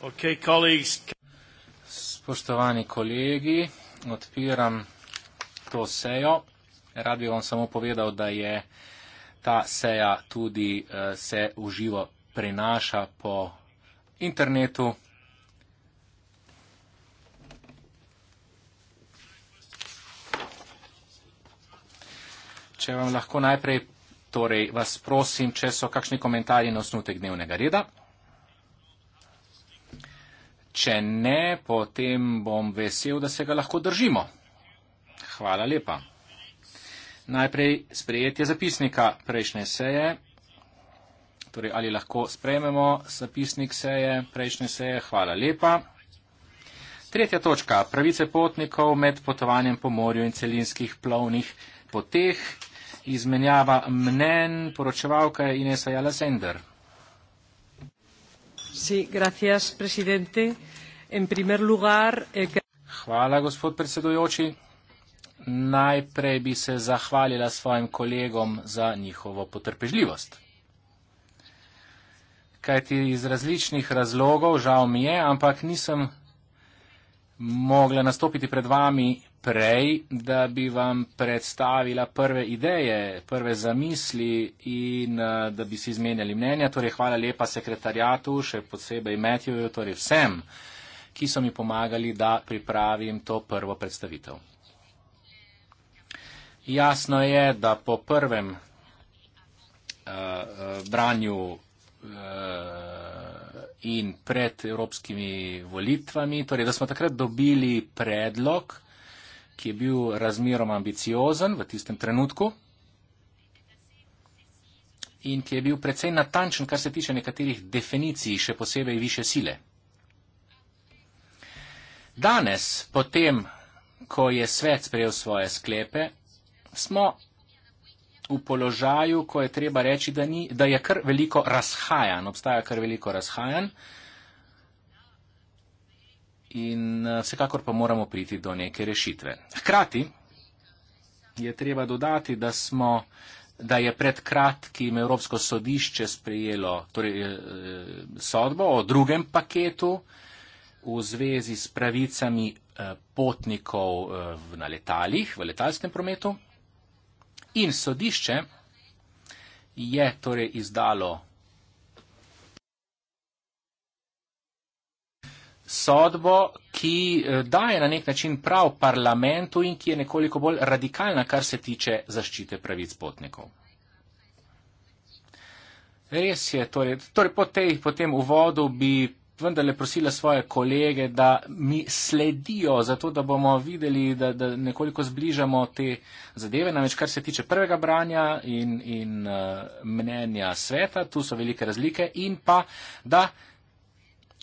Okay, colleagues. Spoštovani kolegi, odpiram to sejo. Rad bi vam samo povedal, da je ta seja tudi eh, se uživo prenaša po internetu. Če vam lahko najprej, torej vas prosim, če so kakšni komentarji na osnutek dnevnega reda. Če ne, potem bom vesel, da se ga lahko držimo. Hvala lepa. Najprej sprejetje zapisnika prejšnje seje. Torej, ali lahko sprejmemo zapisnik seje, prejšnje seje. Hvala lepa. Tretja točka. Pravice potnikov med potovanjem po morju in celinskih plovnih poteh. Izmenjava mnen poročevalke Inesa Jala Sender. Eh, Hvala, gospod predsedujoči. Najprej bi se zahvalila svojim kolegom za njihovo potrpežljivost. Kajti iz različnih razlogov, žal mi je, ampak nisem mogla nastopiti pred vami prej, da bi vam predstavila prve ideje, prve zamisli in eh, da bi si izmenjali mnenja. Torej, hvala lepa sekretarjatu, še posebej Matthewju, torej vsem, ki so mi pomagali, da pripravim to prvo predstavitev. Jasno je, da po prvem uh, uh, branju uh, in pred evropskimi volitvami, torej da smo takrat dobili predlog, ki je bil razmeroma ambiciozen v tistem trenutku in ki je bil precej natančen, kar se tiče nekaterih definicij, še posebej više sile. Danes, potem, ko je svet sprejel svoje sklepe, smo v položaju, ko je treba reči, da, ni, da je kar veliko razhajan, obstaja kar veliko razhajan in eh, vsekakor pa moramo priti do neke rešitve. Hkrati je treba dodati, da, smo, da je pred kratkim Evropsko sodišče sprejelo torej, eh, eh, sodbo o drugem paketu v zvezi s pravicami potnikov na letalih, v letalskem prometu. In sodišče je torej izdalo sodbo, ki eh, daje na nek način prav parlamentu in ki je nekoliko bolj radikalna, kar se tiče zaščite pravic potnikov. Res je, torej, torej po, tej, po tem uvodu bi vendarle prosila svoje kolege, da mi sledijo, zato da bomo videli, da, da nekoliko zbližamo te zadeve. Namreč, kar se tiče prvega branja in, in uh, mnenja sveta, tu so velike razlike in pa, da uh,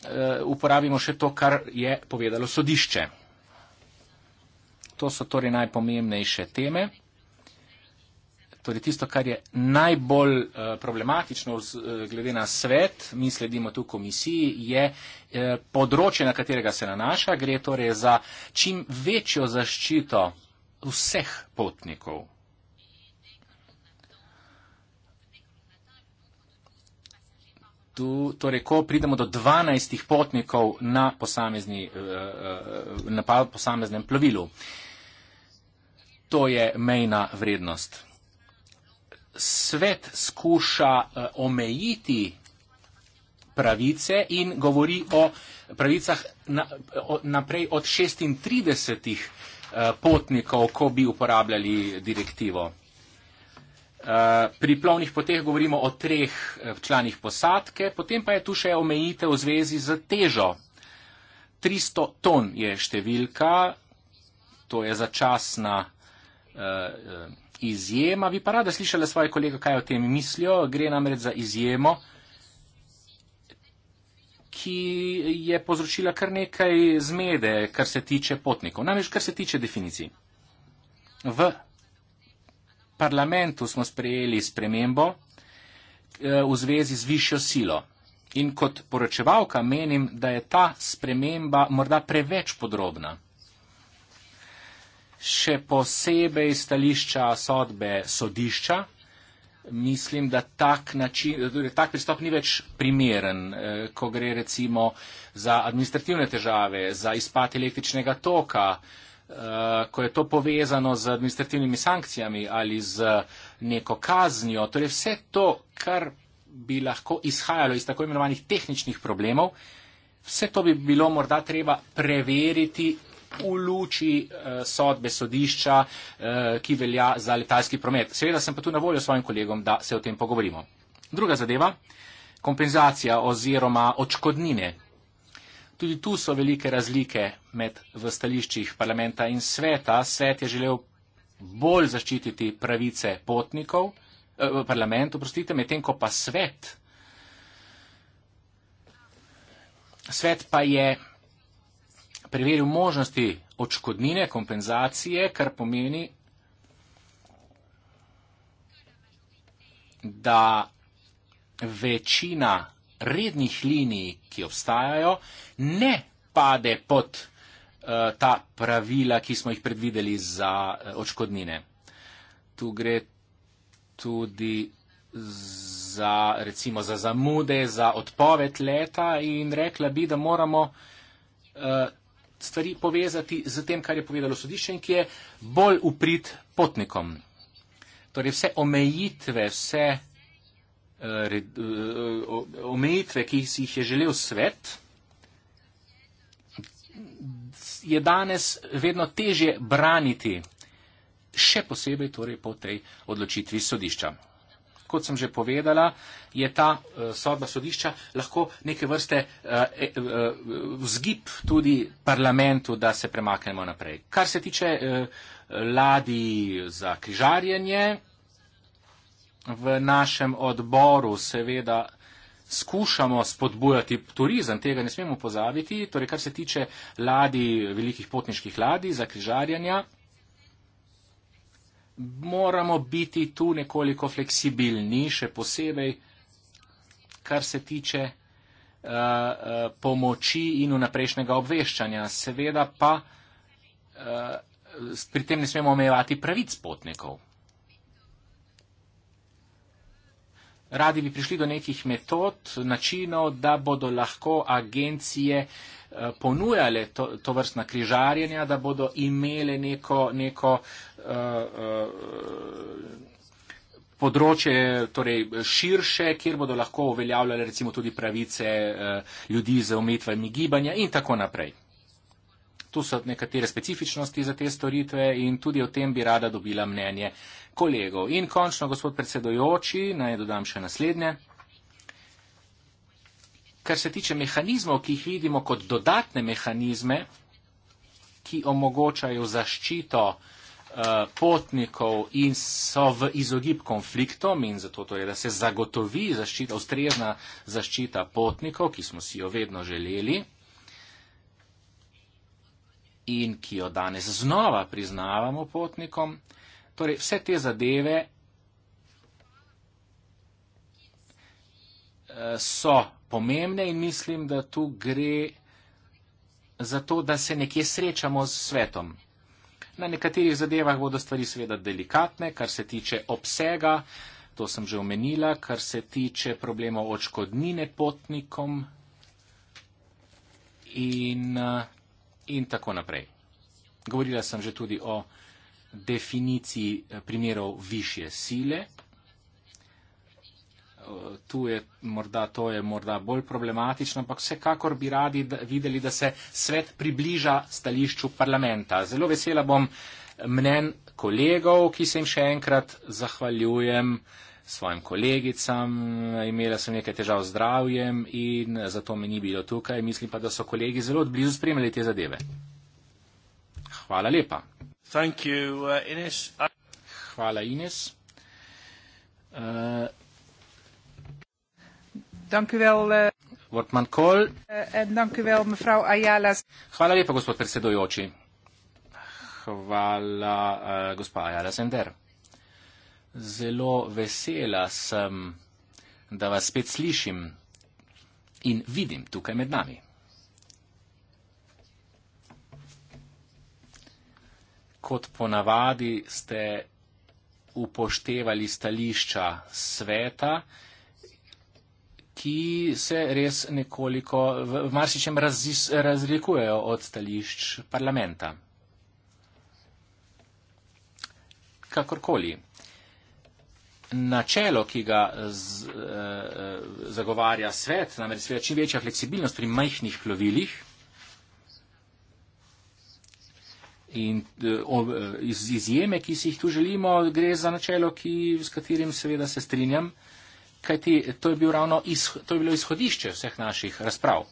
uh, uporabimo še to, kar je povedalo sodišče. To so torej najpomembnejše teme. Torej tisto, kar je najbolj uh, problematično z, uh, glede na svet, mi sledimo tu komisiji, je uh, področje, na katerega se nanaša. Gre torej za čim večjo zaščito vseh potnikov. tu, torej, ko pridemo do 12 potnikov na, posamezni, eh, eh, na posameznem plovilu. To je mejna vrednost. Svet skuša eh, omejiti pravice in govori o pravicah na, naprej od 36 potnikov, ko bi uporabljali direktivo. Eh, pri plovnih poteh govorimo o treh eh, članih posadke, potem pa je tu še omejitev v zvezi z težo. 300 ton je številka, to je začasna eh, izjema. Bi pa rada slišala svoje kolega, kaj o tem mislijo. Gre namreč za izjemo, ki je povzročila kar nekaj zmede, kar se tiče potnikov. Namreč, kar se tiče definicij. V parlamentu smo sprejeli spremembo eh, v zvezi z višjo silo. In kot poročevalka menim, da je ta sprememba morda preveč podrobna. Še posebej stališča sodbe sodišča. Mislim, da tak, način, torej, tak pristop ni več primeren, eh, ko gre recimo za administrativne težave, za izpad električnega toka, Eh, ko je to povezano z administrativnimi sankcijami ali z neko kaznjo. Torej vse to, kar bi lahko izhajalo iz tako imenovanih tehničnih problemov, vse to bi bilo morda treba preveriti v luči uh, sodbe sodišča, uh, ki velja za letalski promet. Seveda sem pa tu na voljo svojim kolegom, da se o tem pogovorimo. Druga zadeva, kompenzacija oziroma očkodnine. Tudi tu so velike razlike med v stališčih parlamenta in sveta. Svet je želel bolj zaščititi pravice potnikov eh, v parlamentu, prostite, medtem ko pa svet. Svet pa je preveril možnosti očkodnine, kompenzacije, kar pomeni, da večina rednih linij, ki obstajajo, ne pade pod eh, ta pravila, ki smo jih predvideli za eh, očkodnine. Tu gre tudi za, recimo, za zamude, za odpoved leta in rekla bi, da moramo eh, stvari povezati z tem, kar je povedalo sodišče in ki je bolj uprit potnikom. Torej vse omejitve, vse. Eh, red, eh, omejitve, ki si jih je želel svet, je danes vedno težje braniti, še posebej torej po tej odločitvi sodišča. Kot sem že povedala, je ta eh, sodba sodišča lahko neke vrste e, vzgib tudi parlamentu, da se premaknemo naprej. Kar se tiče ladi za križarjenje, v našem odboru seveda skušamo spodbujati turizem, tega ne smemo pozabiti, torej kar se tiče ladi, velikih potniških ladi za križarjanja, moramo biti tu nekoliko fleksibilni, še posebej, kar se tiče uh, pomoči in vnaprejšnjega obveščanja. Seveda pa uh, pri tem ne smemo omejevati pravic potnikov. radi bi prišli do nekih metod, načinov, da bodo lahko agencije eh, ponujale to, to vrstna križarjenja, da bodo imele neko, neko uh, uh, področje torej širše, kjer bodo lahko uveljavljale recimo tudi pravice uh, ljudi z omejitvami gibanja in tako naprej. Tu so nekatere specifičnosti za te storitve in tudi o tem bi rada dobila mnenje uh, kolegov. In končno, gospod predsedojoči, naj dodam še naslednje. Kar se tiče mehanizmov, ki jih vidimo kot dodatne mehanizme, ki omogočajo zaščito eh, potnikov in so v izogib konfliktom in zato to torej, je, da se zagotovi zaščita, ustrezna zaščita potnikov, ki smo si jo vedno želeli in ki jo danes znova priznavamo potnikom. Torej, vse te zadeve eh, so pomembne in mislim, da tu gre za to, da se nekje srečamo s svetom. Na nekaterih zadevah bodo stvari seveda delikatne, kar se tiče obsega, to sem že omenila, kar se tiče problemov očkodnine potnikom in, eh, in tako naprej. Govorila sem že tudi o definiciji eh, primerov višje sile. Eh, tu je morda, to je morda bolj problematično, ampak vsekakor bi radi videli, da se svet približa stališču parlamenta. Zelo vesela bom mnen kolegov, ki se jim še enkrat zahvaljujem svojim kolegicam. Imela sem nekaj težav z zdravjem in zato me ni bilo tukaj. Mislim pa, da so kolegi zelo odblizu spremljali te zadeve. Hvala lepa. Thank you, uh, Ines. I... Hvala, Ines. Uh... Dank u wel. Uh... Eh, Wortman Kohl. Uh, en dank u wel, mevrouw Ayala. Hvala lepa, gospod predsedojoči. Hvala, uh, gospa Ayala Sender. Zelo vesela sem, da vas spet slišim in vidim tukaj med nami. kot ponavadi ste upoštevali stališča sveta, ki se res nekoliko v, v marsičem razis, razlikujejo od stališč parlamenta. Kakorkoli. Načelo, ki ga z, e, zagovarja svet, namreč čim večja fleksibilnost pri majhnih plovilih, In eh, eh, iz izjeme, ki si jih tu želimo, gre za načelo, ki, s katerim seveda se strinjam, kajti to je, bil ravno, to je bilo izhodišče vseh naših razprav.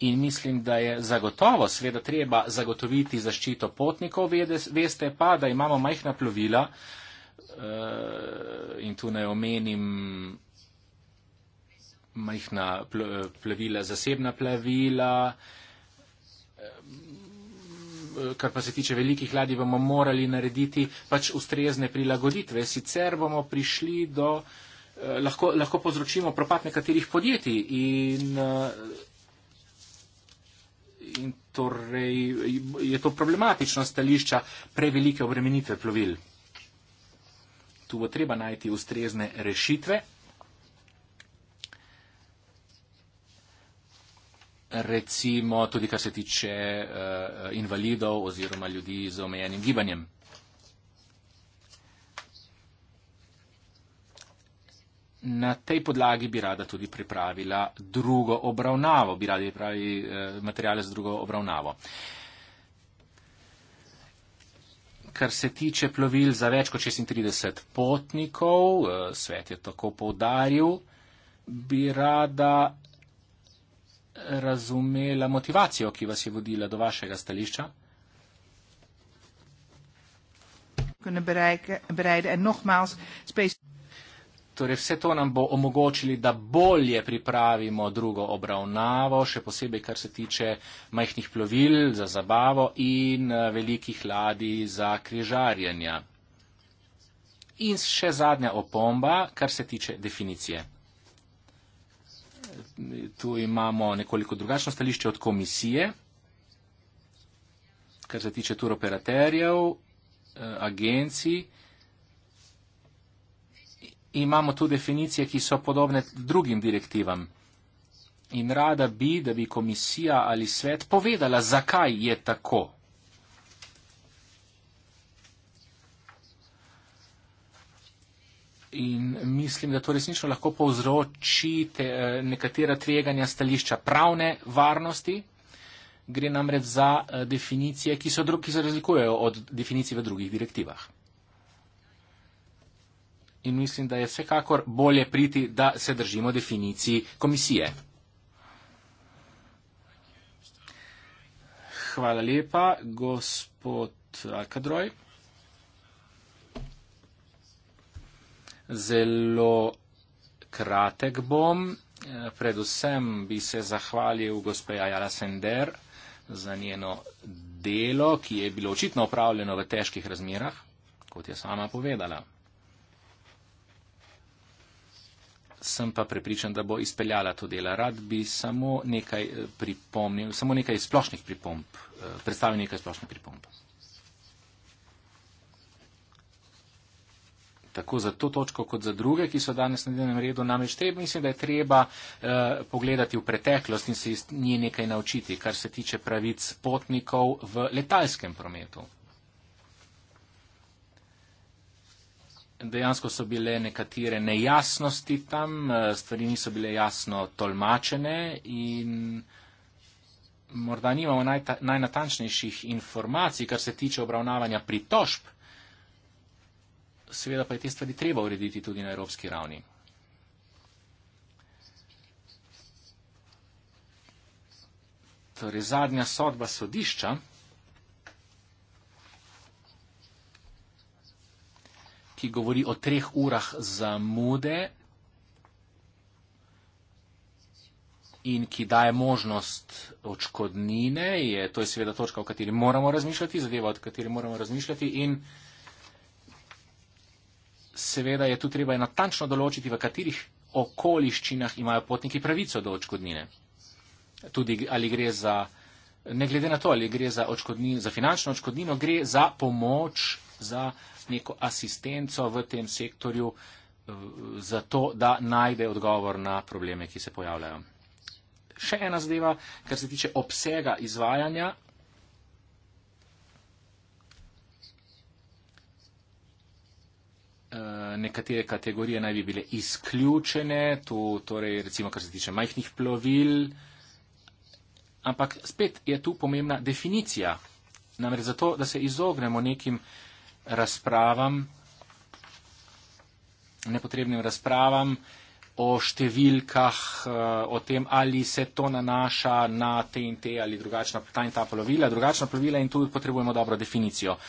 In mislim, da je zagotovo, seveda treba zagotoviti zaščito potnikov, veste pa, da imamo majhna plovila eh, in tu naj omenim majhna plovila, zasebna plovila, kar pa se tiče velikih ladij, bomo morali narediti pač ustrezne prilagoditve. Sicer bomo prišli do, eh, lahko, lahko povzročimo propad nekaterih podjetij in, eh, in torej je to problematično stališča prevelike obremenitve plovil. Tu bo treba najti ustrezne rešitve. recimo tudi kar se tiče uh, invalidov oziroma ljudi z omejenim gibanjem. Na tej podlagi bi rada tudi pripravila drugo obravnavo, bi rada pripravila uh, eh, materijale za drugo obravnavo. Kar se tiče plovil za več kot 36 potnikov, eh, svet je tako povdaril, bi rada razumela motivacijo, ki vas je vodila do vašega stališča. Torej vse to nam bo omogočili, da bolje pripravimo drugo obravnavo, še posebej kar se tiče majhnih plovil za zabavo in eh, velikih ladij za križarjenja. In še zadnja opomba, kar se tiče definicije tu imamo nekoliko drugačno stališče od komisije, kar se tiče turoperaterjev, eh, agencij. Imamo tu definicije, ki so podobne drugim direktivam. In rada bi, da bi komisija ali svet povedala, zakaj je tako. In mislim, da to resnično lahko povzroči te, eh, nekatera tveganja stališča pravne varnosti. Gre namreč za eh, definicije, ki, so, ki se razlikujejo od definicij v drugih direktivah. In mislim, da je vsekakor bolje priti, da se držimo definicij komisije. Hvala lepa, gospod Alkadroj. Zelo kratek bom. Eh, predvsem bi se zahvalil gospeja Jala Sender za njeno delo, ki je bilo očitno upravljeno v težkih razmerah, kot je sama povedala. Sem pa prepričan, da bo izpeljala to delo. Rad bi samo nekaj, eh, samo nekaj splošnih pripomp, eh, predstavil nekaj splošnih pripomp. tako za to točko, kot za druge, ki so danes na dnevnem redu. Namreč treba, mislim, da je treba eh, pogledati v preteklost in se iz nje nekaj naučiti, kar se tiče pravic potnikov v letalskem prometu. Dejansko so bile nekatere nejasnosti tam, eh, stvari niso bile jasno tolmačene in morda nimamo najnatančnejših informacij, kar se tiče obravnavanja pritožb seveda pa je te stvari treba urediti tudi na evropski ravni. Torej, zadnja sodba sodišča ki govori o treh urah zamude in ki daje možnost očkodnine, je, to je seveda točka, o kateri moramo razmišljati, zadeva, o kateri moramo razmišljati in uh, seveda je tu treba natančno določiti, v katerih okoliščinah imajo potniki pravico do očkodnine. Tudi ali gre za, ne glede na to, ali gre za, očkodni, za finančno očkodnino, gre za pomoč, za neko asistenco v tem sektorju, eh, za to, da najde odgovor na probleme, ki se pojavljajo. Še ena zadeva, kar se tiče obsega izvajanja Eh, nekatere kategorije naj bi bile izključene, to, torej recimo kar se tiče majhnih plovil, ampak spet je tu pomembna definicija. Namreč zato, da se izognemo nekim razpravam, nepotrebnim razpravam o številkah, eh, o tem, ali se to nanaša na te in te ali drugačna ta in ta plovila, drugačna plovila in tu potrebujemo dobro definicijo. Uh,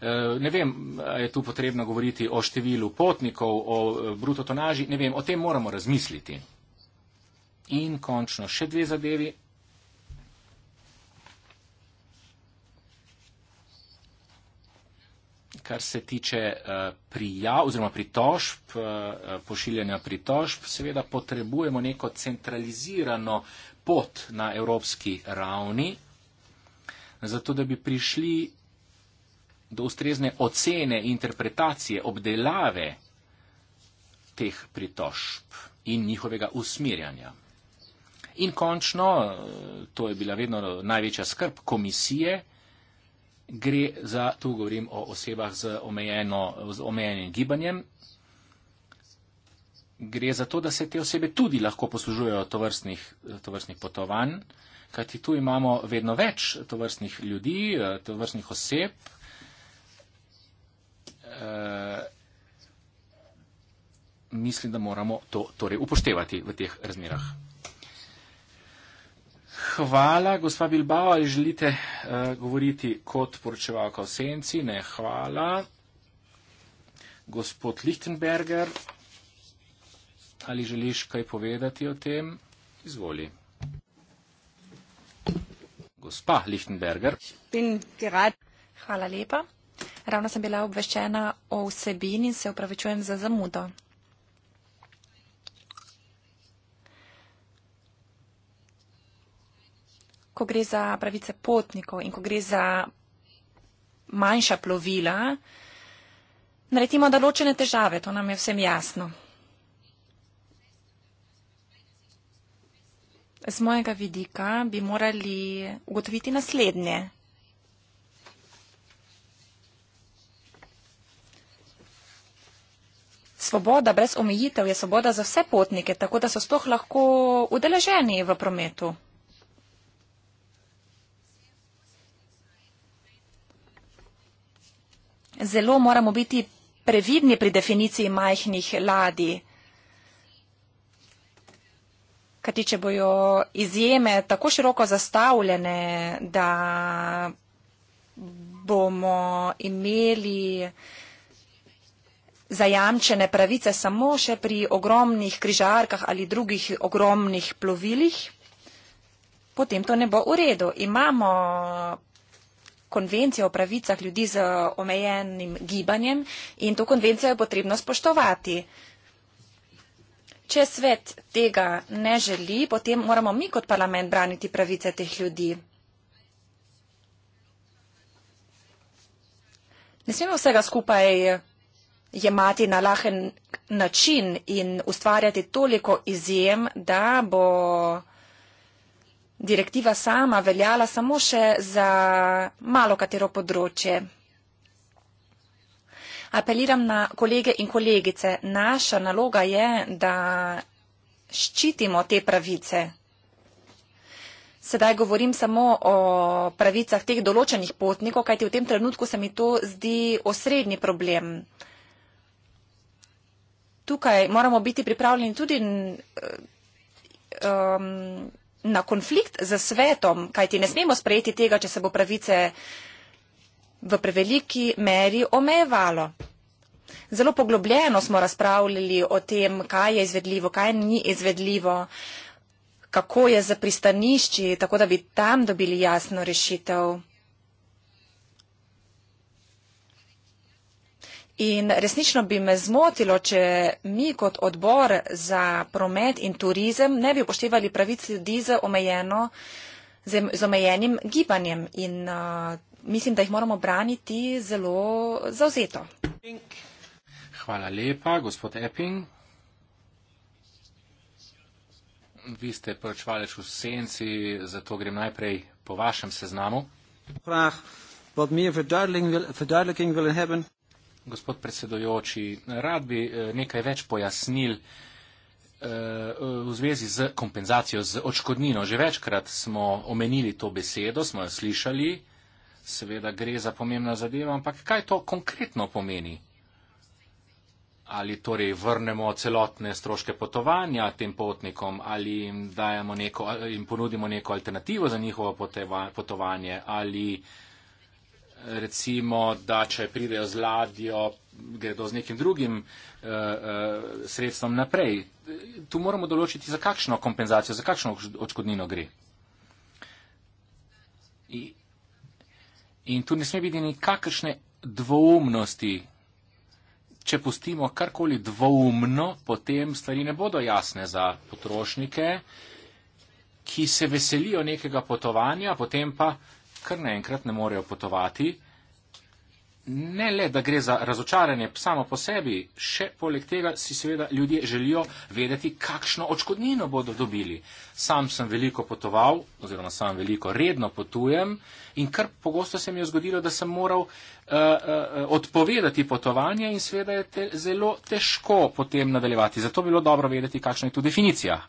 Eh, ne vem, je tu potrebno govoriti o številu potnikov, o eh, brutotonaži, ne vem, o tem moramo razmisliti. In končno še dve zadevi. Kar se tiče eh, prijav oziroma pritožb, pošiljanja pritožb, seveda potrebujemo neko centralizirano pot na evropski ravni, zato da bi prišli do ustrezne ocene, interpretacije, obdelave teh pritožb in njihovega usmerjanja. In končno, to je bila vedno največja skrb komisije, gre za, tu govorim o osebah z, omejeno, z omejenim gibanjem, gre za to, da se te osebe tudi lahko poslužujejo tovrstnih, tovrstnih potovanj, kajti tu imamo vedno več tovrstnih ljudi, tovrstnih oseb, Eh, mislim, da moramo to torej upoštevati v teh razmerah. Hvala, gospa Bilbao, ali želite uh, govoriti kot poročevalka v senci? Ne, hvala. Gospod Lichtenberger, ali želiš kaj povedati o tem? Izvoli. Gospa Lichtenberger. Hvala lepa. Ravno sem bila obveščena o vsebini in se upravičujem za zamudo. Ko gre za pravice potnikov in ko gre za manjša plovila, naredimo določene težave, to nam je vsem jasno. Z mojega vidika bi morali ugotoviti naslednje. Svoboda brez omejitev je svoboda za vse potnike, tako da so sploh lahko udeleženi v prometu. Zelo moramo biti previdni pri definiciji majhnih ladij. Kati, če bojo izjeme tako široko zastavljene, da bomo imeli zajamčene pravice samo še pri ogromnih križarkah ali drugih ogromnih plovilih, potem to ne bo v redu. Imamo konvencijo o pravicah ljudi z omejenim gibanjem in to konvencijo je potrebno spoštovati. Če svet tega ne želi, potem moramo mi kot parlament braniti pravice teh ljudi. Ne smemo vsega skupaj jemati na lahen način in ustvarjati toliko izjem, da bo direktiva sama veljala samo še za malo katero področje. Apeliram na kolege in kolegice, naša naloga je, da ščitimo te pravice. Sedaj govorim samo o pravicah teh določenih potnikov, kajti v tem trenutku se mi to zdi osrednji problem tukaj moramo biti pripravljeni tudi um, na konflikt z svetom, kajti ne smemo sprejeti tega, če se bo pravice v preveliki meri omejevalo. Zelo poglobljeno smo razpravljali o tem, kaj je izvedljivo, kaj ni izvedljivo, kako je za pristanišči, tako da bi tam dobili jasno rešitev. In resnično bi me zmotilo, če mi kot odbor za promet in turizem ne bi upoštevali pravic ljudi z, omejeno, z omejenim gibanjem. In uh, mislim, da jih moramo braniti zelo zauzeto. Hvala lepa, gospod Epping. Vi ste počvaleč v senci, zato grem najprej po vašem seznamu. Prah. Wat meer verduidelijking wil, verduidelijking wil hebben gospod predsedojoči. Rad bi eh, nekaj več pojasnil eh, v zvezi z kompenzacijo, z očkodnino. Že večkrat smo omenili to besedo, smo jo slišali, seveda gre za pomembna zadeva, ampak kaj to konkretno pomeni? Ali torej vrnemo celotne stroške potovanja tem potnikom, ali jim, neko, eh, jim ponudimo neko alternativo za njihovo potovanje, ali recimo, da če pridejo z ladjo, gredo z nekim drugim eh, eh, sredstvom naprej. Tu moramo določiti, za kakšno kompenzacijo, za kakšno očkodnino gre. In tu ne sme biti nikakršne dvoumnosti. Če pustimo karkoli dvoumno, potem stvari ne bodo jasne za potrošnike, ki se veselijo nekega potovanja, potem pa kar naenkrat ne morejo potovati. Ne le, da gre za razočaranje samo po sebi, še poleg tega si seveda ljudje želijo vedeti, kakšno očkodnino bodo dobili. Sam sem veliko potoval, oziroma sam veliko redno potujem in kar pogosto se mi je zgodilo, da sem moral uh, uh, odpovedati potovanje in seveda je te, zelo težko potem nadaljevati. Zato bi bilo dobro vedeti, kakšna je tu definicija.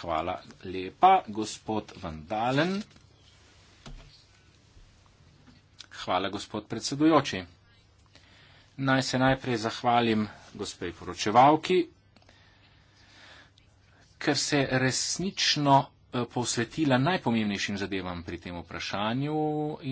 Hvala lepa, gospod Vandalen. Hvala, gospod predsedujoči. Naj se najprej zahvalim gospej poročevalki, ker se resnično eh, posvetila najpomembnejšim zadevam pri tem vprašanju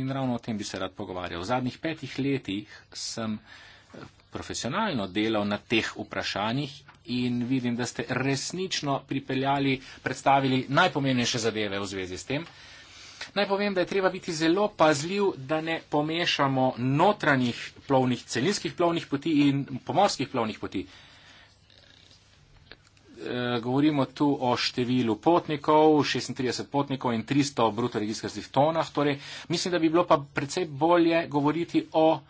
in ravno o tem bi se rad pogovarjal. V zadnjih petih letih sem eh, profesionalno delal na teh vprašanjih in vidim, da ste resnično pripeljali, predstavili najpomembnejše zadeve v zvezi s tem. Uh, Naj povem, da je treba biti zelo pazljiv, da ne pomešamo notranjih plovnih, celinskih plovnih poti in pomorskih plovnih poti. E, govorimo tu o številu potnikov, 36 potnikov in 300 bruto registrskih tonah. Torej, mislim, da bi bilo pa predvsej bolje govoriti o e,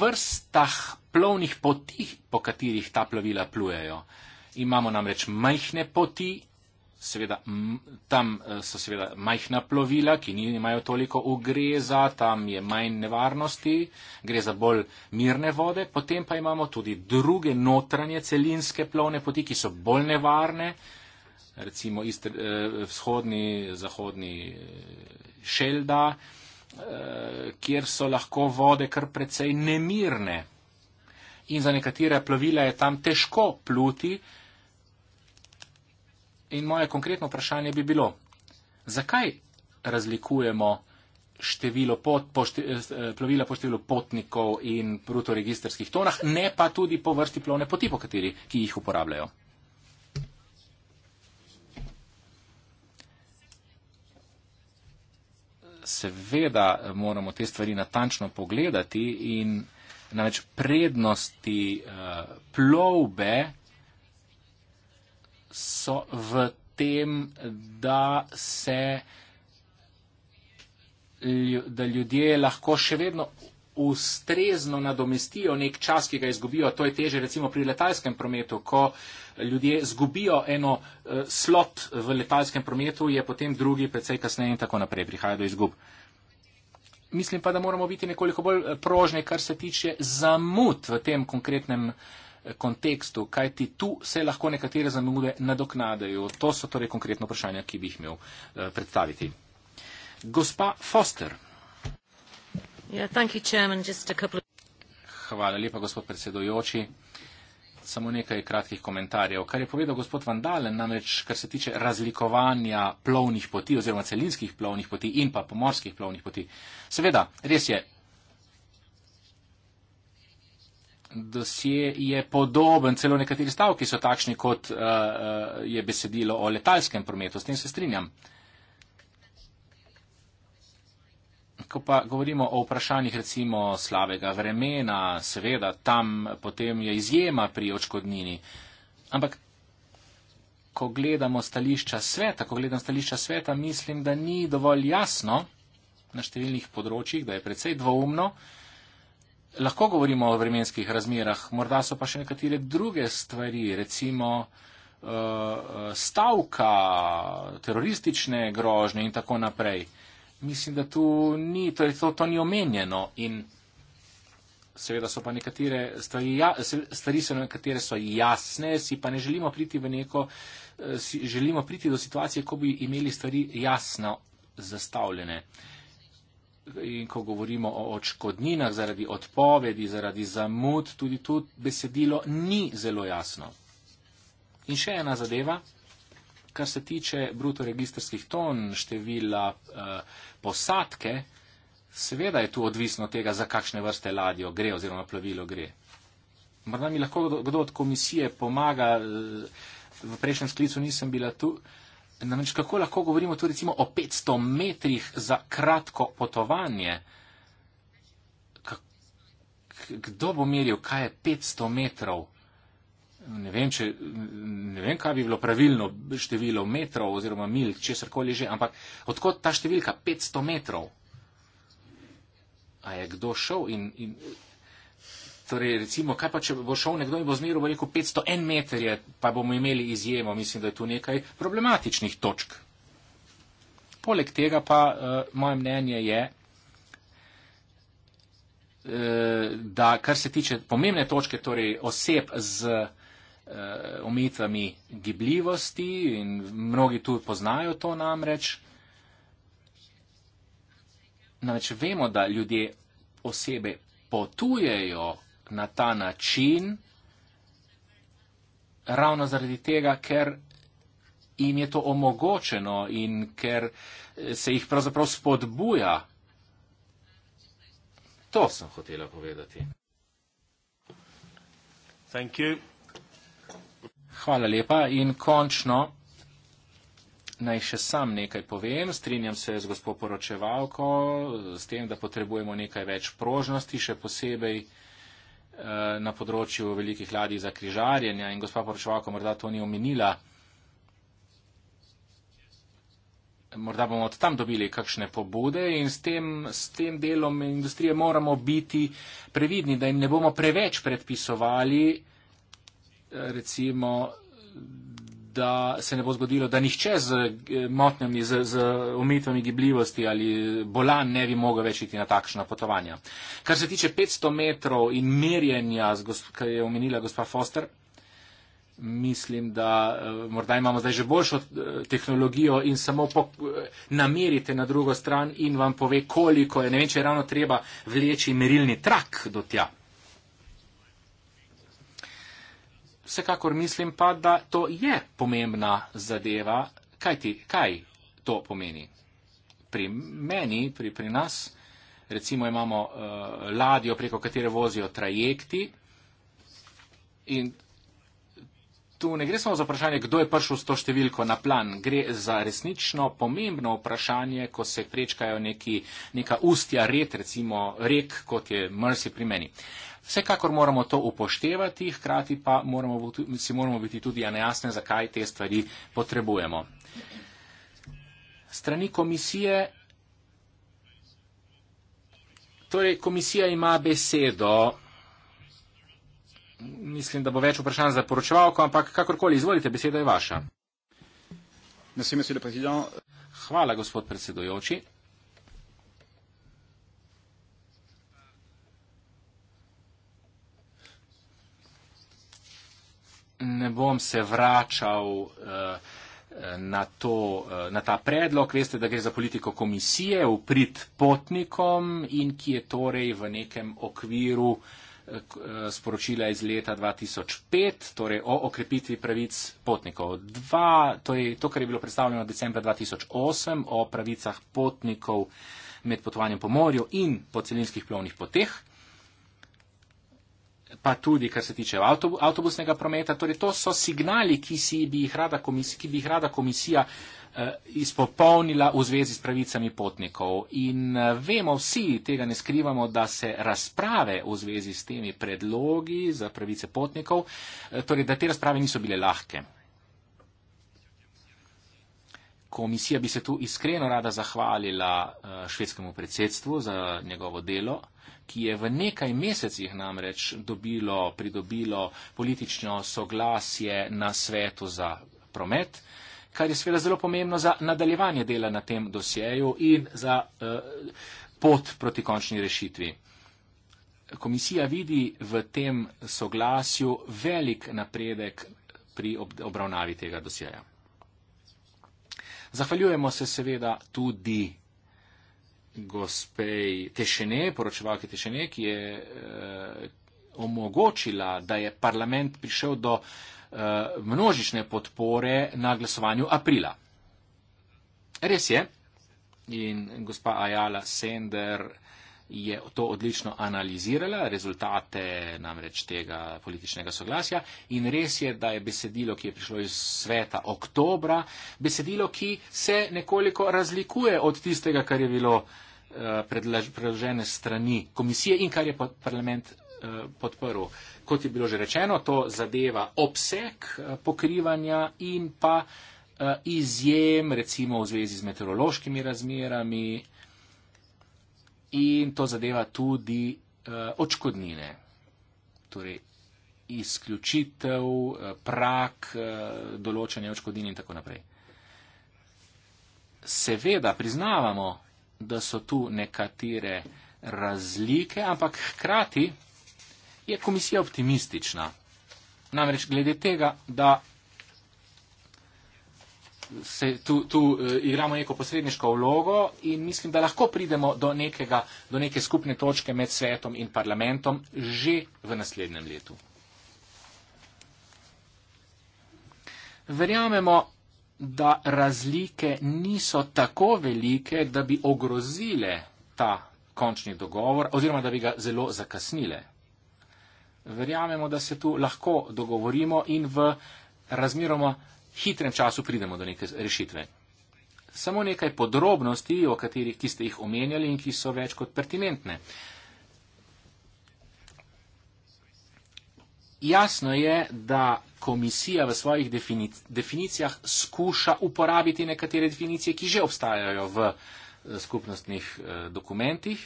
vrstah plovnih poti, po katerih ta plovila plujejo. Imamo namreč majhne poti, seveda, tam eh, so seveda majhna plovila, ki nimajo toliko ugreza, tam je manj nevarnosti, gre za bolj mirne vode, potem pa imamo tudi druge notranje celinske plovne poti, ki so bolj nevarne, recimo istri, eh, vzhodni, zahodni eh, šelda, kjer so lahko vode kar precej nemirne. In za nekatera plovila je tam težko pluti, In moje konkretno vprašanje bi bilo, zakaj razlikujemo število pot, po šte, eh, eh, plovila po številu potnikov in brutoregistrskih tonah, ne pa tudi po vrsti plovne poti, po kateri jih uporabljajo? Seveda eh, moramo te stvari natančno pogledati in namreč prednosti uh, plovbe so v tem, da se da ljudje lahko še vedno ustrezno nadomestijo nek čas, ki ga izgubijo. To je teže recimo pri letalskem prometu, ko ljudje zgubijo eno eh, slot v letalskem prometu, je potem drugi precej kasneje in tako naprej prihaja do izgub. Mislim pa, da moramo biti nekoliko bolj eh, prožni, kar se tiče zamud v tem konkretnem kontekstu, kajti tu se lahko nekatere zamude nadoknadejo. To so torej konkretno vprašanja, ki bi jih imel eh, predstaviti. Gospa Foster. Hvala lepa, gospod predsedojoči. Samo nekaj kratkih komentarjev. Kar je povedal gospod Vandalen, namreč kar se tiče razlikovanja plovnih poti oziroma celinskih plovnih poti in pa pomorskih plovnih poti. Seveda, res je, dosje je podoben, celo nekateri stavki so takšni, kot uh, je besedilo o letalskem prometu, s tem se strinjam. Ko pa govorimo o vprašanjih recimo slabega vremena, seveda tam potem je izjema pri očkodnini, ampak ko gledamo stališča sveta, ko gledam stališča sveta, mislim, da ni dovolj jasno na številnih področjih, da je predvsej dvoumno, uh, lahko govorimo o vremenskih razmerah, morda so pa še nekatere druge stvari, recimo eh, stavka, teroristične grožnje in tako naprej. Mislim, da tu ni, to, torej to, to ni omenjeno in seveda so pa nekatere stvari, ja, stvari so nekatere so jasne, si pa ne želimo priti v neko, eh, želimo priti do situacije, ko bi imeli stvari jasno zastavljene. Uh, in ko govorimo o očkodninah zaradi odpovedi, zaradi zamud, tudi tu besedilo ni zelo jasno. In še ena zadeva, kar se tiče bruto registrskih ton, števila eh, posadke, seveda je tu odvisno od tega, za kakšne vrste ladjo gre oziroma plovilo gre. Morda mi lahko kdo od komisije pomaga, eh, v prejšnjem sklicu nisem bila tu. Namreč kako lahko govorimo tu recimo o 500 metrih za kratko potovanje? Kdo bo meril, kaj je 500 metrov? Ne vem, če, ne vem, kaj bi bilo pravilno število metrov oziroma mil, česar koli že, ampak odkot ta številka 500 metrov? A je kdo šel in, in Torej, recimo, kaj pa, če bo šel nekdo in bo zmeril, bo rekel, 501 meter je, pa bomo imeli izjemo, mislim, da je tu nekaj problematičnih točk. Poleg tega pa uh, moje mnenje je, uh, da kar se tiče pomembne točke, torej oseb z uh, eh, omitvami gibljivosti in mnogi tu poznajo to namreč, namreč vemo, da ljudje osebe potujejo na ta način, ravno zaradi tega, ker jim je to omogočeno in ker eh, se jih pravzaprav spodbuja. To sem hotela povedati. Thank you. Hvala lepa in končno naj še sam nekaj povem. Strinjam se z gospod poročevalko s tem, da potrebujemo nekaj več prožnosti, še posebej. Eh, na področju velikih ladij za križarjenja in gospa poročevalka morda to ni omenila. Morda bomo od tam dobili kakšne pobude in s tem, s tem delom industrije moramo biti previdni, da jim ne bomo preveč predpisovali, eh, recimo, da se ne bo zgodilo, da nihče z eh, motnjami, z, z omejitvami gibljivosti ali bolan ne bi mogel več iti na takšna potovanja. Kar se tiče 500 metrov in merjenja, kar je omenila gospa Foster, mislim, da eh, morda imamo zdaj že boljšo eh, tehnologijo in samo namerite na drugo stran in vam pove, koliko je, ne vem, če je ravno treba vleči merilni trak do tja. vsekakor mislim pa, da to je pomembna zadeva. Kaj, ti, kaj to pomeni? Pri meni, pri, pri nas, recimo imamo uh, ladjo, preko katere vozijo trajekti in tu ne gre samo za vprašanje, kdo je prišel s to številko na plan. Gre za resnično pomembno vprašanje, ko se prečkajo neki, neka ustja red, recimo rek, kot je Mercy pri meni. Uh, Vsekakor moramo to upoštevati, hkrati pa moramo, si moramo biti tudi nejasne, zakaj te stvari potrebujemo. Strani komisije. Torej, komisija ima besedo. Mislim, da bo več vprašanj za poročevalko, ampak kakorkoli, izvolite, beseda je vaša. Hvala, gospod predsedujoči. ne bom se vračal eh, na, to, eh, na ta predlog. Veste, da gre za politiko komisije v prid potnikom in ki je torej v nekem okviru eh, sporočila iz leta 2005, torej o okrepitvi pravic potnikov. Dva, to, torej je, to, kar je bilo predstavljeno decembra 2008 o pravicah potnikov med potovanjem po morju in po celinskih plovnih poteh pa tudi kar se tiče avtobusnega prometa. Torej, to so signali, ki, bi jih, komisija, ki bi jih rada komisija eh, izpopolnila v zvezi s pravicami potnikov. In eh, vemo vsi, tega ne skrivamo, da se razprave v zvezi s temi predlogi za pravice potnikov, eh, torej, da te razprave niso bile lahke komisija bi se tu iskreno rada zahvalila eh, švedskemu predsedstvu za njegovo delo, ki je v nekaj mesecih namreč dobilo, pridobilo politično soglasje na svetu za promet, kar je seveda zelo pomembno za nadaljevanje dela na tem dosjeju in za eh, pot proti končni rešitvi. Komisija vidi v tem soglasju velik napredek pri obravnavi tega dosjeja. Zahvaljujemo se seveda tudi gospej Tešene, poročevalki Tešene, ki je eh, omogočila, da je parlament prišel do eh, množične podpore na glasovanju aprila. Res je. In gospa Ajala Sender je to odlično analizirala, rezultate namreč tega političnega soglasja in res je, da je besedilo, ki je prišlo iz sveta oktobra, besedilo, ki se nekoliko razlikuje od tistega, kar je bilo eh, predložene strani komisije in kar je parlament eh, podprl. Kot je bilo že rečeno, to zadeva obseg eh, pokrivanja in pa izjem, recimo v zvezi z meteorološkimi razmerami in to zadeva tudi uh, eh, očkodnine. Torej, izključitev, eh, prak, eh, določanje očkodin in tako naprej. Seveda priznavamo, da so tu nekatere razlike, ampak hkrati je komisija optimistična. Namreč glede tega, da se tu, tu eh, igramo neko posredniško vlogo in mislim, da lahko pridemo do, nekega, do neke skupne točke med svetom in parlamentom že v naslednjem letu. Verjamemo, da razlike niso tako velike, da bi ogrozile ta končni dogovor oziroma da bi ga zelo zakasnile. Verjamemo, da se tu lahko dogovorimo in v razmeroma hitrem času pridemo do neke rešitve. Samo nekaj podrobnosti, o katerih ki ste jih omenjali in ki so več kot pertinentne. Jasno je, da komisija v svojih definicijah skuša uporabiti nekatere definicije, ki že obstajajo v eh, skupnostnih eh, dokumentih.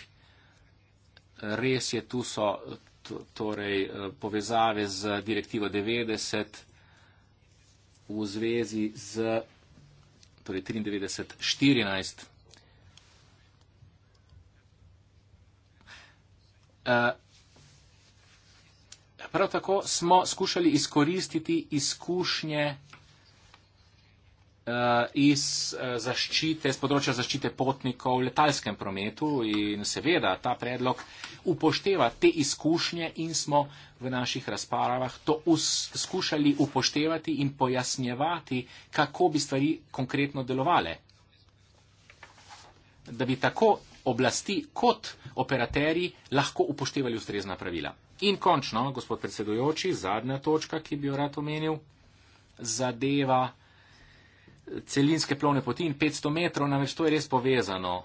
Res je, tu so torej eh, povezave z direktivo 90 v zvezi z torej 93.14. Eh, prav tako smo skušali izkoristiti izkušnje eh, iz eh, zaščite, z področja zaščite potnikov v letalskem prometu in seveda ta predlog upošteva te izkušnje in smo v naših razpravah to skušali upoštevati in pojasnjevati, kako bi stvari konkretno delovale. Da bi tako oblasti kot operateri lahko upoštevali ustrezna pravila. In končno, gospod predsedujoči, zadnja točka, ki bi jo rad omenil, zadeva celinske plovne poti in 500 metrov, namreč to je res povezano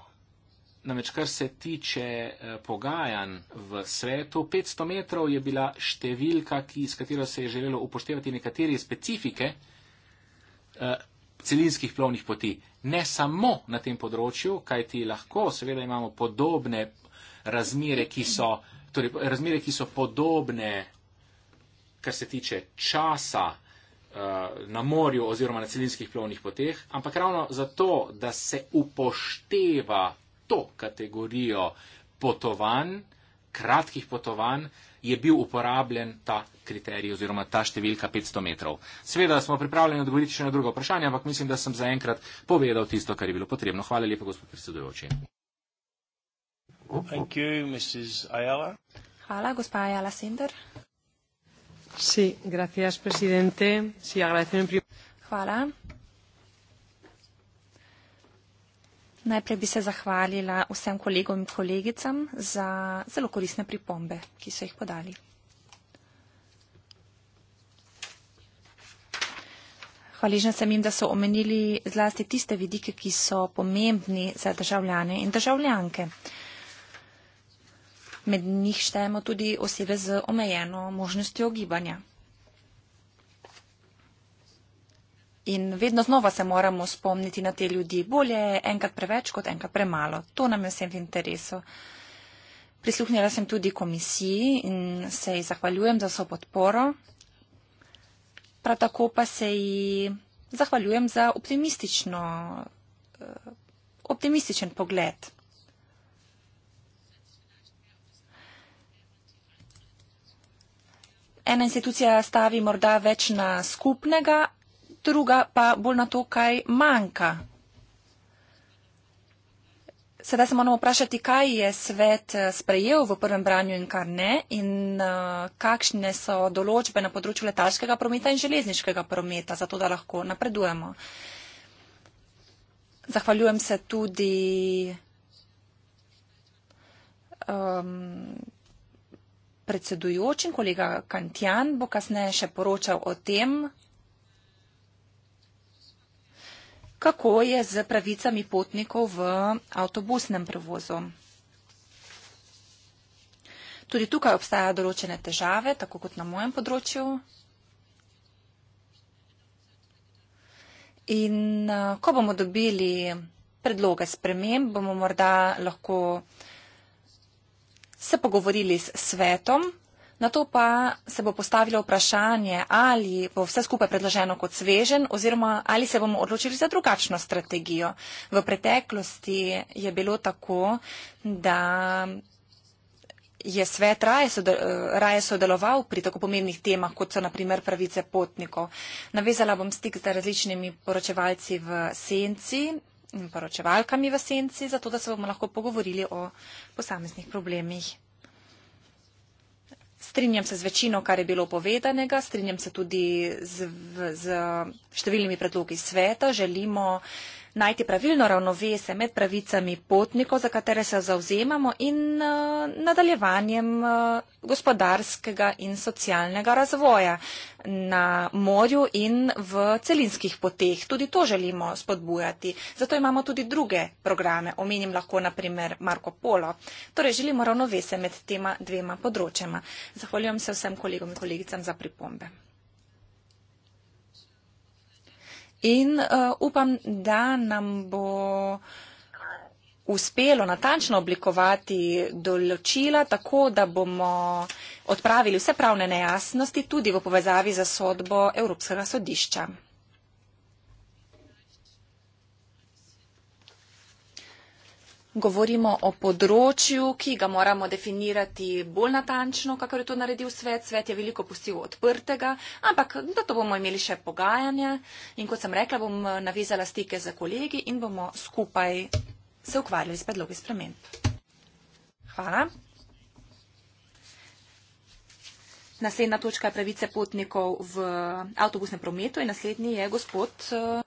Namreč, kar se tiče eh, pogajanj v svetu, 500 metrov je bila številka, ki, s katero se je želelo upoštevati nekatere specifike eh, celinskih plovnih poti. Ne samo na tem področju, kaj ti lahko, seveda imamo podobne razmere, ki so, torej, razmere, ki so podobne, kar se tiče časa eh, na morju oziroma na celinskih plovnih poteh, ampak ravno zato, da se upošteva to kategorijo potovanj, kratkih potovanj, je bil uporabljen ta kriterij oziroma ta številka 500 metrov. Sveda smo pripravljeni odgovoriti še na drugo vprašanje, ampak mislim, da sem zaenkrat povedal tisto, kar je bilo potrebno. Hvala lepa, gospod predsedujoči. You, Hvala, gospa Ajala Sender. Sí, gracias, presidente. Sí, agradezco en primer Hvala. Najprej bi se zahvalila vsem kolegom in kolegicam za zelo korisne pripombe, ki so jih podali. Hvaležna sem jim, da so omenili zlasti tiste vidike, ki so pomembni za državljane in državljanke. Med njih štejemo tudi osebe z omejeno možnostjo gibanja. In vedno znova se moramo spomniti na te ljudi. Bolje je enkrat preveč, kot enkrat premalo. To nam je vsem v interesu. Prisluhnila sem tudi komisiji in se ji zahvaljujem za vso podporo. Prav tako pa se ji zahvaljujem za optimistično, eh, optimističen pogled. Ena institucija stavi morda več na skupnega druga pa bolj na to, kaj manjka. Sedaj se moramo vprašati, kaj je svet eh, sprejel v prvem branju in kar ne in uh, kakšne so določbe na področju letalskega prometa in železniškega prometa, zato da lahko napredujemo. Zahvaljujem se tudi um, predsedujočim, kolega Kantjan bo kasneje še poročal o tem, kako je z pravicami potnikov v avtobusnem prevozu. Tudi tukaj obstajajo določene težave, tako kot na mojem področju. In eh, ko bomo dobili predloge sprememb, bomo morda lahko se pogovorili s svetom Na to pa se bo postavilo vprašanje, ali bo vse skupaj predloženo kot svežen oziroma ali se bomo odločili za drugačno strategijo. V preteklosti je bilo tako, da je svet raje, sodel raje sodeloval pri tako pomembnih temah, kot so naprimer pravice potnikov. Navezala bom stik z različnimi poročevalci v senci in poročevalkami v senci, zato da se bomo lahko pogovorili o posameznih problemih. Strinjam se z večino, kar je bilo povedanega, strinjam se tudi z, z številnimi predlogi sveta. Želimo uh, najti pravilno ravnovese med pravicami potnikov, za katere se zauzemamo, in eh, nadaljevanjem eh, gospodarskega in socialnega razvoja na morju in v celinskih poteh. Tudi to želimo spodbujati. Zato imamo tudi druge programe. Omenim lahko naprimer Marko Polo. Torej želimo ravnovese med tema dvema področjema. Zahvaljujem se vsem kolegom in kolegicam za pripombe. In uh, upam, da nam bo uspelo natančno oblikovati določila, tako da bomo odpravili vse pravne nejasnosti tudi v povezavi za sodbo Evropskega sodišča. govorimo o področju, ki ga moramo definirati bolj natančno, kakor je to naredil svet. Svet je veliko pustil odprtega, ampak da to bomo imeli še pogajanja in kot sem rekla, bom eh, navezala stike za kolegi in bomo skupaj se ukvarjali s predlogi sprememb. Hvala. Naslednja točka je pravice potnikov v eh, avtobusnem prometu in naslednji je gospod eh,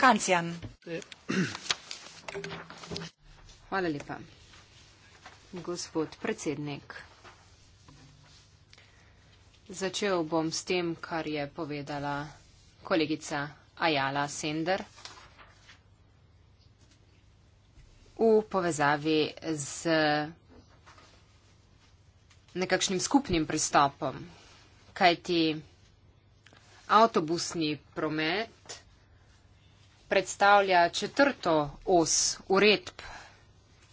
Kancijan. Je. Hvala lepa. Gospod predsednik, začel bom s tem, kar je povedala kolegica Ajala Sender v povezavi z nekakšnim skupnim pristopom, kajti avtobusni promet predstavlja četrto os uredb,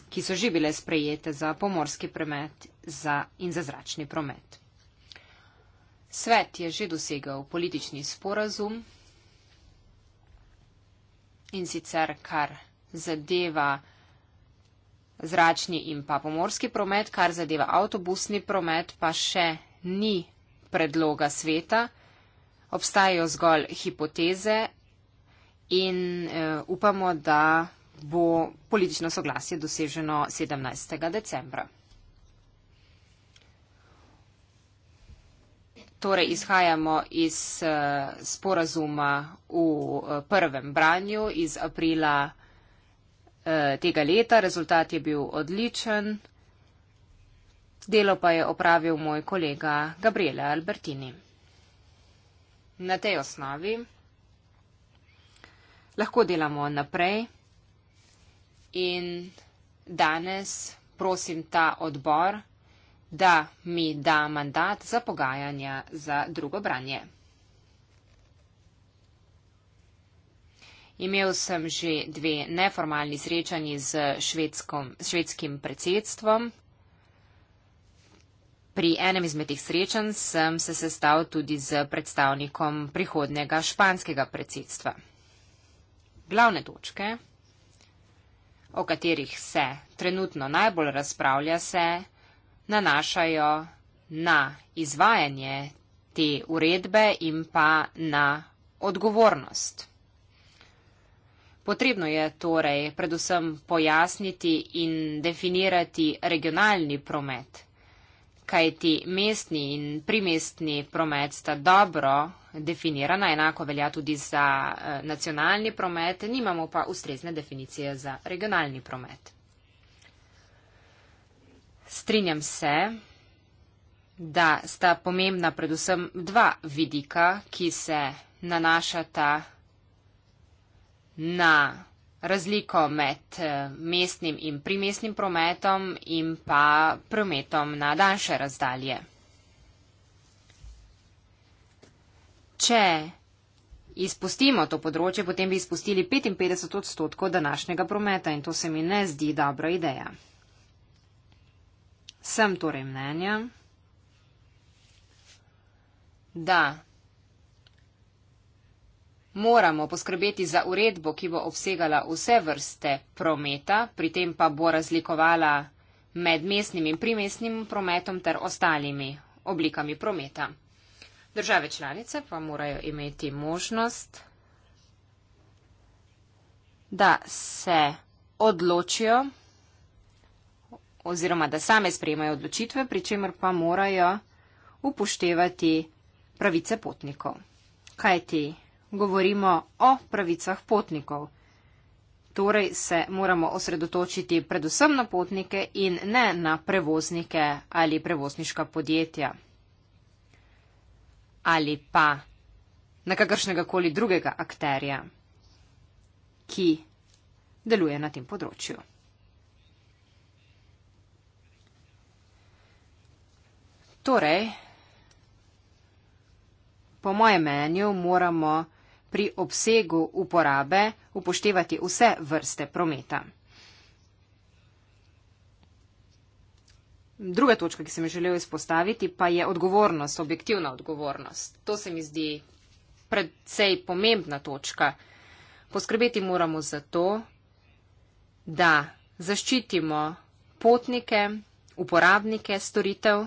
ki so že bile sprejete za pomorski promet in za zračni promet. Svet je že dosegal politični sporazum in sicer kar zadeva zračni in pa pomorski promet, kar zadeva avtobusni promet, pa še ni predloga sveta. Obstajajo zgolj hipoteze, in uh, upamo, da bo politično soglasje doseženo 17. decembra. Torej, izhajamo iz uh, sporazuma v uh, prvem branju iz aprila uh, tega leta. Rezultat je bil odličen. Delo pa je opravil moj kolega Gabriele Albertini. Na tej osnovi lahko delamo naprej in danes prosim ta odbor, da mi da mandat za pogajanja za drugo branje. Imel sem že dve neformalni srečanji z švedskom, švedskim predsedstvom. Pri enem izmed teh srečanj sem se sestal tudi z predstavnikom prihodnega španskega predsedstva glavne točke, o katerih se trenutno najbolj razpravlja, se nanašajo na izvajanje te uredbe in pa na odgovornost. Potrebno je torej predvsem pojasniti in definirati regionalni promet kajti mestni in primestni promet sta dobro definirana, enako velja tudi za eh, nacionalni promet, nimamo pa ustrezne definicije za regionalni promet. Strinjam se, da sta pomembna predvsem dva vidika, ki se nanašata na razliko med eh, mestnim in primestnim prometom in pa prometom na daljše razdalje. Če izpustimo to področje, potem bi izpustili 55 odstotkov današnjega prometa in to se mi ne zdi dobra ideja. Sem torej mnenja, da moramo poskrbeti za uredbo, ki bo obsegala vse vrste prometa, pri tem pa bo razlikovala med mestnim in primestnim prometom ter ostalimi oblikami prometa. Države članice pa morajo imeti možnost, da se odločijo oziroma da same sprejmajo odločitve, pri čemer pa morajo upoštevati pravice potnikov. Kaj ti? govorimo o pravicah potnikov. Torej se moramo osredotočiti predvsem na potnike in ne na prevoznike ali prevozniška podjetja. Ali pa na kakršnega koli drugega akterja, ki deluje na tem področju. Torej, po mojem mnenju, moramo pri obsegu uporabe upoštevati vse vrste prometa. Druga točka, ki sem jo želel izpostaviti, pa je odgovornost, objektivna odgovornost. To se mi zdi predvsej pomembna točka. Poskrbeti moramo za to, da zaščitimo potnike, uporabnike storitev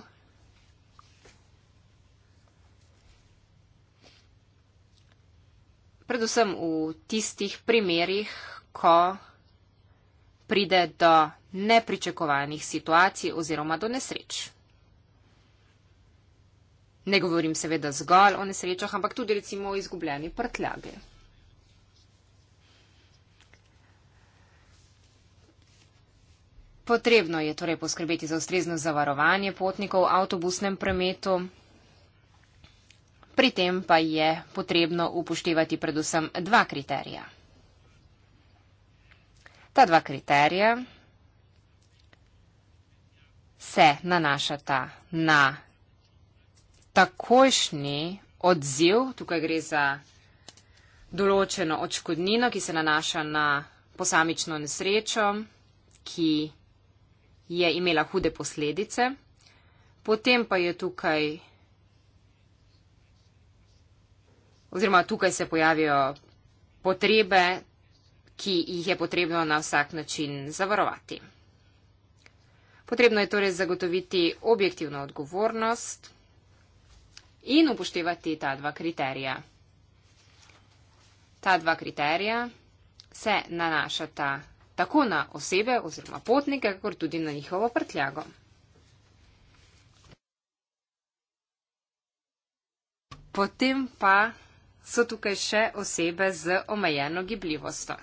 predvsem v tistih primerjih, ko pride do nepričakovanih situacij oziroma do nesreč. Ne govorim seveda zgolj o nesrečah, ampak tudi recimo o izgubljeni prtljage. Potrebno je torej poskrbeti za ustrezno zavarovanje potnikov v avtobusnem premetu pri tem pa je potrebno upoštevati predvsem dva kriterija. Ta dva kriterija se nanašata na takojšnji odziv, tukaj gre za določeno očkodnino, ki se nanaša na posamično nesrečo, ki je imela hude posledice, potem pa je tukaj См. oziroma tukaj se pojavijo potrebe, ki jih je potrebno na vsak način zavarovati. Potrebno je torej zagotoviti objektivno odgovornost in upoštevati ta dva kriterija. Ta dva kriterija se nanašata tako na osebe oziroma potnike, kakor tudi na njihovo prtljago. Potem pa so tukaj še osebe z omejeno gibljivostjo.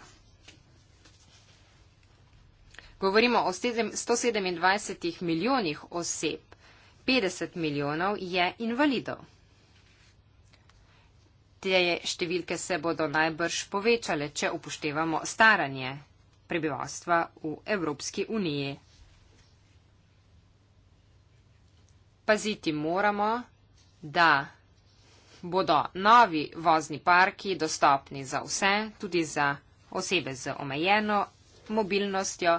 Govorimo o 127 milijonih oseb, 50 milijonov je invalidov. Te številke se bodo najbrž povečale, če upoštevamo staranje prebivalstva v Evropski uniji. Paziti moramo, da bodo novi vozni parki dostopni za vse, tudi za osebe z omejeno mobilnostjo.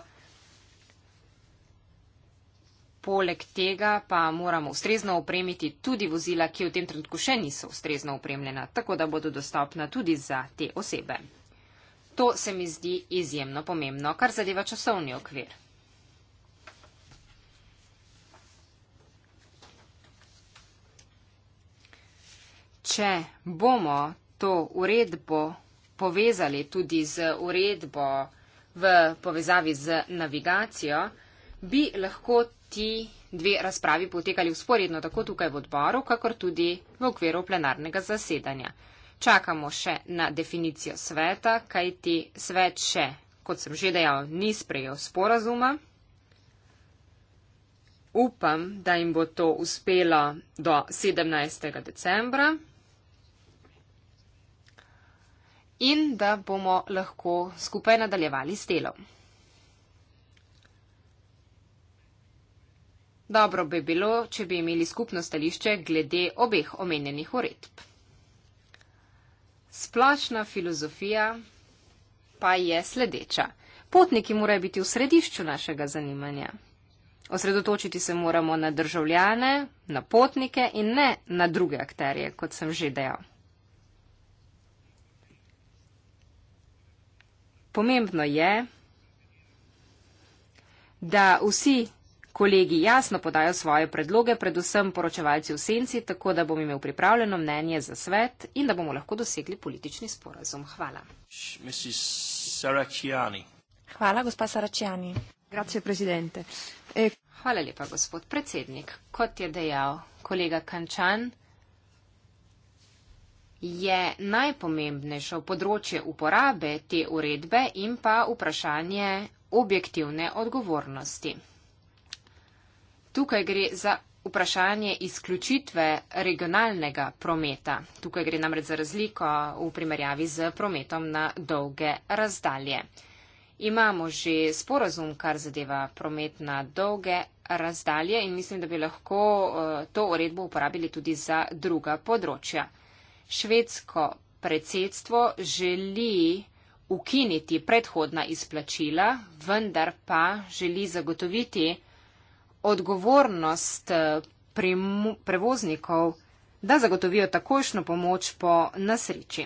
Poleg tega pa moramo ustrezno opremiti tudi vozila, ki v tem trenutku še niso ustrezno opremljena, tako da bodo dostopna tudi za te osebe. To se mi zdi izjemno pomembno, kar zadeva časovni okvir. če bomo to uredbo povezali tudi z uredbo v povezavi z navigacijo, bi lahko ti dve razpravi potekali usporedno tako tukaj v odboru, kakor tudi v okviru plenarnega zasedanja. Čakamo še na definicijo sveta, kajti svet še, kot sem že dejal, ni sprejel sporazuma. Upam, da jim bo to uspelo do 17. decembra in da bomo lahko skupaj nadaljevali s delom. Dobro bi bilo, če bi imeli skupno stališče glede obeh omenjenih uredb. Splošna filozofija pa je sledeča. Potniki morajo biti v središču našega zanimanja. Osredotočiti se moramo na državljane, na potnike in ne na druge akterje, kot sem že dejal. pomembno je, da vsi kolegi jasno podajo svoje predloge, predvsem poročevalci v senci, tako da bom imel pripravljeno mnenje za svet in da bomo lahko dosegli politični sporazum. Hvala. Hvala, gospa Saracijani. Grazie, presidente. E... Hvala lepa, gospod predsednik. Kot je dejal kolega Kančan, je najpomembnejše področje uporabe te uredbe in pa vprašanje objektivne odgovornosti. Tukaj gre za vprašanje izključitve regionalnega prometa. Tukaj gre namreč za razliko v primerjavi z prometom na dolge razdalje. Imamo že sporazum, kar zadeva promet na dolge razdalje in mislim, da bi lahko eh, to uredbo uporabili tudi za druga področja švedsko predsedstvo želi ukiniti predhodna izplačila, vendar pa želi zagotoviti odgovornost eh, prevoznikov, da zagotovijo takošno pomoč po nasreči.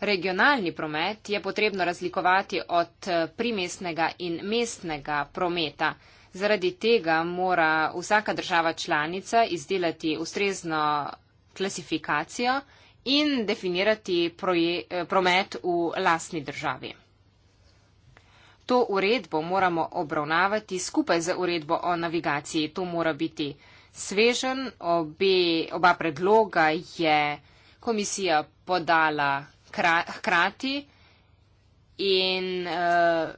Regionalni promet je potrebno razlikovati od eh, primestnega in mestnega prometa. Zaradi tega mora vsaka država članica izdelati ustrezno klasifikacijo in definirati eh, promet v lasni državi. To uredbo moramo obravnavati skupaj z uredbo o navigaciji. To mora biti svežen. Obe, oba predloga je komisija podala hkrati in uh,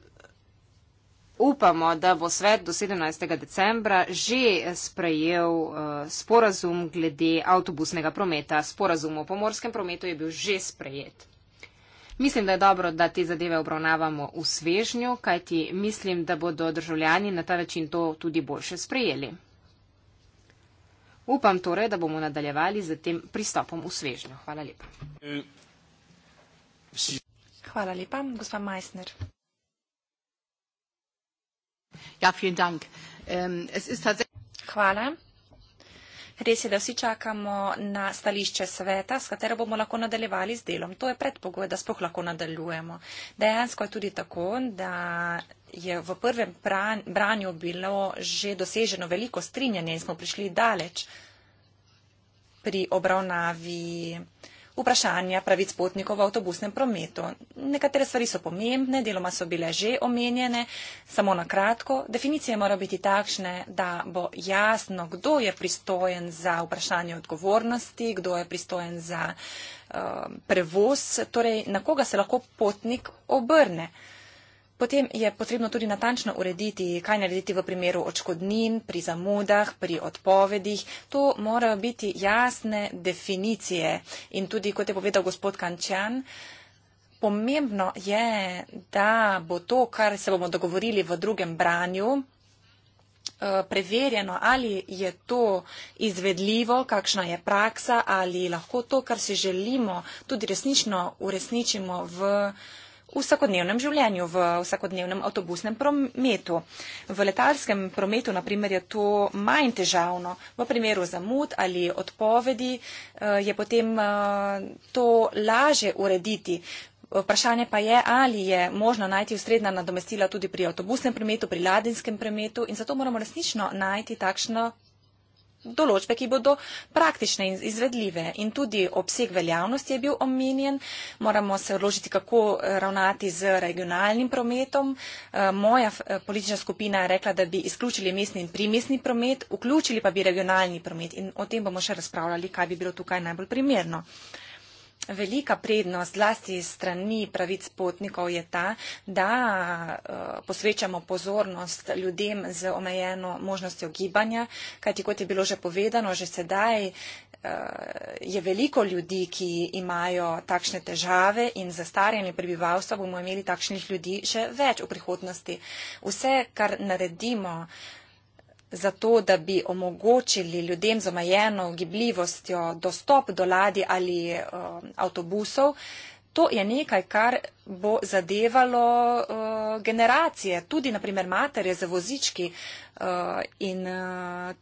upamo, da bo svet do 17. decembra že sprejel uh, sporazum glede avtobusnega prometa. Sporazum o pomorskem prometu je bil že sprejet. Mislim, da je dobro, da te zadeve obravnavamo v svežnju, kajti mislim, da bodo državljani na ta način to tudi boljše sprejeli. Upam torej, da bomo nadaljevali z tem pristopom v svežnju. Hvala lepa. Eh, Hvala lepa, gospa Meissner. Ja, ähm, Hvala. Res je, da vsi čakamo na stališče sveta, s katero bomo lahko nadaljevali z delom. To je predpogoj, da spoh lahko nadaljujemo. Dejansko je tudi tako, da je v prvem pran, branju bilo že doseženo veliko strinjanje in smo prišli daleč pri obravnavi vprašanja pravic potnikov v avtobusnem prometu. Nekatere stvari so pomembne, deloma so bile že omenjene, samo na kratko. Definicije morajo biti takšne, da bo jasno, kdo je pristojen za vprašanje odgovornosti, kdo je pristojen za uh, prevoz, torej na koga se lahko potnik obrne. Uh, Potem je potrebno tudi natančno urediti, kaj narediti v primeru očkodnin, pri zamudah, pri odpovedih. To morajo biti jasne definicije. In tudi, kot je povedal gospod Kančan, pomembno je, da bo to, kar se bomo dogovorili v drugem branju, eh, preverjeno, ali je to izvedljivo, kakšna je praksa, ali lahko to, kar si želimo, tudi resnično uresničimo v v vsakodnevnem življenju, v vsakodnevnem avtobusnem prometu. V letalskem prometu, naprimer, je to manj težavno. V primeru zamud ali odpovedi eh, je potem eh, to laže urediti. Vprašanje pa je, ali je možno najti ustredna nadomestila tudi pri avtobusnem prometu, pri ladinskem prometu in zato moramo resnično najti takšno določbe, ki bodo praktične in izvedljive. In tudi obseg veljavnosti je bil omenjen. Moramo se odložiti, kako eh, ravnati z regionalnim prometom. Eh, moja eh, politična skupina je rekla, da bi izključili mestni in primestni promet, vključili pa bi regionalni promet. In o tem bomo še razpravljali, kaj bi bilo tukaj najbolj primerno. Velika prednost zlasti strani pravic potnikov je ta, da eh, posvečamo pozornost ljudem z omejeno možnostjo gibanja, kajti kot je bilo že povedano, že sedaj eh, je veliko ljudi, ki imajo takšne težave in za starjanje prebivalstva bomo imeli takšnih ljudi še več v prihodnosti. Vse, kar naredimo, zato, da bi omogočili ljudem z omajeno gibljivostjo dostop do ladi ali um, avtobusov, to je nekaj, kar bo zadevalo uh, generacije, tudi naprimer materje za vozički uh, in uh,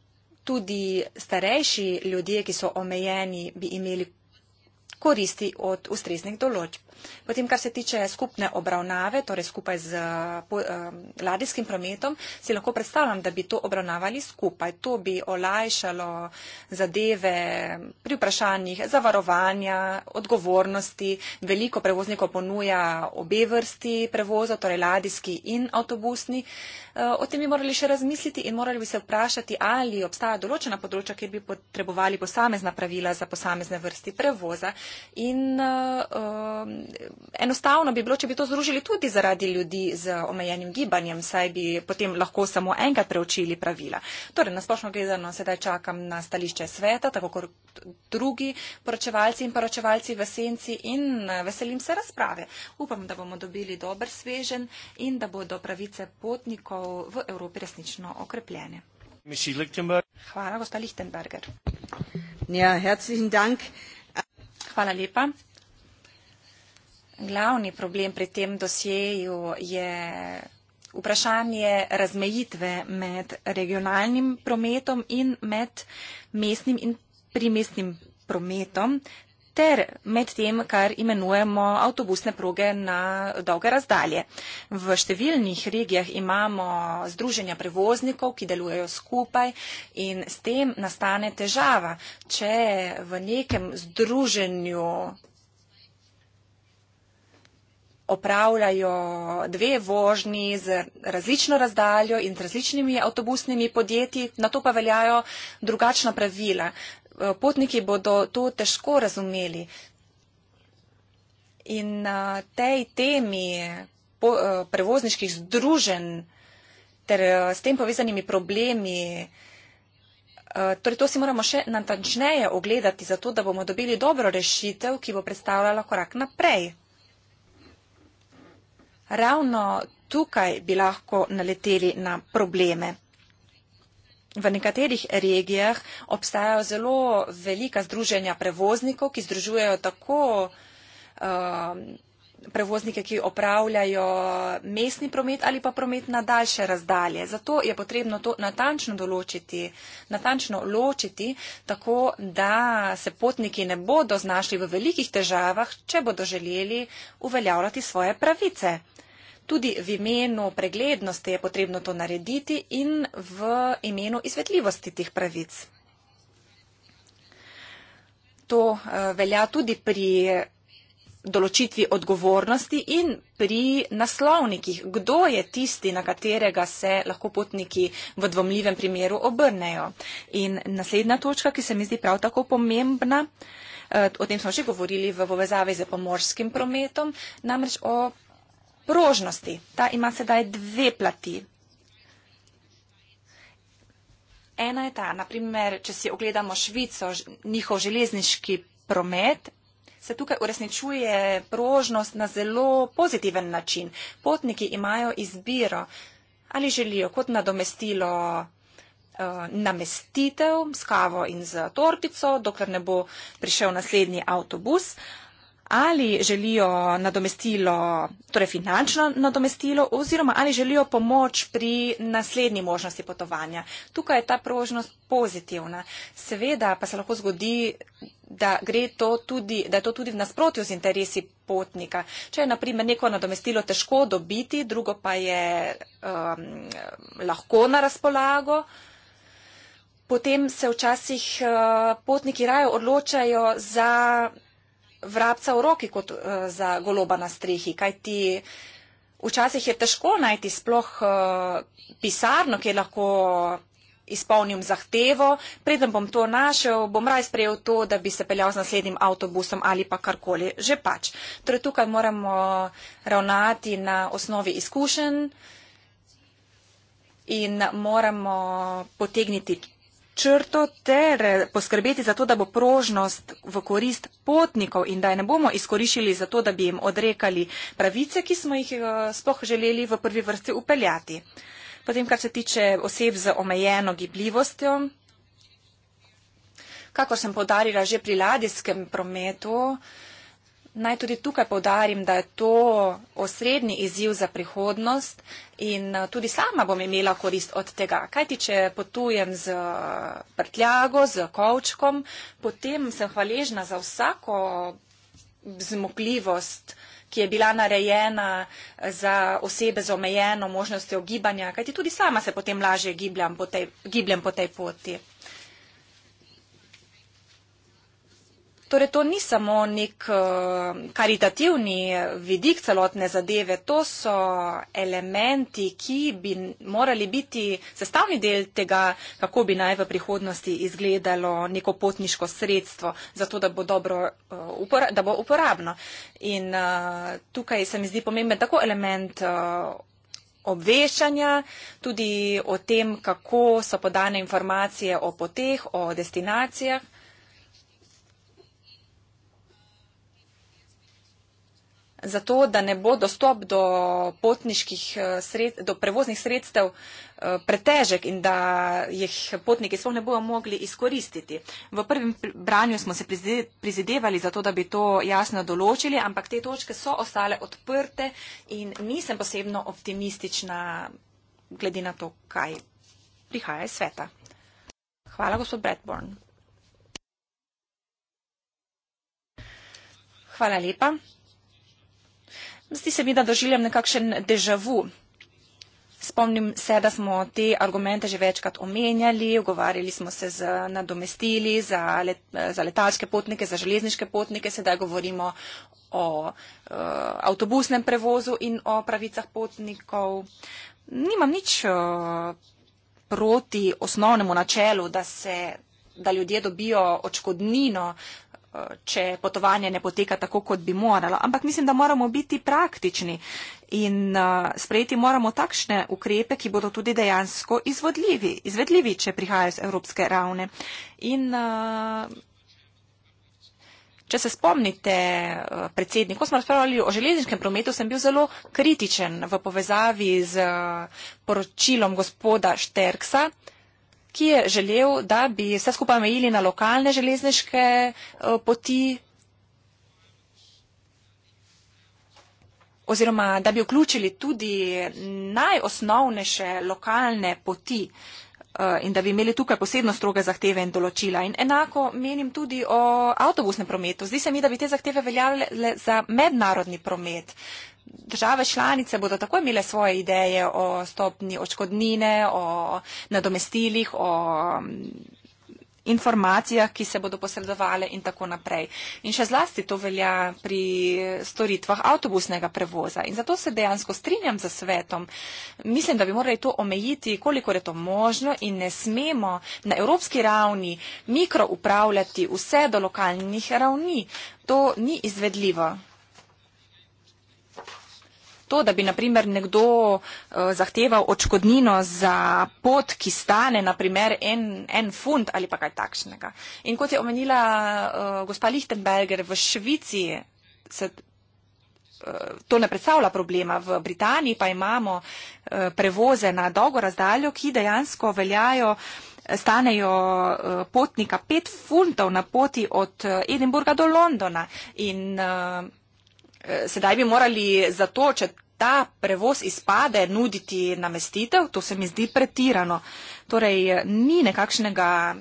tudi starejši ljudje, ki so omejeni, bi imeli koristi od ustreznih določb. Potem, kar se tiče skupne obravnave, torej skupaj z ladijskim prometom, si lahko predstavljam, da bi to obravnavali skupaj. To bi olajšalo zadeve pri vprašanjih zavarovanja, odgovornosti. Veliko prevoznikov ponuja obe vrsti prevoza, torej ladijski in avtobusni. E, o tem bi morali še razmisliti in morali bi se vprašati, ali obstaja določena področja, kjer bi potrebovali posamezna pravila za posamezne vrsti prevoza. In, e, enostavno bi bilo, če bi to združili tudi zaradi ljudi z omejenim gibanjem, saj bi potem lahko samo enkrat preučili pravila. Torej, nasplošno gledano, sedaj čakam na stališče sveta, tako kot drugi poročevalci in poročevalci v senci in eh, veselim se razprave. Upam, da bomo dobili dober svežen in da bodo pravice potnikov v Evropi resnično okrepljene. Hvala, gospod Lichtenberger. Ja, herzlichen Dank. Hvala lepa. Glavni problem pri tem dosjeju je vprašanje razmejitve med regionalnim prometom in med mestnim in primestnim prometom ter med tem, kar imenujemo avtobusne proge na dolge razdalje. V številnih regijah imamo združenja prevoznikov, ki delujejo skupaj in s tem nastane težava, če v nekem združenju opravljajo dve vožnji z različno razdaljo in z različnimi avtobusnimi podjetji, na to pa veljajo drugačna pravila. Eh, potniki bodo to težko razumeli. In na eh, tej temi eh, prevozniških združenj ter s tem povezanimi problemi, torej to si moramo še natančneje ogledati, zato da bomo dobili dobro rešitev, ki bo predstavljala korak naprej ravno tukaj bi lahko naleteli na probleme. V nekaterih regijah obstajajo zelo velika združenja prevoznikov, ki združujejo tako uh, prevoznike, ki opravljajo mestni promet ali pa promet na daljše razdalje. Zato je potrebno to natančno določiti, natančno ločiti, tako da se potniki ne bodo znašli v velikih težavah, če bodo želeli uveljavljati svoje pravice tudi v imenu preglednosti je potrebno to narediti in v imenu izvedljivosti tih pravic. To eh, velja tudi pri določitvi odgovornosti in pri naslovnikih, kdo je tisti, na katerega se lahko potniki v dvomljivem primeru obrnejo. In naslednja točka, ki se mi zdi prav tako pomembna, eh, o tem smo že govorili v povezavi z pomorskim prometom, namreč o prožnosti. Ta ima sedaj dve plati. Ena je ta, naprimer, če si ogledamo Švico, njihov železniški promet, se tukaj uresničuje prožnost na zelo pozitiven način. Potniki imajo izbiro ali želijo kot nadomestilo eh, namestitev s kavo in z tortico, dokler ne bo prišel naslednji avtobus ali želijo nadomestilo, torej finančno nadomestilo oziroma ali želijo pomoč pri naslednji možnosti potovanja. Tukaj je ta prožnost pozitivna. Seveda pa se lahko zgodi, da, to tudi, da je to tudi v nasprotju z interesi potnika. Če je naprimer neko nadomestilo težko dobiti, drugo pa je um, lahko na razpolago. Potem se včasih uh, potniki raje odločajo za vrabca v roki kot eh, za goloba na strehi, kajti včasih je težko najti sploh eh, pisarno, kjer lahko izpolnim zahtevo, preden bom to našel, bom raj sprejel to, da bi se peljal z naslednjim avtobusom ali pa karkoli že pač. Torej tukaj moramo ravnati na osnovi izkušenj in moramo potegniti črto ter eh, poskrbeti za to, da bo prožnost v korist potnikov in da je ne bomo izkoriščili za to, da bi jim odrekali pravice, ki smo jih eh, sploh želeli v prvi vrsti upeljati. Potem, kar se tiče oseb z omejeno gibljivostjo, kako sem podarila že pri ladijskem prometu, Naj tudi tukaj povdarim, da je to osrednji izziv za prihodnost in eh, tudi sama bom imela korist od tega. Kaj ti, če potujem z eh, prtljago, z kovčkom, potem sem hvaležna za vsako zmogljivost, ki je bila narejena eh, za osebe z omejeno možnostjo gibanja, kaj ti tudi sama se potem lažje gibljam po tej, gibljam po tej poti. Torej, to ni samo nek eh, karitativni vidik celotne zadeve, to so elementi, ki bi morali biti sestavni del tega, kako bi naj v prihodnosti izgledalo neko potniško sredstvo, zato da bo, dobro, eh, da bo uporabno. In eh, tukaj se mi zdi pomemben tako element obveščanja, tudi o tem, kako so podane informacije o poteh, o destinacijah. zato, da ne bo dostop do potniških eh, sred, do prevoznih sredstev eh, pretežek in da jih potniki sploh ne bojo mogli izkoristiti. V prvem branju smo se prizadevali za to, da bi to jasno določili, ampak te točke so ostale odprte in nisem posebno optimistična glede na to, kaj prihaja iz sveta. Hvala, gospod Bradborn. Hvala lepa zdi se mi, da doživljam nekakšen dežavu. Spomnim se, da smo te argumente že večkrat omenjali, ogovarjali smo se z nadomestili za, let, za letalske potnike, za železniške potnike, sedaj govorimo o uh, avtobusnem prevozu in o pravicah potnikov. Nimam nič uh, proti osnovnemu načelu, da, se, da ljudje dobijo očkodnino če potovanje ne poteka tako, kot bi moralo. Ampak mislim, da moramo biti praktični in uh, sprejeti moramo takšne ukrepe, ki bodo tudi dejansko izvodljivi, izvedljivi, če prihajajo z evropske ravne. In uh, če se spomnite, uh, predsednik, ko smo razpravljali o železniškem prometu, sem bil zelo kritičen v povezavi z poročilom gospoda Šterksa, ki je želel, da bi vse skupaj omejili na lokalne železniške eh, poti oziroma da bi vključili tudi najosnovnejše lokalne poti eh, in da bi imeli tukaj posebno stroge zahteve in določila. In enako menim tudi o avtobusnem prometu. Zdi se mi, da bi te zahteve veljale za mednarodni promet države članice bodo tako imele svoje ideje o stopni očkodnine, o nadomestilih, o mm, informacijah, ki se bodo posredovale in tako naprej. In še zlasti to velja pri storitvah avtobusnega prevoza. In zato se dejansko strinjam za svetom. Mislim, da bi morali to omejiti, koliko je to možno in ne smemo na evropski ravni mikro upravljati vse do lokalnih ravni. To ni izvedljivo to, da bi naprimer nekdo eh, zahteval očkodnino za pot, ki stane naprimer en, en funt ali pa kaj takšnega. In kot je omenila eh, gospa Lichtenberger, v Švici se. Eh, to ne predstavlja problema. V Britaniji pa imamo prevoze na dolgo razdaljo, ki dejansko veljajo, stanejo potnika pet funtov na poti od Edinburga do Londona. In sedaj bi morali za to, če ta prevoz izpade nuditi namestitev, to se mi zdi pretirano. Torej, ni nekakšnega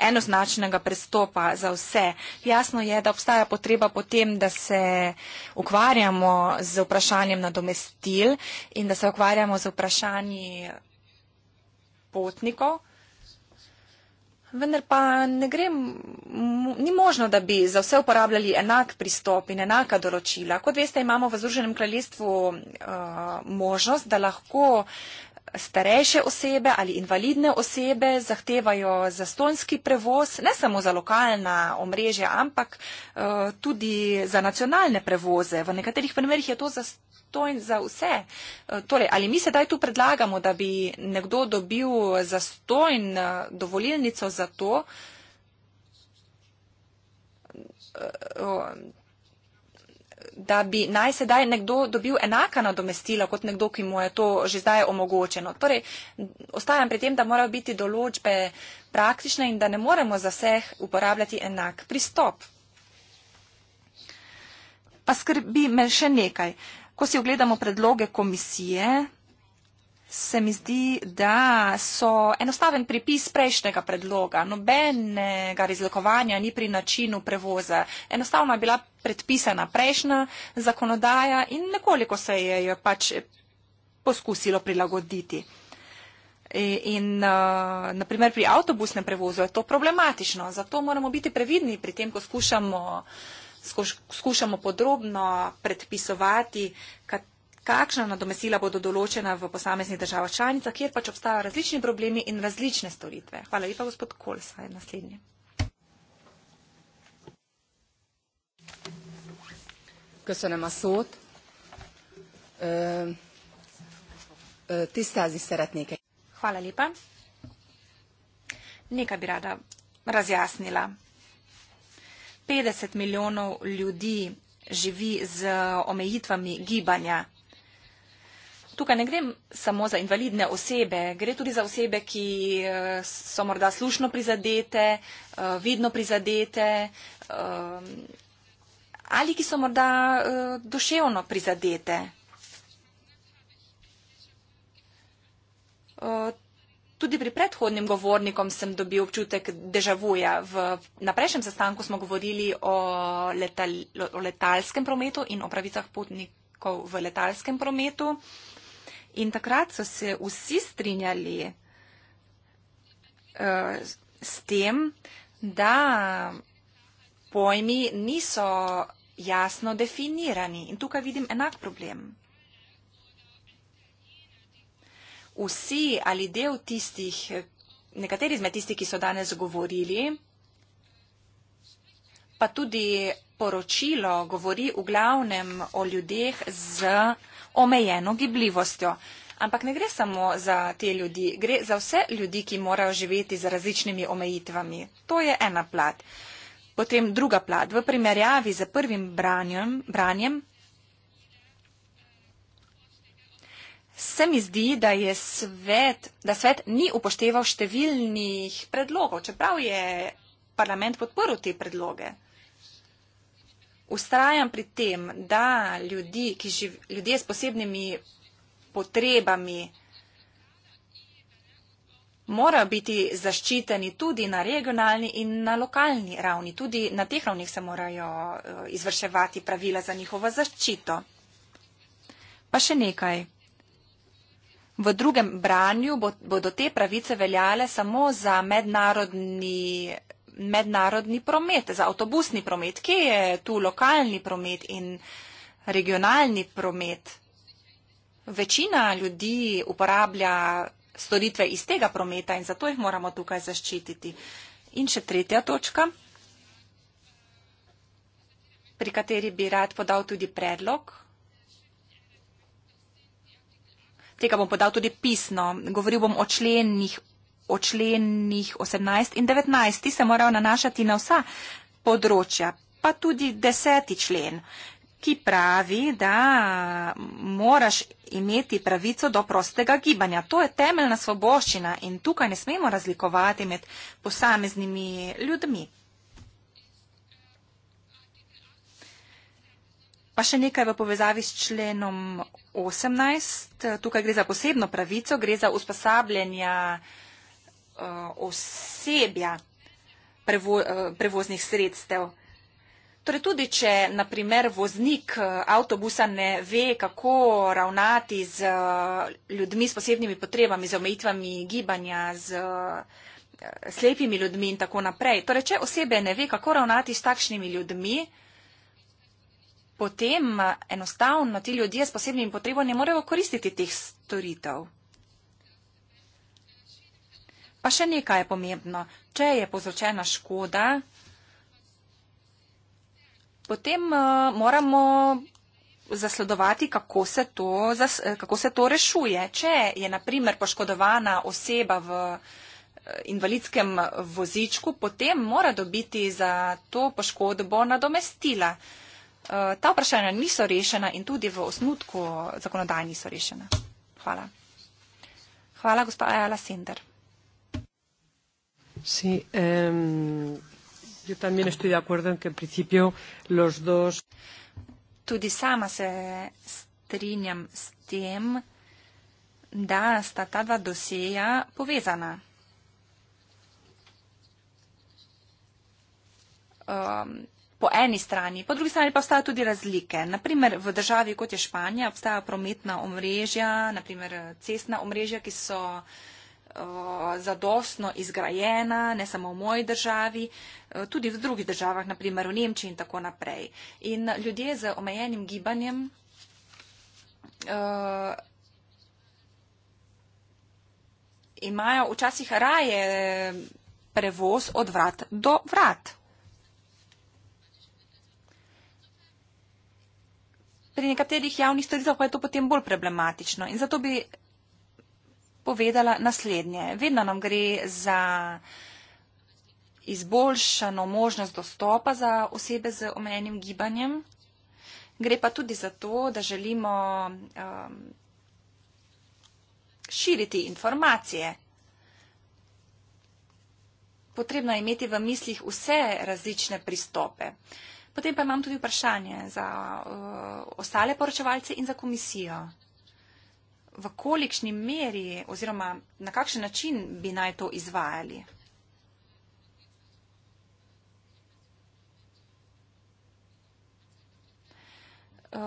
enoznačnega prestopa za vse. Jasno je, da obstaja potreba potem, da se ukvarjamo z vprašanjem nadomestil in da se ukvarjamo z vprašanji potnikov vendar pa ne gre, ni možno, da bi za vse uporabljali enak pristop in enaka določila. Kot veste, imamo v Združenem kraljestvu uh, možnost, da lahko uh, starejše osebe ali invalidne osebe zahtevajo zastonski prevoz, ne samo za lokalna omrežja, ampak uh, tudi za nacionalne prevoze. V nekaterih primerjih je to zastojn za vse. Uh, torej, ali mi sedaj tu predlagamo, da bi nekdo dobil zastojn uh, eh, dovolilnico za to? Uh, uh, da bi naj sedaj nekdo dobil enaka nadomestila kot nekdo, ki mu je to že zdaj omogočeno. Torej, ostajam pri tem, da morajo biti določbe praktične in da ne moremo za vseh uporabljati enak pristop. Pa skrbi me še nekaj. Ko si ogledamo predloge komisije, se mi zdi, da so enostaven prepis prejšnjega predloga. Nobenega razlikovanja ni pri načinu prevoza. Enostavno je bila predpisana prejšnja zakonodaja in nekoliko se je jo pač poskusilo prilagoditi. In uh, eh, naprimer pri avtobusnem prevozu je to problematično, zato moramo biti previdni pri tem, ko skušamo, skuš, skušamo podrobno predpisovati, kat, kakšna nadomestila bodo določena v posameznih državah članicah, kjer pač obstajajo različni problemi in različne storitve. Hvala lepa, gospod Kolsa, je naslednji. Köszönöm a szót. Ö, ö, tisztázni szeretnék egy. Hála lépa. Néka biráda razjásznila. 50 millió ljudi živi z omejitvami gibanya. Tukaj ne gre samo za invalidne osebe, gre tudi za osebe, ki eh, so morda slušno prizadete, eh, vidno prizadete ehm, ali ki so morda eh, duševno prizadete. Tudi pri predhodnim govornikom sem dobil občutek dežavuja. Ja. V, na prejšnjem sestanku smo govorili o, letal, o letalskem prometu in o pravicah potnikov v letalskem prometu. Uh, In takrat so se vsi strinjali uh, s tem, da pojmi niso jasno definirani. In tukaj vidim enak problem. Vsi ali del tistih, nekateri izmed tistih, ki so danes govorili, pa tudi poročilo govori v glavnem o ljudeh z omejeno gibljivostjo. Ampak ne gre samo za te ljudi, gre za vse ljudi, ki morajo živeti z različnimi omejitvami. To je ena plat. Potem druga plat. V primerjavi z prvim branjem, branjem se mi zdi, da, je svet, da svet ni upošteval številnih predlogov, čeprav je parlament podporil te predloge. Ustrajam pri tem, da ljudi, ki živ, ljudje s posebnimi potrebami morajo biti zaščiteni tudi na regionalni in na lokalni ravni. Tudi na teh ravnih se morajo eh, izvrševati pravila za njihovo zaščito. Pa še nekaj. V drugem branju bodo te pravice veljale samo za mednarodni mednarodni promet, za avtobusni promet, kje je tu lokalni promet in regionalni promet. Večina ljudi uporablja storitve iz tega prometa in zato jih moramo tukaj zaščititi. In še tretja točka, pri kateri bi rad podal tudi predlog. Tega bom podal tudi pisno. Govoril bom o členih o členih 18 in 19, ti se morajo nanašati na vsa področja, pa tudi deseti člen, ki pravi, da moraš imeti pravico do prostega gibanja. To je temeljna svoboščina in tukaj ne smemo razlikovati med posameznimi ljudmi. Pa še nekaj v povezavi s členom 18. Tukaj gre za posebno pravico, gre za usposabljanja uh, osebja prevo, uh, prevoznih sredstev. Torej, tudi če, naprimer, voznik eh, avtobusa ne ve, kako ravnati z ljudmi s posebnimi potrebami, z omejitvami gibanja, z slepimi ljudmi in tako naprej. Torej, če osebe ne ve, kako ravnati s takšnimi ljudmi, potem enostavno ti ljudje s posebnimi potrebami ne morejo koristiti teh storitev. Pa še nekaj je pomembno. Če je povzročena škoda, potem uh, moramo zasledovati, kako se, to, zas, eh, kako se to rešuje. Če je naprimer poškodovana oseba v eh, invalidskem vozičku, potem mora dobiti za to poškodbo nadomestila. Ta vprašanja niso rešena in tudi v osnutku zakonodaj niso rešena. Hvala. Hvala, gospod Ajala Sender. Sí, eh, yo también estoy de acuerdo en que en principio los dos. Tudi sama se strinjam s tem, da sta ta dva doseja povezana. Um, po eni strani, po drugi strani pa obstajajo tudi razlike. Naprimer, v državi kot je Španija obstajajo prometna omrežja, naprimer cestna omrežja, ki so uh, Eh, zadostno izgrajena, ne samo v moji državi, eh, tudi v drugih državah, naprimer v Nemčiji in tako naprej. In ljudje z omejenim gibanjem uh, imajo včasih raje prevoz od vrat do vrat. Pri nekaterih javnih storitev pa je to potem bolj problematično in zato bi povedala naslednje. Vedno nam gre za izboljšano možnost dostopa za osebe z omenjenim gibanjem. Gre pa tudi za to, da želimo um, širiti informacije. Potrebno je imeti v mislih vse različne pristope. Potem pa imam tudi vprašanje za uh, ostale poročevalce in za komisijo v kolikšni meri oziroma na kakšen način bi naj to izvajali? Eh,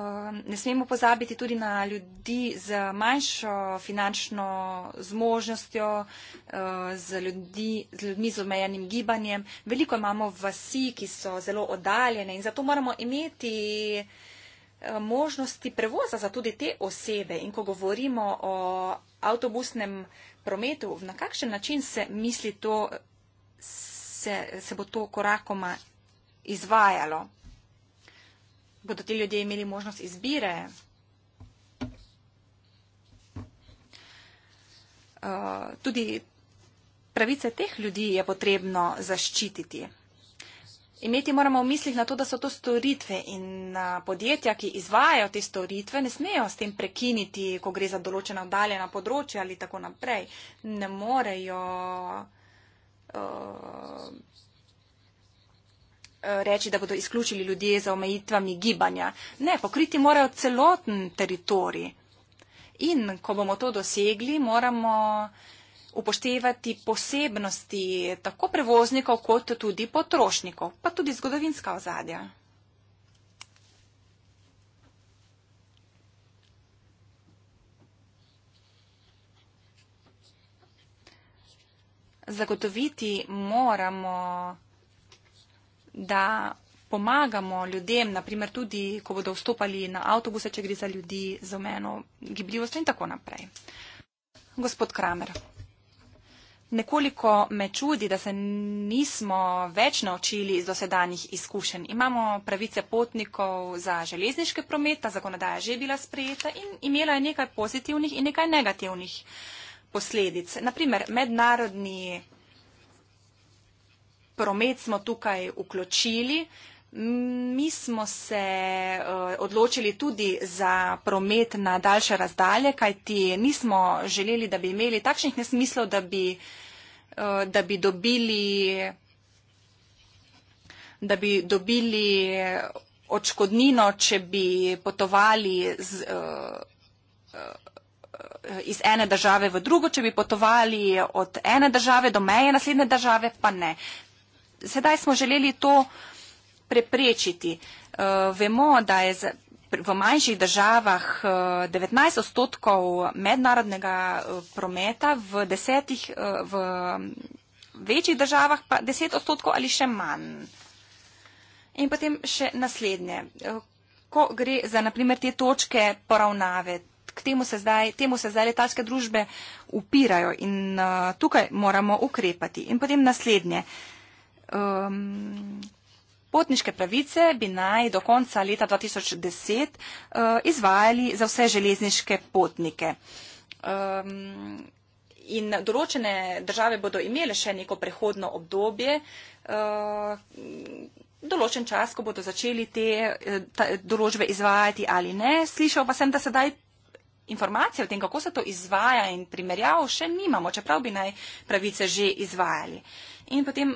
ne smemo pozabiti tudi na ljudi z manjšo finančno zmožnostjo, eh, z, ljudi, z ljudmi z omejenim gibanjem. Veliko imamo vasi, ki so zelo oddaljene in zato moramo imeti uh, Eh, možnosti prevoza za tudi te osebe in ko govorimo o avtobusnem prometu, na kakšen način se misli to, se, se bo to korakoma izvajalo? Bodo ti ljudje imeli možnost izbire? Eh, tudi pravice teh ljudi je potrebno zaščititi. Imeti moramo v mislih na to, da so to storitve in podjetja, ki izvajajo te storitve, ne smejo s tem prekiniti, ko gre za določena oddaljena področja ali tako naprej. Ne morejo reči, da bodo izključili ljudje za omejitvami gibanja. Ne, pokriti morajo celoten teritorij. In ko bomo to dosegli, moramo upoštevati posebnosti tako prevoznikov kot tudi potrošnikov, pa tudi zgodovinska ozadja. Zagotoviti moramo, da pomagamo ljudem, naprimer tudi, ko bodo vstopali na avtobuse, če gre za ljudi, za omeno gibljivost in tako naprej. Gospod Kramer. Nekoliko me čudi, da se nismo več naučili iz dosedanjih izkušenj. Imamo pravice potnikov za železniške prometa, zakonodaja je že bila sprejeta in imela je nekaj pozitivnih in nekaj negativnih posledic. Naprimer, mednarodni promet smo tukaj vključili. Mi smo se uh, odločili tudi za promet na daljše razdalje, kajti nismo želeli, da bi imeli takšnih nesmislov, da bi, uh, da bi dobili, da bi dobili očkodnino, če bi potovali z, uh, iz ene države v drugo, če bi potovali od ene države do meje naslednje države, pa ne. Sedaj smo želeli to preprečiti. Eh, vemo, da je v manjših državah 19 eh, odstotkov mednarodnega eh, prometa, v desetih, v mm, večjih državah pa 10 odstotkov ali še manj. In potem še naslednje. Ko gre za naprimer te točke poravnave, k temu se zdaj, temu se zdaj letalske družbe upirajo in uh, tukaj moramo ukrepati. In potem naslednje. Um, Potniške pravice bi naj do konca leta 2010 eh, izvajali za vse železniške potnike. Ehm, in določene države bodo imele še neko prehodno obdobje, eh, določen čas, ko bodo začeli te eh, določbe izvajati ali ne. Slišal pa sem, da sedaj informacije o tem, kako se to izvaja in primerjav, še nimamo, čeprav bi naj pravice že izvajali. In potem,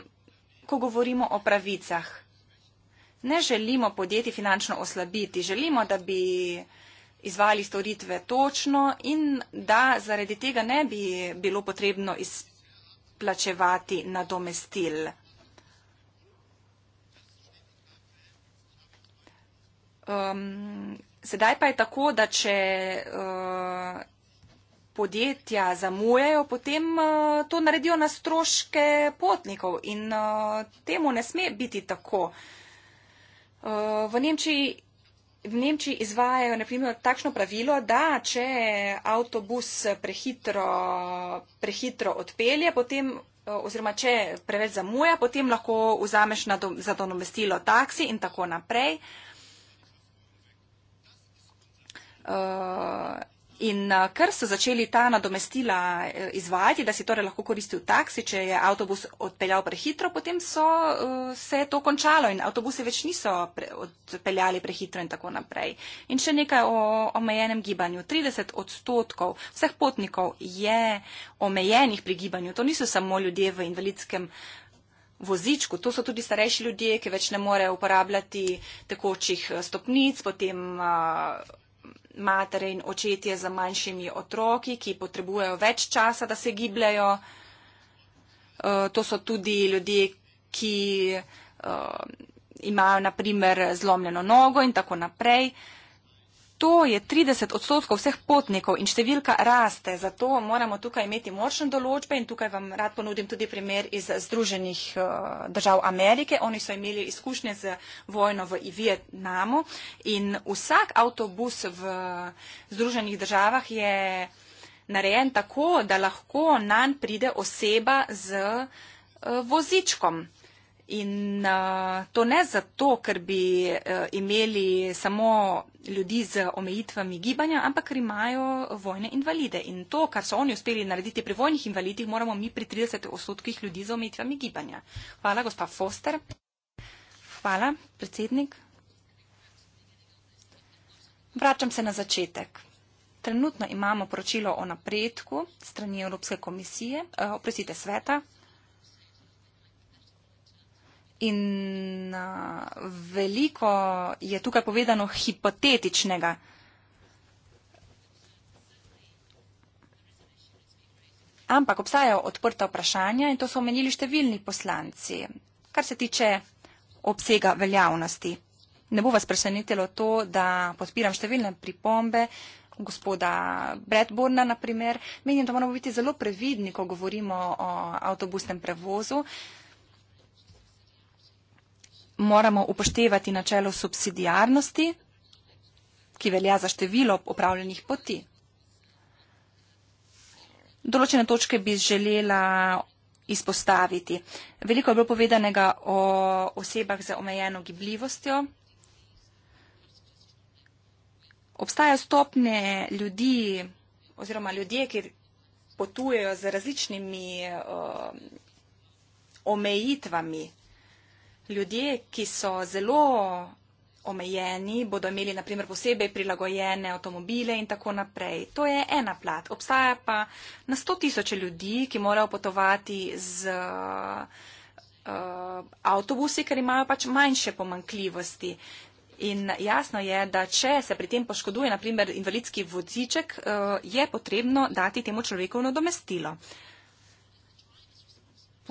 ko govorimo o pravicah, ne želimo podjetij finančno oslabiti, želimo, da bi izvali storitve točno in da zaradi tega ne bi bilo potrebno izplačevati nadomestil. Um, sedaj pa je tako, da če uh, podjetja zamujajo, potem uh, to naredijo na stroške potnikov in uh, temu ne sme biti tako. Uh, V Nemčiji, v Nemčiji izvajajo naprimer takšno pravilo, da če avtobus prehitro, prehitro odpelje, potem oziroma če preveč zamuja, potem lahko vzameš do, za donomestilo taksi in tako naprej. Uh, In ker so začeli ta nadomestila eh, izvajati, da si torej lahko koristil taksi, če je avtobus odpeljal prehitro, potem so eh, se to končalo in avtobuse več niso odpeljali prehitro in tako naprej. In še nekaj o omejenem gibanju. 30 odstotkov vseh potnikov je omejenih pri gibanju. To niso samo ljudje v invalidskem. Vozičku. To so tudi starejši ljudje, ki več ne morejo uporabljati tekočih eh, stopnic, potem matere in očetje za manjšimi otroki, ki potrebujejo več časa, da se gibljajo. E, to so tudi ljudje, ki e, imajo naprimer zlomljeno nogo in tako naprej to je 30 odstotkov vseh potnikov in številka raste. Zato moramo tukaj imeti močne določbe in tukaj vam rad ponudim tudi primer iz Združenih eh, držav Amerike. Oni so imeli izkušnje z vojno v Vietnamu in vsak avtobus v eh, Združenih državah je narejen tako, da lahko nanj pride oseba z eh, vozičkom. In uh, to ne zato, ker bi uh, imeli samo ljudi z omejitvami gibanja, ampak ker imajo vojne invalide. In to, kar so oni uspeli narediti pri vojnih invalidih, moramo mi pri 30 odstotkih ljudi z omejitvami gibanja. Hvala, gospa Foster. Hvala, predsednik. Vračam se na začetek. Trenutno imamo poročilo o napredku strani Evropske komisije, e, oprostite sveta, In uh, veliko je tukaj povedano hipotetičnega. Ampak obstajajo odprta vprašanja in to so omenili številni poslanci, kar se tiče obsega veljavnosti. Ne bo vas presenetilo to, da podpiram številne pripombe gospoda Bradborna, naprimer. Menim, da moramo biti zelo previdni, ko govorimo o avtobusnem prevozu moramo upoštevati načelo subsidijarnosti, ki velja za število opravljenih poti. Določene točke bi želela izpostaviti. Veliko je bilo povedanega o osebah za omejeno gibljivostjo. Obstajajo stopne ljudi oziroma ljudje, ki potujejo z različnimi uh, omejitvami, ljudje, ki so zelo omejeni, bodo imeli naprimer posebej prilagojene avtomobile in tako naprej. To je ena plat. Obstaja pa na sto tisoče ljudi, ki morajo potovati z uh, uh, avtobusi, ker imajo pač manjše pomankljivosti. In jasno je, da če se pri tem poškoduje naprimer invalidski vodziček, uh, eh, je potrebno dati temu človeku nadomestilo. Uh,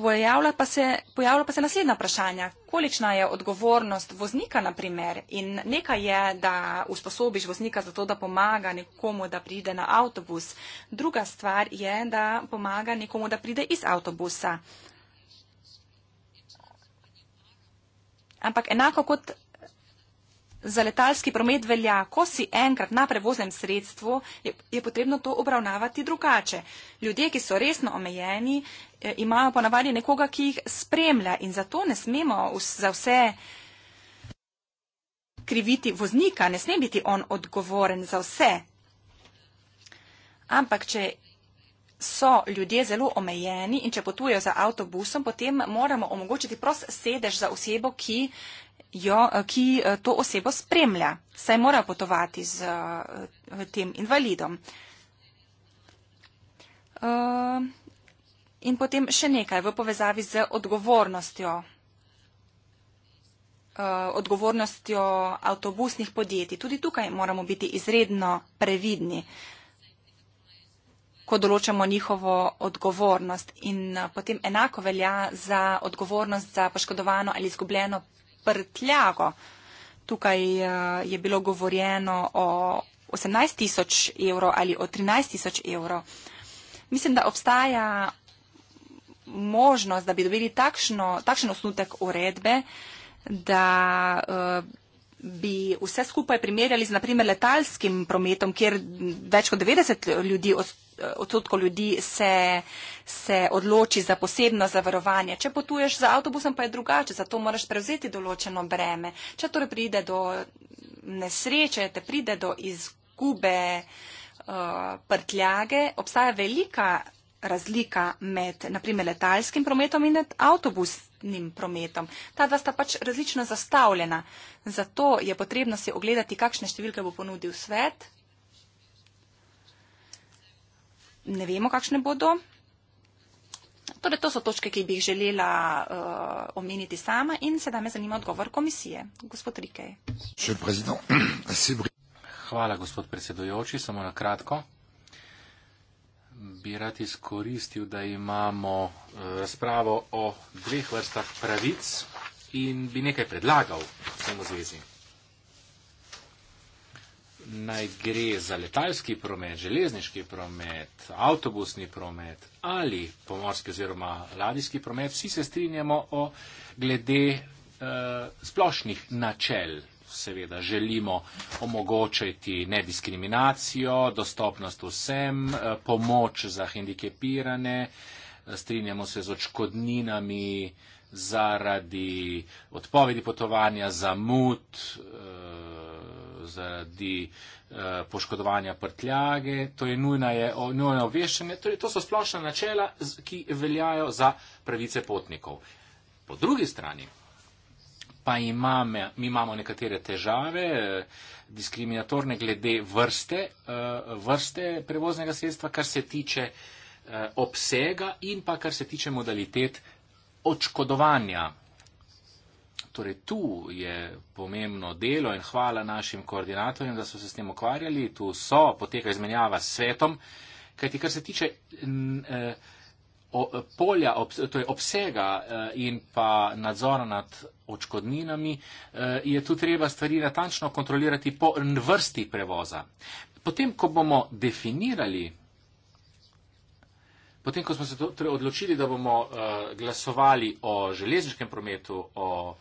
Pojavlja pa, se, pojavlja pa se naslednja vprašanja. Kolikšna je odgovornost voznika, na primer? In nekaj je, da usposobiš voznika za to, da pomaga nekomu, da pride na avtobus. Druga stvar je, da pomaga nekomu, da pride iz avtobusa. Ampak enako kot za letalski promet velja, ko si enkrat na prevoznem sredstvu, je, je potrebno to obravnavati drugače. Ljudje, ki so resno omejeni, eh, imajo ponavadi nekoga, ki jih spremlja in zato ne smemo za vse kriviti voznika, ne sme biti on odgovoren za vse. Ampak, če so ljudje zelo omejeni in če potujejo za avtobusom, potem moramo omogočiti prost sedež za osebo, ki jo, eh, ki eh, to osebo spremlja, saj mora potovati z eh, tem invalidom. In potem še nekaj v povezavi z odgovornostjo odgovornostjo avtobusnih podjetij. Tudi tukaj moramo biti izredno previdni, ko določamo njihovo odgovornost. In potem enako velja za odgovornost za poškodovano ali izgubljeno prtljago. Tukaj eh, je bilo govorjeno o 18 tisoč evrov ali o 13 tisoč evrov. Mislim, da obstaja možnost, da bi dobili takšno, takšen osnutek uredbe, da uh, bi vse skupaj primerjali z naprimer letalskim prometom, kjer več kot 90 ljudi, odstotkov ljudi se, se odloči za posebno zavarovanje. Če potuješ z avtobusom, pa je drugače, zato moraš prevzeti določeno breme. Če torej pride do nesreče, te pride do izgube uh, prtljage, obstaja velika razlika med naprimer letalskim prometom in avtobusom cestnim prometom. Ta dva sta pač različno zastavljena. Zato je potrebno si ogledati, kakšne številke bo ponudil svet. Ne vemo, kakšne bodo. Torej, to so točke, ki bi jih želela uh, omeniti sama in sedaj me zanima odgovor komisije. Gospod Rikej. Hvala, gospod predsedujoči, samo na kratko bi rad izkoristil, da imamo eh, razpravo o dveh vrstah pravic in bi nekaj predlagal vsem v zvezi. Naj gre za letalski promet, železniški promet, avtobusni promet ali pomorski oziroma ladijski promet, vsi se strinjamo o glede uh, splošnih načel seveda želimo omogočiti nediskriminacijo, dostopnost vsem, eh, pomoč za hendikepirane, eh, strinjamo se z očkodninami zaradi odpovedi potovanja, zamud, eh, zaradi poškodovanja prtljage, to je nujno obveščanje, to, torej, to so splošna načela, ki veljajo za pravice potnikov. Po drugi strani pa imame, mi imamo nekatere težave, eh, diskriminatorne glede vrste, eh, vrste prevoznega sredstva, kar se tiče eh, obsega in pa kar se tiče modalitet očkodovanja. Torej, tu je pomembno delo in hvala našim koordinatorjem, da so se s tem ukvarjali. Tu so, poteka izmenjava s svetom, kajti kar se tiče n, eh, o, polja, ob, torej obsega eh, in pa nadzora nad očkodninami, eh, je tu treba stvari natančno kontrolirati po vrsti prevoza. Potem, ko bomo definirali, potem, ko smo se torej odločili, da bomo eh, glasovali o železniškem prometu, o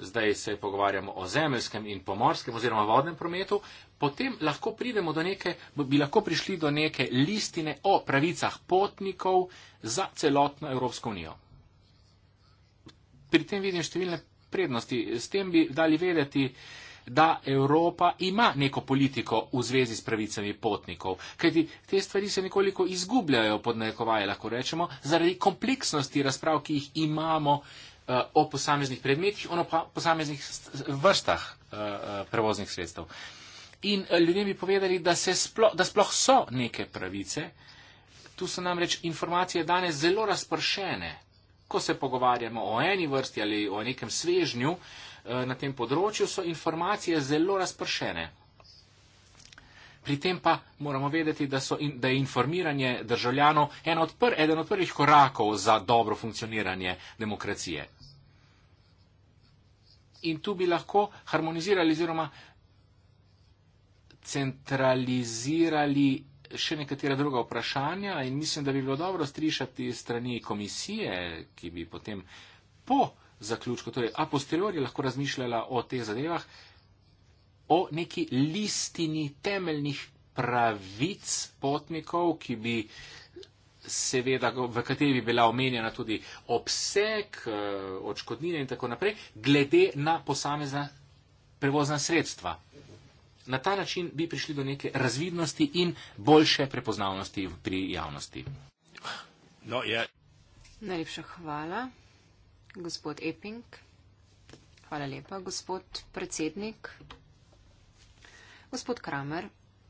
zdaj se pogovarjamo o zemeljskem in pomorskem oziroma vodnem prometu, potem lahko pridemo do neke, bi lahko prišli do neke listine o pravicah potnikov za celotno Evropsko unijo. Pri tem vidim številne prednosti. S tem bi dali vedeti, da Evropa ima neko politiko v zvezi s pravicami potnikov, kajti te stvari se nekoliko izgubljajo pod nekovaje, lahko rečemo, zaradi kompleksnosti razprav, ki jih imamo uh, o posameznih predmetih, o posameznih vrstah uh, uh, prevoznih sredstev. In uh, ljudje bi povedali, da, splo, da sploh so neke pravice, tu so namreč informacije danes zelo razpršene ko se pogovarjamo o eni vrsti ali o nekem svežnju eh, na tem področju, so informacije zelo razpršene. Pri tem pa moramo vedeti, da, so, da je informiranje državljanov od pr, eden od prvih korakov za dobro funkcioniranje demokracije. In tu bi lahko harmonizirali oziroma centralizirali še nekatera druga vprašanja in mislim, da bi bilo dobro strišati strani komisije, ki bi potem po zaključku, torej a posteriori lahko razmišljala o teh zadevah, o neki listini temeljnih pravic potnikov, ki bi seveda, v kateri bi bila omenjena tudi obseg, eh, odškodnine in tako naprej, glede na posamezna prevozna sredstva. Na ta način bi prišli do neke razvidnosti in boljše prepoznavnosti pri javnosti. No, yeah. Ja. Najlepša hvala, gospod Epping. Hvala lepa, gospod predsednik. Gospod Kramer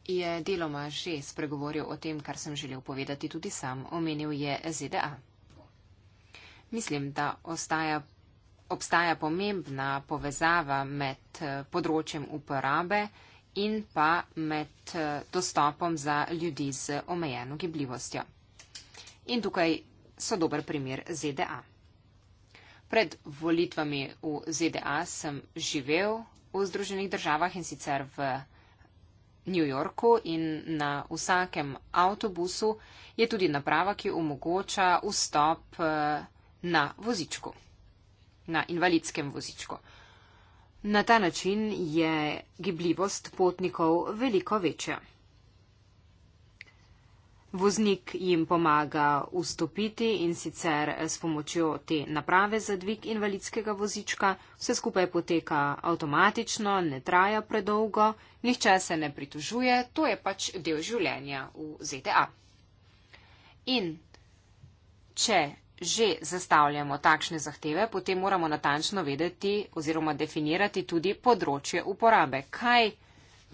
je deloma že spregovoril o tem, kar sem želel povedati tudi sam. Omenil je ZDA. Mislim, da ostaja, obstaja pomembna povezava med eh, področjem uporabe, in pa med eh, dostopom za ljudi z omejeno gibljivostjo. In tukaj so dober primer ZDA. Pred volitvami v ZDA sem živel v Združenih državah in sicer v New Yorku in na vsakem avtobusu je tudi naprava, ki omogoča vstop eh, na vozičku, na invalidskem vozičku. Na ta način je gibljivost potnikov veliko večja. Voznik jim pomaga vstopiti in sicer s pomočjo te naprave za dvig invalidskega vozička. Vse skupaj poteka avtomatično, ne traja predolgo, nihče se ne pritožuje, to je pač del življenja v ZDA. In če že zastavljamo takšne zahteve, potem moramo natančno vedeti oziroma definirati tudi področje uporabe. Kaj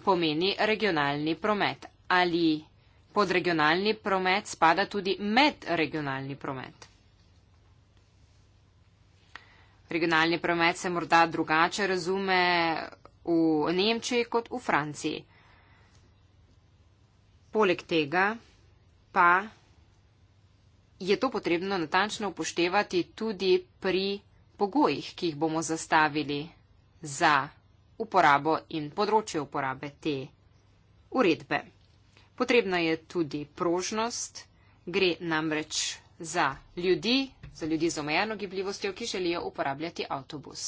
pomeni regionalni promet? Ali pod regionalni promet spada tudi medregionalni promet? Regionalni promet se morda drugače razume v Nemčiji kot v Franciji. Poleg tega pa je to potrebno natančno upoštevati tudi pri pogojih, ki jih bomo zastavili za uporabo in področje uporabe te uredbe. Potrebna je tudi prožnost, gre namreč za ljudi, za ljudi z omejeno gibljivostjo, ki želijo uporabljati avtobus.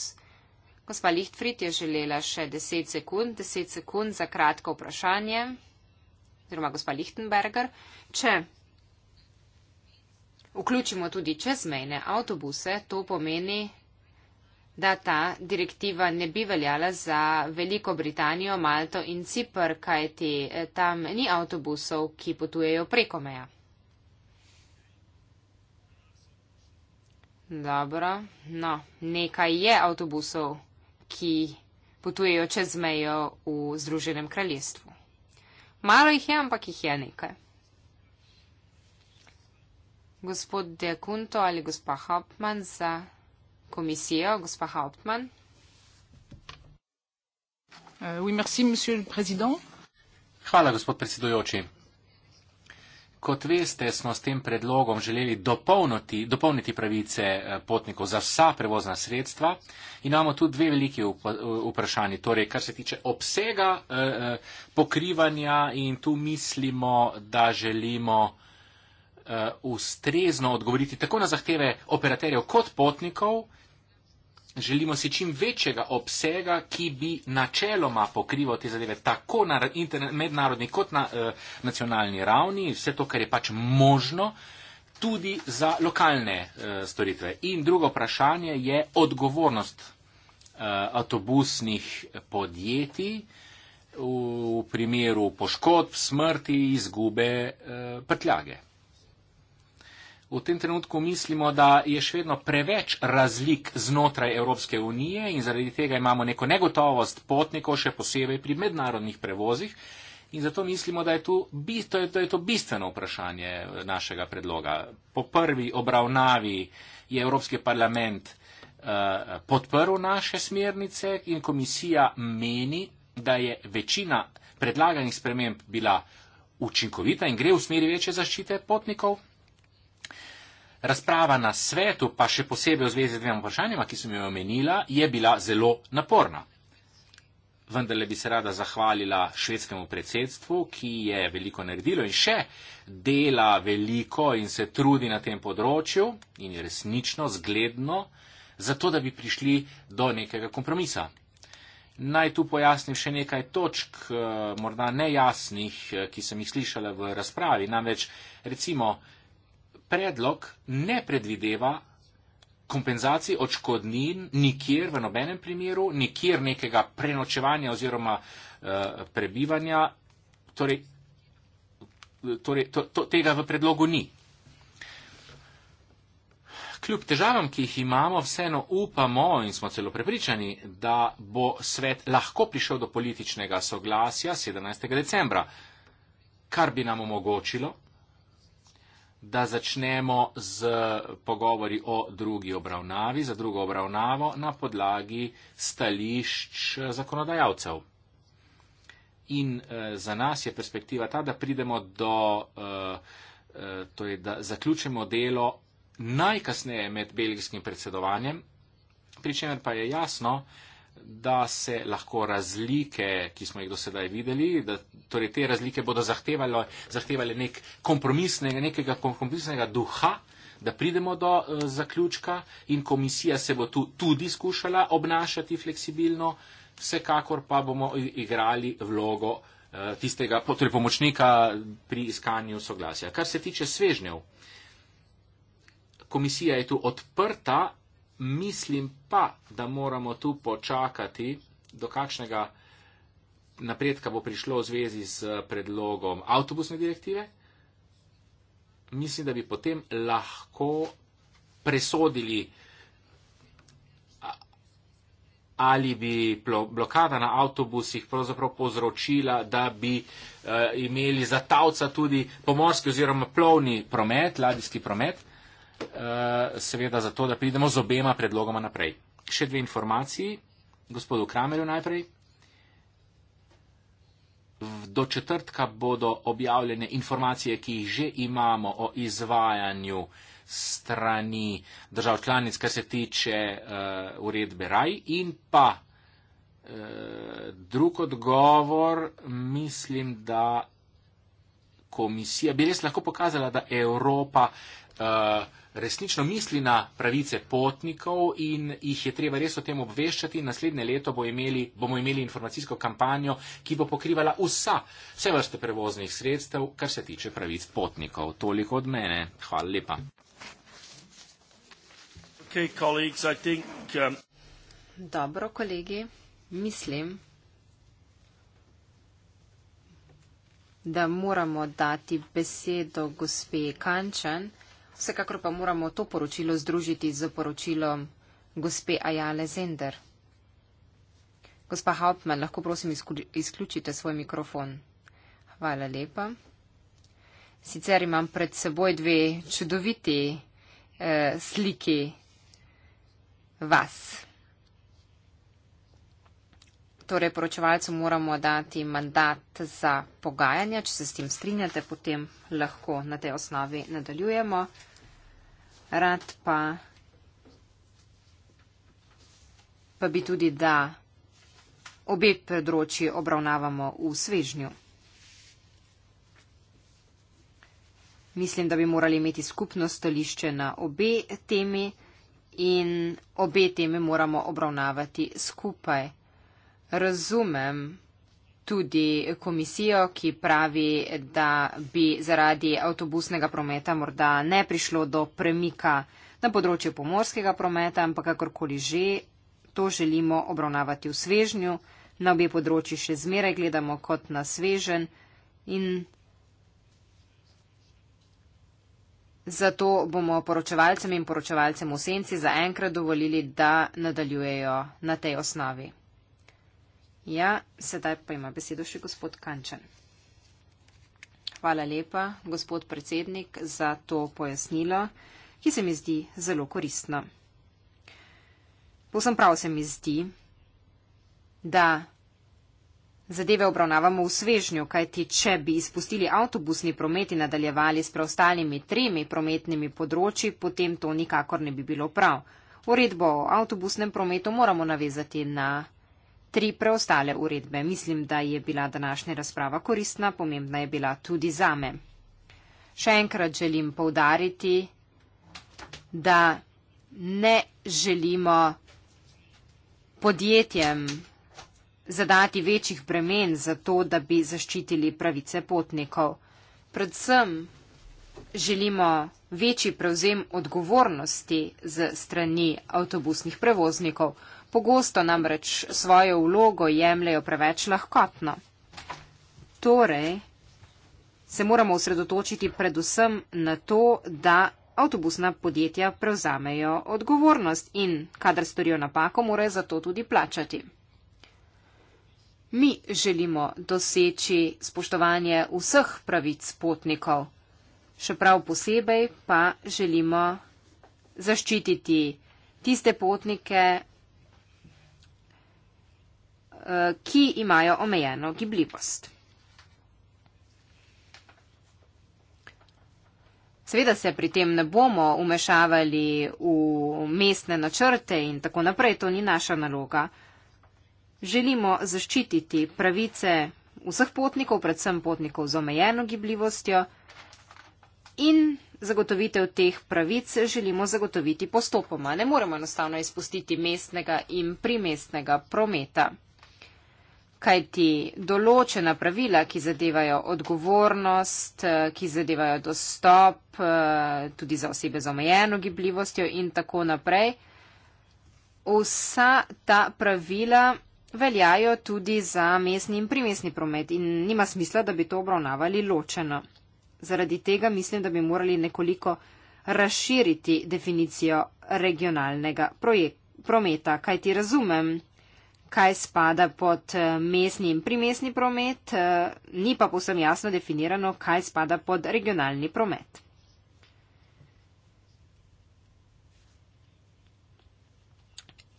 Gospa Lichtfried je želela še 10 sekund, 10 sekund za kratko vprašanje, oziroma gospa Lichtenberger, če vključimo tudi čezmejne avtobuse, to pomeni, da ta direktiva ne bi veljala za Veliko Britanijo, Malto in Cipr, kajti eh, tam ni avtobusov, ki potujejo preko meja. Dobro, no, nekaj je avtobusov, ki potujejo čez mejo v Združenem kraljestvu. Malo jih je, ampak jih je nekaj gospod De Kunto ali gospa Hauptmann za komisijo. Gospa Hauptmann. Uh, oui, merci, Hvala, gospod predsedujoči. Kot veste, smo s tem predlogom želeli dopolniti, dopolniti pravice eh, potnikov za vsa prevozna sredstva. In imamo tu dve veliki vprašanji, torej, kar se tiče obsega eh, eh pokrivanja in tu mislimo, da želimo eh, uh, ustrezno odgovoriti tako na zahteve operaterjev kot potnikov. Želimo si čim večjega obsega, ki bi načeloma pokrival te zadeve tako na internet, mednarodni kot na uh, nacionalni ravni, vse to, kar je pač možno, tudi za lokalne uh, storitve. In drugo vprašanje je odgovornost uh, avtobusnih podjetij v primeru poškodb, smrti, izgube uh, prtljage v tem trenutku mislimo, da je še vedno preveč razlik znotraj Evropske unije in zaradi tega imamo neko negotovost potnikov, še posebej pri mednarodnih prevozih. In zato mislimo, da je, tu, to je, da je to bistveno vprašanje našega predloga. Po prvi obravnavi je Evropski parlament eh, podprl naše smernice in komisija meni, da je večina predlaganih sprememb bila učinkovita in gre v smeri večje zaščite potnikov, Razprava na svetu, pa še posebej v zvezi z dvema vprašanjima, ki sem jo omenila, je bila zelo naporna. Vendar le bi se rada zahvalila švedskemu predsedstvu, ki je veliko naredilo in še dela veliko in se trudi na tem področju in je resnično zgledno, zato da bi prišli do nekega kompromisa. Naj tu pojasnim še nekaj točk, eh, morda nejasnih, eh, ki sem jih slišala v razpravi. Namreč, recimo, predlog ne predvideva kompenzacij očkodnin nikjer, v nobenem primeru, nikjer nekega prenočevanja oziroma eh, prebivanja, torej, torej to, to, tega v predlogu ni. Kljub težavam, ki jih imamo, vseeno upamo in smo celo prepričani, da bo svet lahko prišel do političnega soglasja 17. decembra, kar bi nam omogočilo, da začnemo z pogovori o drugi obravnavi, za drugo obravnavo na podlagi stališč zakonodajalcev. In eh, za nas je perspektiva ta, da pridemo do, eh, eh, torej, da zaključimo delo najkasneje med belgijskim predsedovanjem, pri čemer pa je jasno, eh, da se lahko razlike, ki smo jih do sedaj videli, da torej te razlike bodo zahtevalo, zahtevali nek kompromisnega, nekega kompromisnega duha, da pridemo do uh, zaključka in komisija se bo tu tudi skušala obnašati fleksibilno, vsekakor pa bomo igrali vlogo uh, tistega torej pomočnika pri iskanju soglasja. Kar se tiče svežnjev, komisija je tu odprta mislim pa, da moramo tu počakati, do kakšnega napredka bo prišlo v zvezi s predlogom avtobusne direktive. Mislim, da bi potem lahko presodili, ali bi blokada na avtobusih pravzaprav povzročila, da bi e, imeli za tavca tudi pomorski oziroma plovni promet, ladijski promet. Eh, seveda zato, da pridemo z obema predlogoma naprej. Še dve informaciji, gospodu Kramerju najprej. Do četrtka bodo objavljene informacije, ki jih že imamo o izvajanju strani držav članic, kar se tiče uh, uredbe RAI in pa uh, drug odgovor, mislim, da komisija bi res lahko pokazala, da Evropa uh, resnično misli na pravice potnikov in jih je treba res o tem obveščati. Naslednje leto bo imeli, bomo imeli informacijsko kampanjo, ki bo pokrivala vsa, vse vrste prevoznih sredstev, kar se tiče pravic potnikov. Toliko od mene. Hvala lepa. Okay, colleagues, I think, um... Dobro, kolegi, mislim. Da moramo dati besedo gospe Kančan. Vsekakor pa moramo to poročilo združiti z poročilom gospe Ajale Zender. Gospa Hauptmann, lahko prosim izključite svoj mikrofon. Hvala lepa. Sicer imam pred seboj dve čudoviti eh, sliki vas. Torej, poročevalcu moramo dati mandat za pogajanja. Če se s tem strinjate, potem lahko na tej osnovi nadaljujemo rad pa, pa bi tudi, da obe področji obravnavamo v svežnju. Mislim, da bi morali imeti skupno stališče na obe temi in obe teme moramo obravnavati skupaj. Razumem, tudi komisijo, ki pravi, da bi zaradi avtobusnega prometa morda ne prišlo do premika na področju pomorskega prometa, ampak kakorkoli že, to želimo obravnavati v svežnju. Na obe področji še zmeraj gledamo kot na svežen in zato bomo poročevalcem in poročevalcem v senci zaenkrat dovolili, da nadaljujejo na tej osnovi. Ja, sedaj pa ima besedo še gospod Kančan. Hvala lepa, gospod predsednik, za to pojasnilo, ki se mi zdi zelo koristno. Povsem prav se mi zdi, da zadeve obravnavamo v svežnju, kajti če bi izpustili avtobusni promet in nadaljevali s preostalimi tremi prometnimi področji, potem to nikakor ne bi bilo prav. Uredbo o avtobusnem prometu moramo navezati na tri preostale uredbe. Mislim, da je bila današnja razprava koristna, pomembna je bila tudi zame. Še enkrat želim povdariti, da ne želimo podjetjem zadati večjih bremen za to, da bi zaščitili pravice potnikov. Predvsem želimo večji prevzem odgovornosti z strani avtobusnih prevoznikov. Pogosto namreč svojo vlogo jemljajo preveč lahkotno. Torej se moramo osredotočiti predvsem na to, da avtobusna podjetja prevzamejo odgovornost in, kadar storijo napako, morajo za to tudi plačati. Mi želimo doseči spoštovanje vseh pravic potnikov, še prav posebej pa želimo zaščititi tiste potnike, Eh, ki imajo omejeno gibljivost. Seveda se pri tem ne bomo umešavali v mestne načrte in tako naprej, to ni naša naloga. Želimo zaščititi pravice vseh potnikov, predvsem potnikov z omejeno gibljivostjo in zagotovitev teh pravic želimo zagotoviti postopoma. Ne moremo enostavno izpustiti mestnega in primestnega prometa kaj ti določena pravila, ki zadevajo odgovornost, eh, ki zadevajo dostop eh, tudi za osebe z omejeno gibljivostjo in tako naprej, vsa ta pravila veljajo tudi za mestni in primestni promet in nima smisla, da bi to obravnavali ločeno. Zaradi tega mislim, da bi morali nekoliko razširiti definicijo regionalnega projek- prometa, kaj ti razumem kaj spada pod eh, mestni in primestni promet, eh, ni pa povsem jasno definirano, kaj spada pod regionalni promet.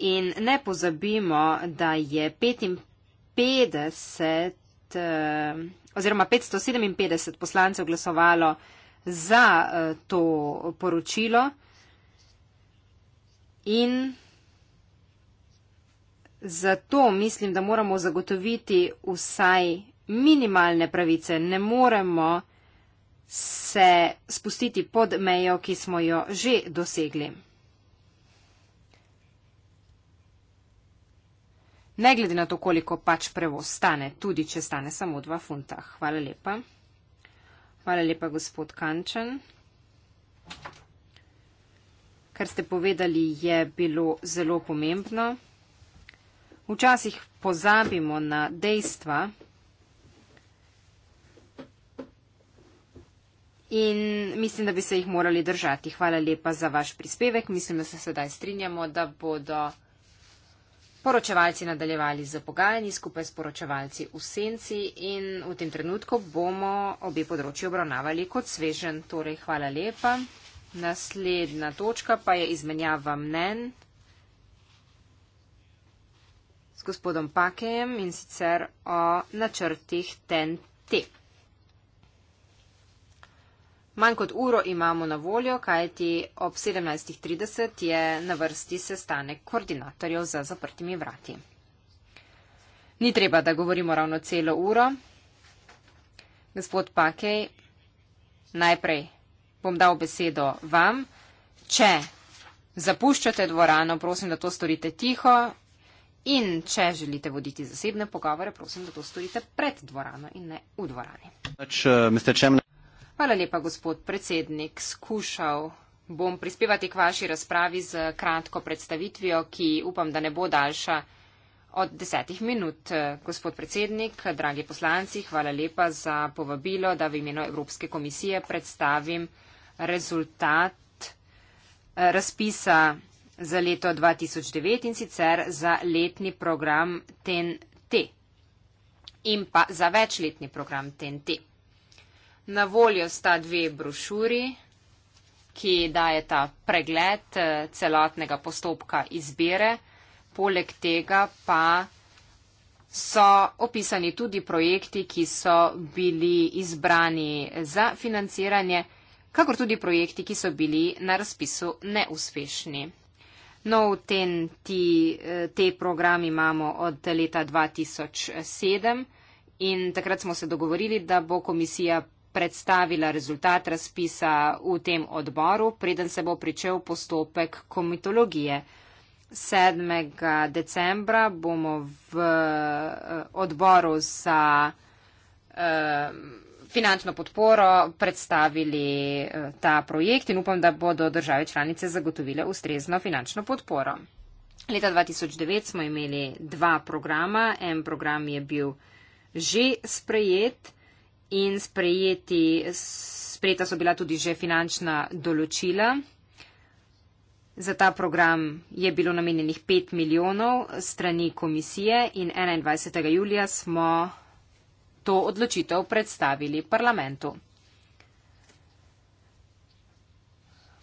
In ne pozabimo, da je 55 eh, oziroma 557 poslancev glasovalo za to poročilo in Zato mislim, da moramo zagotoviti vsaj minimalne pravice. Ne moremo se spustiti pod mejo, ki smo jo že dosegli. Ne glede na to, koliko pač prevoz stane, tudi če stane samo 2 funta. Hvala lepa. Hvala lepa, gospod Kančan. Kar ste povedali, je bilo zelo pomembno. Včasih pozabimo na dejstva in mislim, da bi se jih morali držati. Hvala lepa za vaš prispevek. Mislim, da se sedaj strinjamo, da bodo poročevalci nadaljevali z pogajanji skupaj s poročevalci v senci in v tem trenutku bomo obe področji obravnavali kot svežen. Torej, hvala lepa. Naslednja točka pa je izmenjava mnen z gospodom Pakejem in sicer o načrtih TNT. Manj kot uro imamo na voljo, kajti ob 17.30 je na vrsti sestanek koordinatorjev za zaprtimi vrati. Ni treba, da govorimo ravno celo uro. Gospod Pakej, najprej bom dal besedo vam. Če zapuščate dvorano, prosim, da to storite tiho, In če želite voditi zasebne pogovore, prosim, da to storite pred dvorano in ne v dvorani. Pač, eh, hvala lepa, gospod predsednik. Skušal bom prispevati k vaši razpravi z kratko predstavitvijo, ki upam, da ne bo daljša od desetih minut. Gospod predsednik, dragi poslanci, hvala lepa za povabilo, da v imenu Evropske komisije predstavim rezultat eh, razpisa za leto 2009 in sicer za letni program TNT in pa za večletni program TNT. Na voljo sta dve brošuri, ki daje ta pregled eh, celotnega postopka izbire. Poleg tega pa so opisani tudi projekti, ki so bili izbrani za financiranje, kakor tudi projekti, ki so bili na razpisu neuspešni. Nov ten, ti, eh, te program imamo od leta 2007 in takrat smo se dogovorili, da bo komisija predstavila rezultat razpisa v tem odboru, preden se bo pričel postopek komitologije. 7. decembra bomo v eh, odboru za um, finančno podporo predstavili eh, ta projekt in upam, da bodo države članice zagotovile ustrezno finančno podporo. Leta 2009 smo imeli dva programa. En program je bil že sprejet in sprejeti, sprejeta so bila tudi že finančna določila. Za ta program je bilo namenjenih 5 milijonov strani komisije in 21. julija smo to odločitev predstavili parlamentu.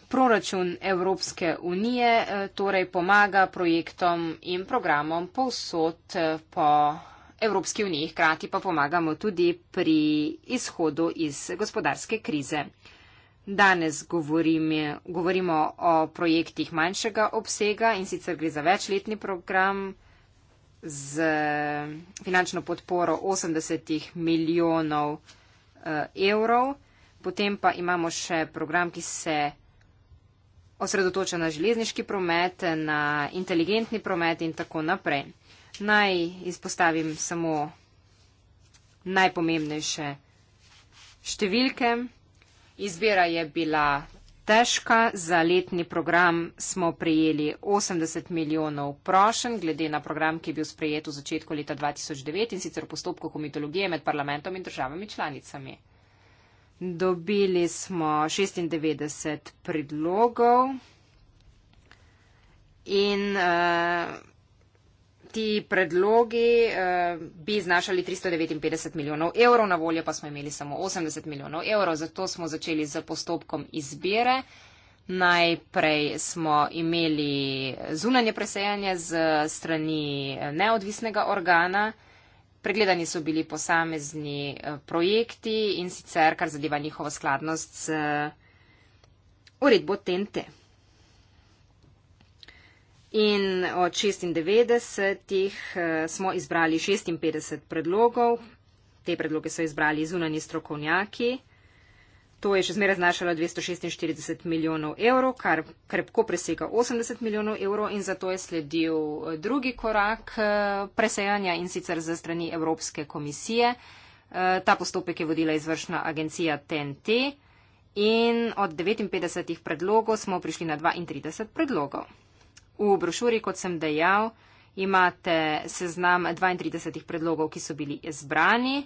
Proračun Evropske unije eh, torej pomaga projektom in programom povsod eh, po Evropski uniji, hkrati pa pomagamo tudi pri izhodu iz gospodarske krize. Danes govorim, govorimo o projektih manjšega obsega in sicer gre za večletni program z eh, finančno podporo 80 milijonov eh, evrov. Potem pa imamo še program, ki se osredotoča na železniški promet, na inteligentni promet in tako naprej. Naj izpostavim samo najpomembnejše številke. Izbira je bila težka. Za letni program smo prijeli 80 milijonov prošen, glede na program, ki je bil sprejet v začetku leta 2009 in sicer v postopku komitologije med parlamentom in državami članicami. Dobili smo 96 predlogov in. Uh, ti predlogi eh, bi znašali 359 milijonov evrov, na voljo pa smo imeli samo 80 milijonov evrov, zato smo začeli z postopkom izbire. Najprej smo imeli zunanje presejanje z strani eh, neodvisnega organa, pregledani so bili posamezni eh, projekti in sicer kar zadeva njihovo skladnost z eh, uredbo TNT. In od 96 eh, smo izbrali 56 predlogov. Te predloge so izbrali zunani strokovnjaki. To je še zmeraj znašalo 246 milijonov evrov, kar krepko presega 80 milijonov evrov in zato je sledil eh, drugi korak eh, presejanja in sicer ze strani Evropske komisije. Ta postopek je vodila izvršna agencija TNT in od 59 predlogov smo prišli na 32 predlogov. V brošuri, kot sem dejal, imate seznam 32 predlogov, ki so bili izbrani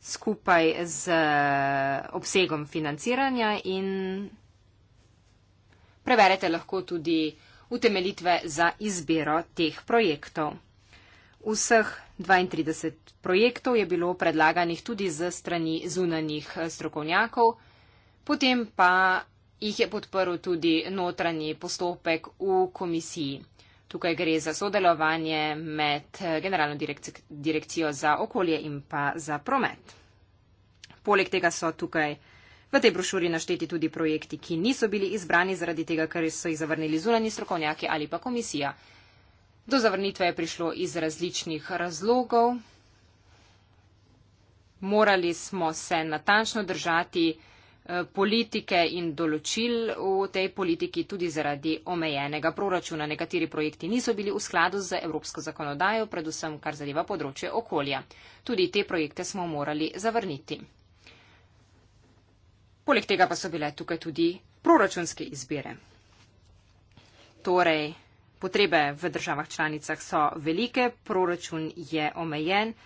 skupaj z eh, obsegom financiranja in preverite lahko tudi utemelitve za izbiro teh projektov. Vseh 32 projektov je bilo predlaganih tudi z strani zunanih eh, strokovnjakov, potem pa jih je podprl tudi notranji postopek v komisiji. Tukaj gre za sodelovanje med eh, Generalno direkcijo za okolje in pa za promet. Poleg tega so tukaj v tej brošuri našteti tudi projekti, ki niso bili izbrani zaradi tega, ker so jih zavrnili zunani strokovnjaki ali pa komisija. Do zavrnitve je prišlo iz različnih razlogov. Morali smo se natančno držati Eh, politike in določil v tej politiki tudi zaradi omejenega proračuna. Nekateri projekti niso bili v skladu z evropsko zakonodajo, predvsem kar zadeva področje okolja. Tudi te projekte smo morali zavrniti. Poleg tega pa so bile tukaj tudi proračunske izbire. Torej, potrebe v državah članicah so velike, proračun je omejen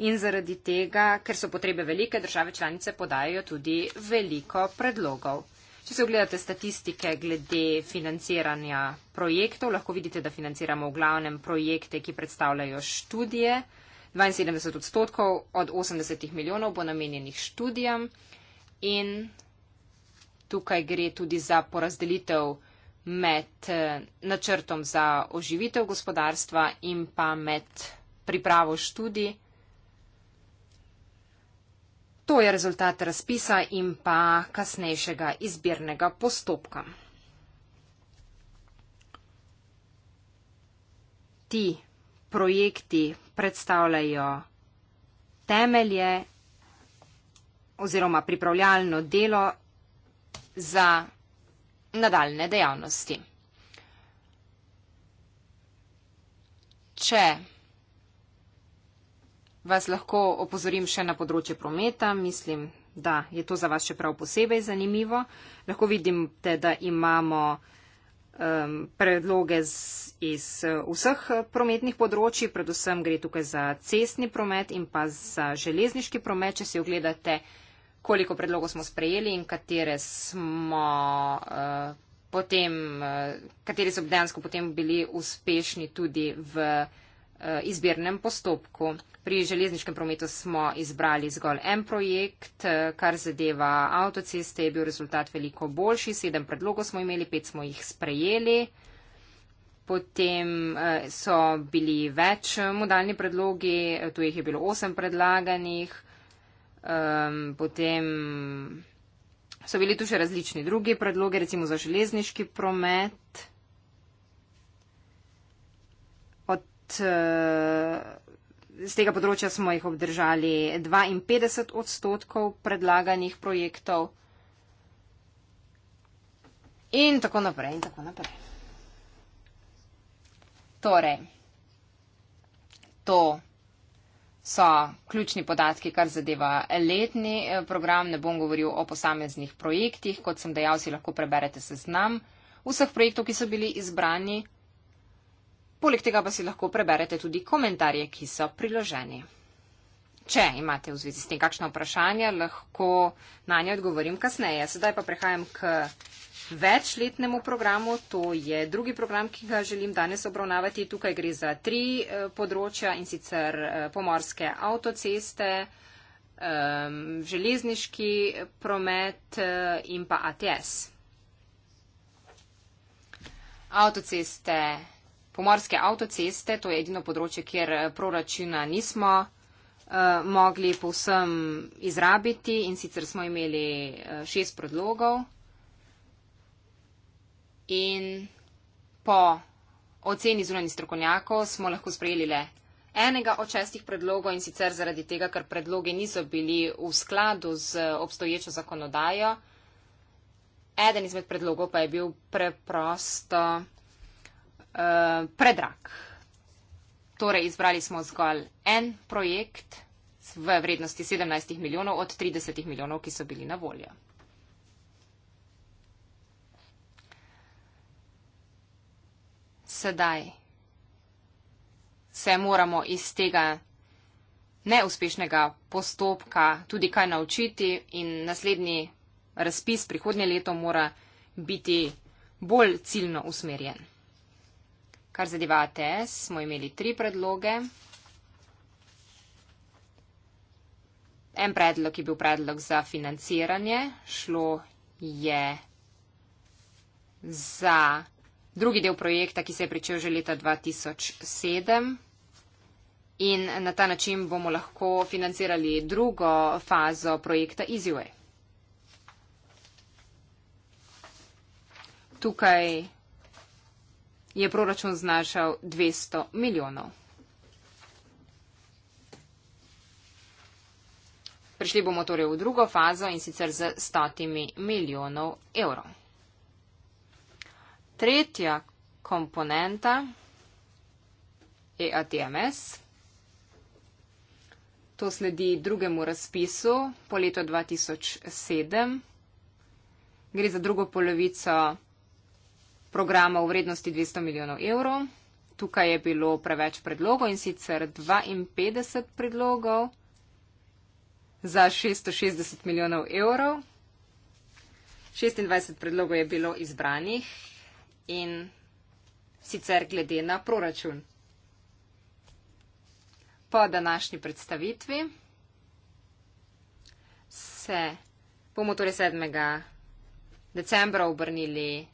in zaradi tega, ker so potrebe velike, države članice podajajo tudi veliko predlogov. Če se ogledate statistike glede financiranja projektov, lahko vidite, da financiramo v glavnem projekte, ki predstavljajo študije. 72 odstotkov od 80 milijonov bo namenjenih študijam in tukaj gre tudi za porazdelitev med eh, načrtom za oživitev gospodarstva in pa med pripravo študij. To je rezultat razpisa in pa kasnejšega izbirnega postopka. Ti projekti predstavljajo temelje oziroma pripravljalno delo za nadaljne dejavnosti. Če vas lahko opozorim še na področje prometa. Mislim, da je to za vas še prav posebej zanimivo. Lahko vidite, da imamo um, predloge z, iz uh, vseh prometnih področji. Predvsem gre tukaj za cestni promet in pa za železniški promet. Če si ogledate, koliko predlogov smo sprejeli in katere smo. Uh, Potem, uh, kateri so dejansko potem bili uspešni tudi v Eh, izbirnem postopku. Pri železniškem prometu smo izbrali zgolj en projekt, eh, kar zadeva avtoceste, je bil rezultat veliko boljši, sedem predlogov smo imeli, pet smo jih sprejeli. Potem eh, so bili več modalni predlogi, tu jih je bilo osem predlaganih. Ehm, potem so bili tu še različni drugi predloge, recimo za železniški promet. Eh, z tega področja smo jih obdržali 52 odstotkov predlaganih projektov in tako naprej in tako naprej. Torej, to so ključni podatki, kar zadeva letni eh, program. Ne bom govoril o posameznih projektih, kot sem dejal, si lahko preberete seznam vseh projektov, ki so bili izbrani. Poleg tega pa si lahko preberete tudi komentarje, ki so priloženi. Če imate v zvezi s tem kakšno vprašanje, lahko na nje odgovorim kasneje. Sedaj pa prehajam k večletnemu programu. To je drugi program, ki ga želim danes obravnavati. Tukaj gre za tri eh, področja in sicer eh, pomorske avtoceste, ehm, železniški promet eh, in pa ATS. Avtoceste pomorske avtoceste, to je edino področje, kjer eh, proračuna nismo eh, mogli povsem izrabiti in sicer smo imeli eh, šest predlogov in po oceni zunanih strokovnjakov smo lahko sprejeli le enega od šestih predlogov in sicer zaradi tega, ker predlogi niso bili v skladu z obstoječo zakonodajo. Eden izmed predlogov pa je bil preprosto Eh, predrag. Torej, izbrali smo zgolj en projekt v vrednosti 17 milijonov od 30 milijonov, ki so bili na voljo. Sedaj se moramo iz tega neuspešnega postopka tudi kaj naučiti in naslednji razpis prihodnje leto mora biti bolj ciljno usmerjen. Kar zadeva ATS, smo imeli tri predloge. En predlog je bil predlog za financiranje, šlo je za drugi del projekta, ki se je pričel že leta 2007. In na ta način bomo lahko financirali drugo fazo projekta EasyWay. Tukaj je proračun znašal 200 milijonov. Prišli bomo torej v drugo fazo in sicer z stotimi milijonov evrov. Tretja komponenta je ATMS. To sledi drugemu razpisu po letu 2007. Gre za drugo polovico programa v vrednosti 200 milijonov evrov. Tukaj je bilo preveč predlogov in sicer 52 predlogov za 660 milijonov evrov. 26 predlogov je bilo izbranih in sicer glede na proračun. Po današnji predstavitvi se bomo torej 7. decembra obrnili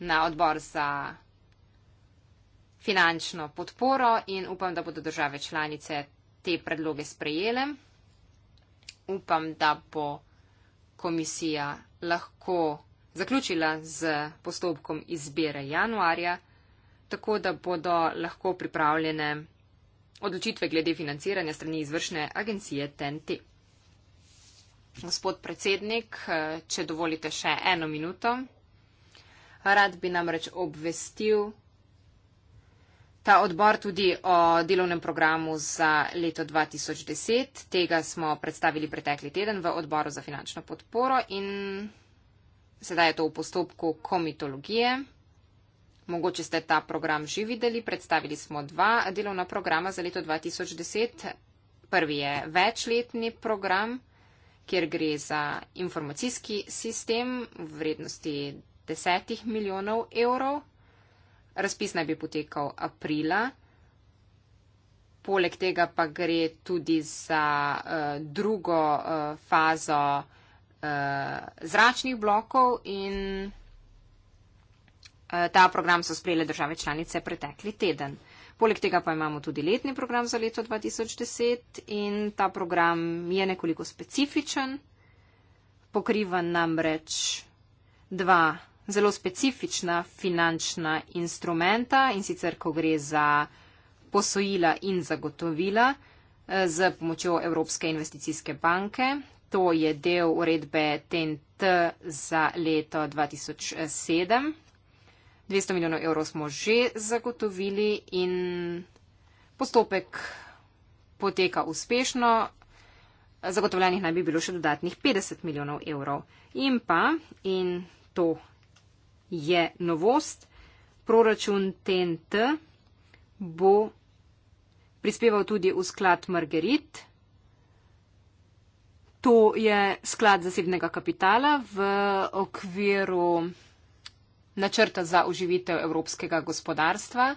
na odbor za finančno podporo in upam, da bodo države članice te predloge sprejele. Upam, da bo komisija lahko zaključila z postopkom izbire januarja, tako da bodo lahko pripravljene odločitve glede financiranja strani izvršne agencije TNT. Gospod predsednik, če dovolite še eno minuto. Rad bi namreč obvestil ta odbor tudi o delovnem programu za leto 2010. Tega smo predstavili pretekli teden v odboru za finančno podporo in sedaj je to v postopku komitologije. Mogoče ste ta program že videli. Predstavili smo dva delovna programa za leto 2010. Prvi je večletni program, kjer gre za informacijski sistem v vrednosti 10 milijonov evrov. Razpis naj bi potekal aprila. Poleg tega pa gre tudi za uh, drugo uh, fazo uh, zračnih blokov in uh, ta program so sprejele države članice pretekli teden. Poleg tega pa imamo tudi letni program za leto 2010 in ta program je nekoliko specifičen, pokriva namreč dva zelo specifična finančna instrumenta in sicer, ko gre za posojila in zagotovila eh, z pomočjo Evropske investicijske banke. To je del uredbe TNT za leto 2007. 200 milijonov evrov smo že zagotovili in postopek poteka uspešno. Zagotovljenih naj bi bilo še dodatnih 50 milijonov evrov. In pa, in to je novost. Proračun TNT bo prispeval tudi v sklad Margerit. To je sklad zasebnega kapitala v okviru načrta za oživitev evropskega gospodarstva,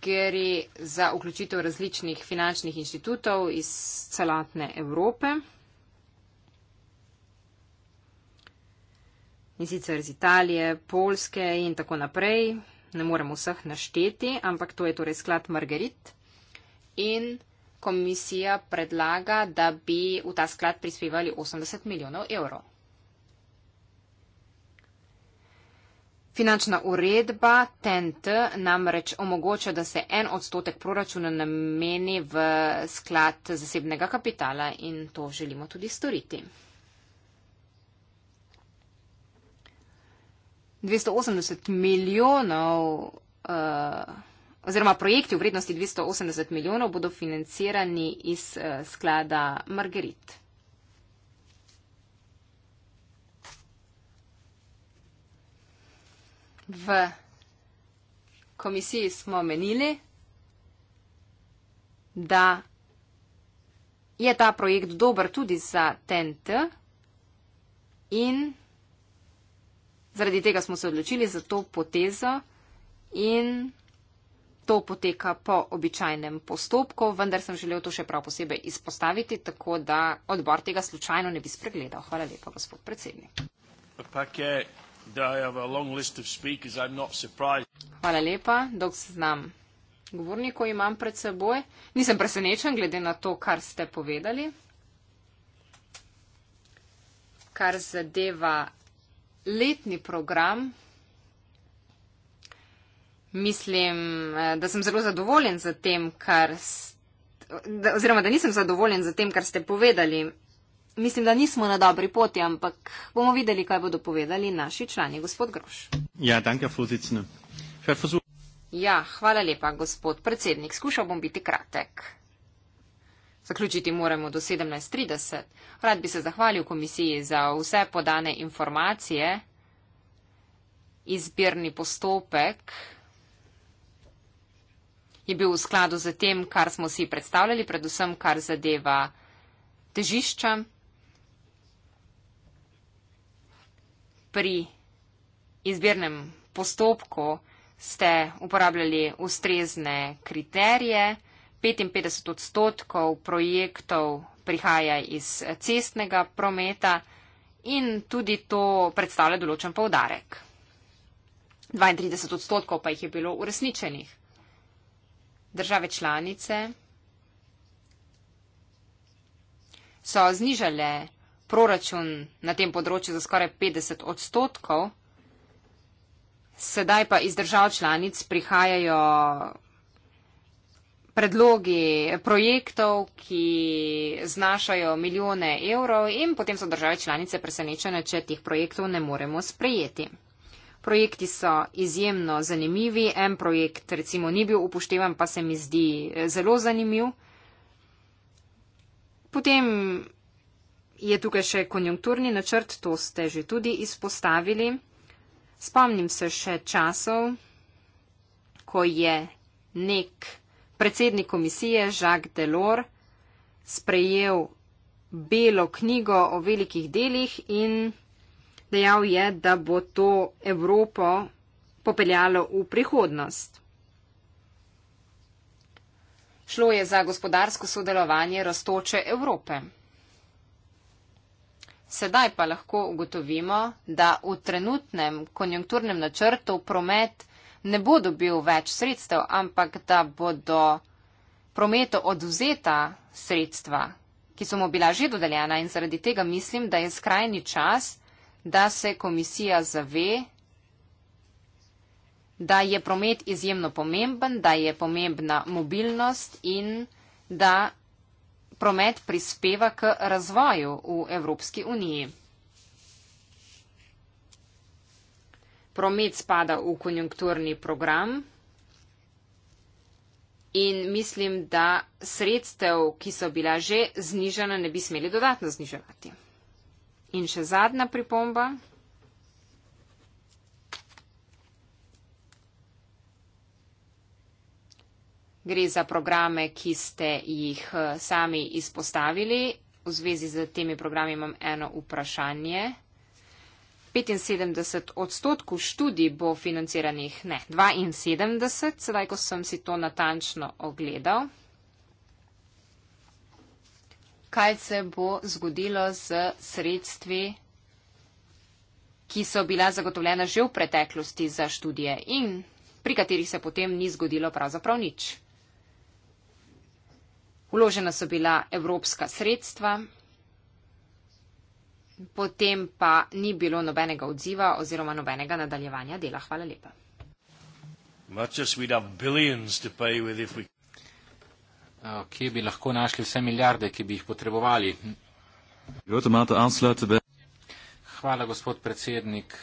ker je za vključitev različnih finančnih inštitutov iz celotne Evrope. in sicer iz Italije, Polske in tako naprej. Ne morem vseh našteti, ampak to je torej sklad Margarit. In komisija predlaga, da bi v ta sklad prispevali 80 milijonov evrov. Finančna uredba TENT namreč omogoča, da se en odstotek proračuna nameni v sklad zasebnega kapitala in to želimo tudi storiti. 280 milijonov, uh, oziroma projekti v vrednosti 280 milijonov bodo financirani iz uh, sklada Margarit. V komisiji smo menili, da je ta projekt dober tudi za TNT in zaradi tega smo se odločili za to potezo in to poteka po običajnem postopku, vendar sem želel to še prav posebej izpostaviti, tako da odbor tega slučajno ne bi spregledal. Hvala lepa, gospod predsednik. Hvala lepa, dok se znam govorniku imam pred seboj. Nisem presenečen, glede na to, kar ste povedali. Kar zadeva letni program. Mislim, eh, da sem zelo zadovoljen z tem, kar ste, oziroma da nisem zadovoljen z tem, kar ste povedali. Mislim, da nismo na dobri poti, ampak bomo videli, kaj bodo povedali naši člani, gospod Groš. Ja, danke, ja hvala lepa, gospod predsednik. Skušal bom biti kratek. Zaključiti moramo do 17.30. Rad bi se zahvalil komisiji za vse podane informacije, izbirni postopek. Je bil v skladu z tem, kar smo si predstavljali, predvsem kar zadeva težišča pri izbirnem postopku. Ste uporabljali ustrezne kriterije. 55 odstotkov projektov prihaja iz cestnega prometa in tudi to predstavlja določen povdarek. 32 odstotkov pa jih je bilo uresničenih. Države članice so znižale proračun na tem področju za skoraj 50 odstotkov, sedaj pa iz držav članic prihajajo predlogi projektov, ki znašajo milijone evrov in potem so države članice presenečene, če teh projektov ne moremo sprejeti. Projekti so izjemno zanimivi, en projekt recimo ni bil upoštevan, pa se mi zdi eh, zelo zanimiv. Potem je tukaj še konjunkturni načrt, to ste že tudi izpostavili. Spomnim se še časov, ko je nek predsednik komisije Jacques Delors sprejel belo knjigo o velikih delih in dejal je, da bo to Evropo popeljalo v prihodnost. Šlo je za gospodarsko sodelovanje raztoče Evrope. Sedaj pa lahko ugotovimo, da v trenutnem konjunkturnem načrtu promet ne bo dobil več sredstev, ampak da bodo prometu oduzeta sredstva, ki so mu bila že dodeljena in zaradi tega mislim, da je skrajni čas, da se komisija zave, da je promet izjemno pomemben, da je pomembna mobilnost in da promet prispeva k razvoju v Evropski uniji. promet spada v konjunkturni program in mislim, da sredstev, ki so bila že znižena, ne bi smeli dodatno zniževati. In še zadnja pripomba. Gre za programe, ki ste jih eh, sami izpostavili. V zvezi z temi programi imam eno vprašanje. 75 odstotkov študij bo financiranih, ne, 72, sedaj, ko sem si to natančno ogledal. Kaj se bo zgodilo z sredstvi, ki so bila zagotovljena že v preteklosti za študije in pri katerih se potem ni zgodilo pravzaprav nič? Uložena so bila evropska sredstva, Potem pa ni bilo nobenega odziva oziroma nobenega nadaljevanja dela. Hvala lepa. Kje bi lahko našli vse milijarde, ki bi jih potrebovali? Hvala, gospod predsednik.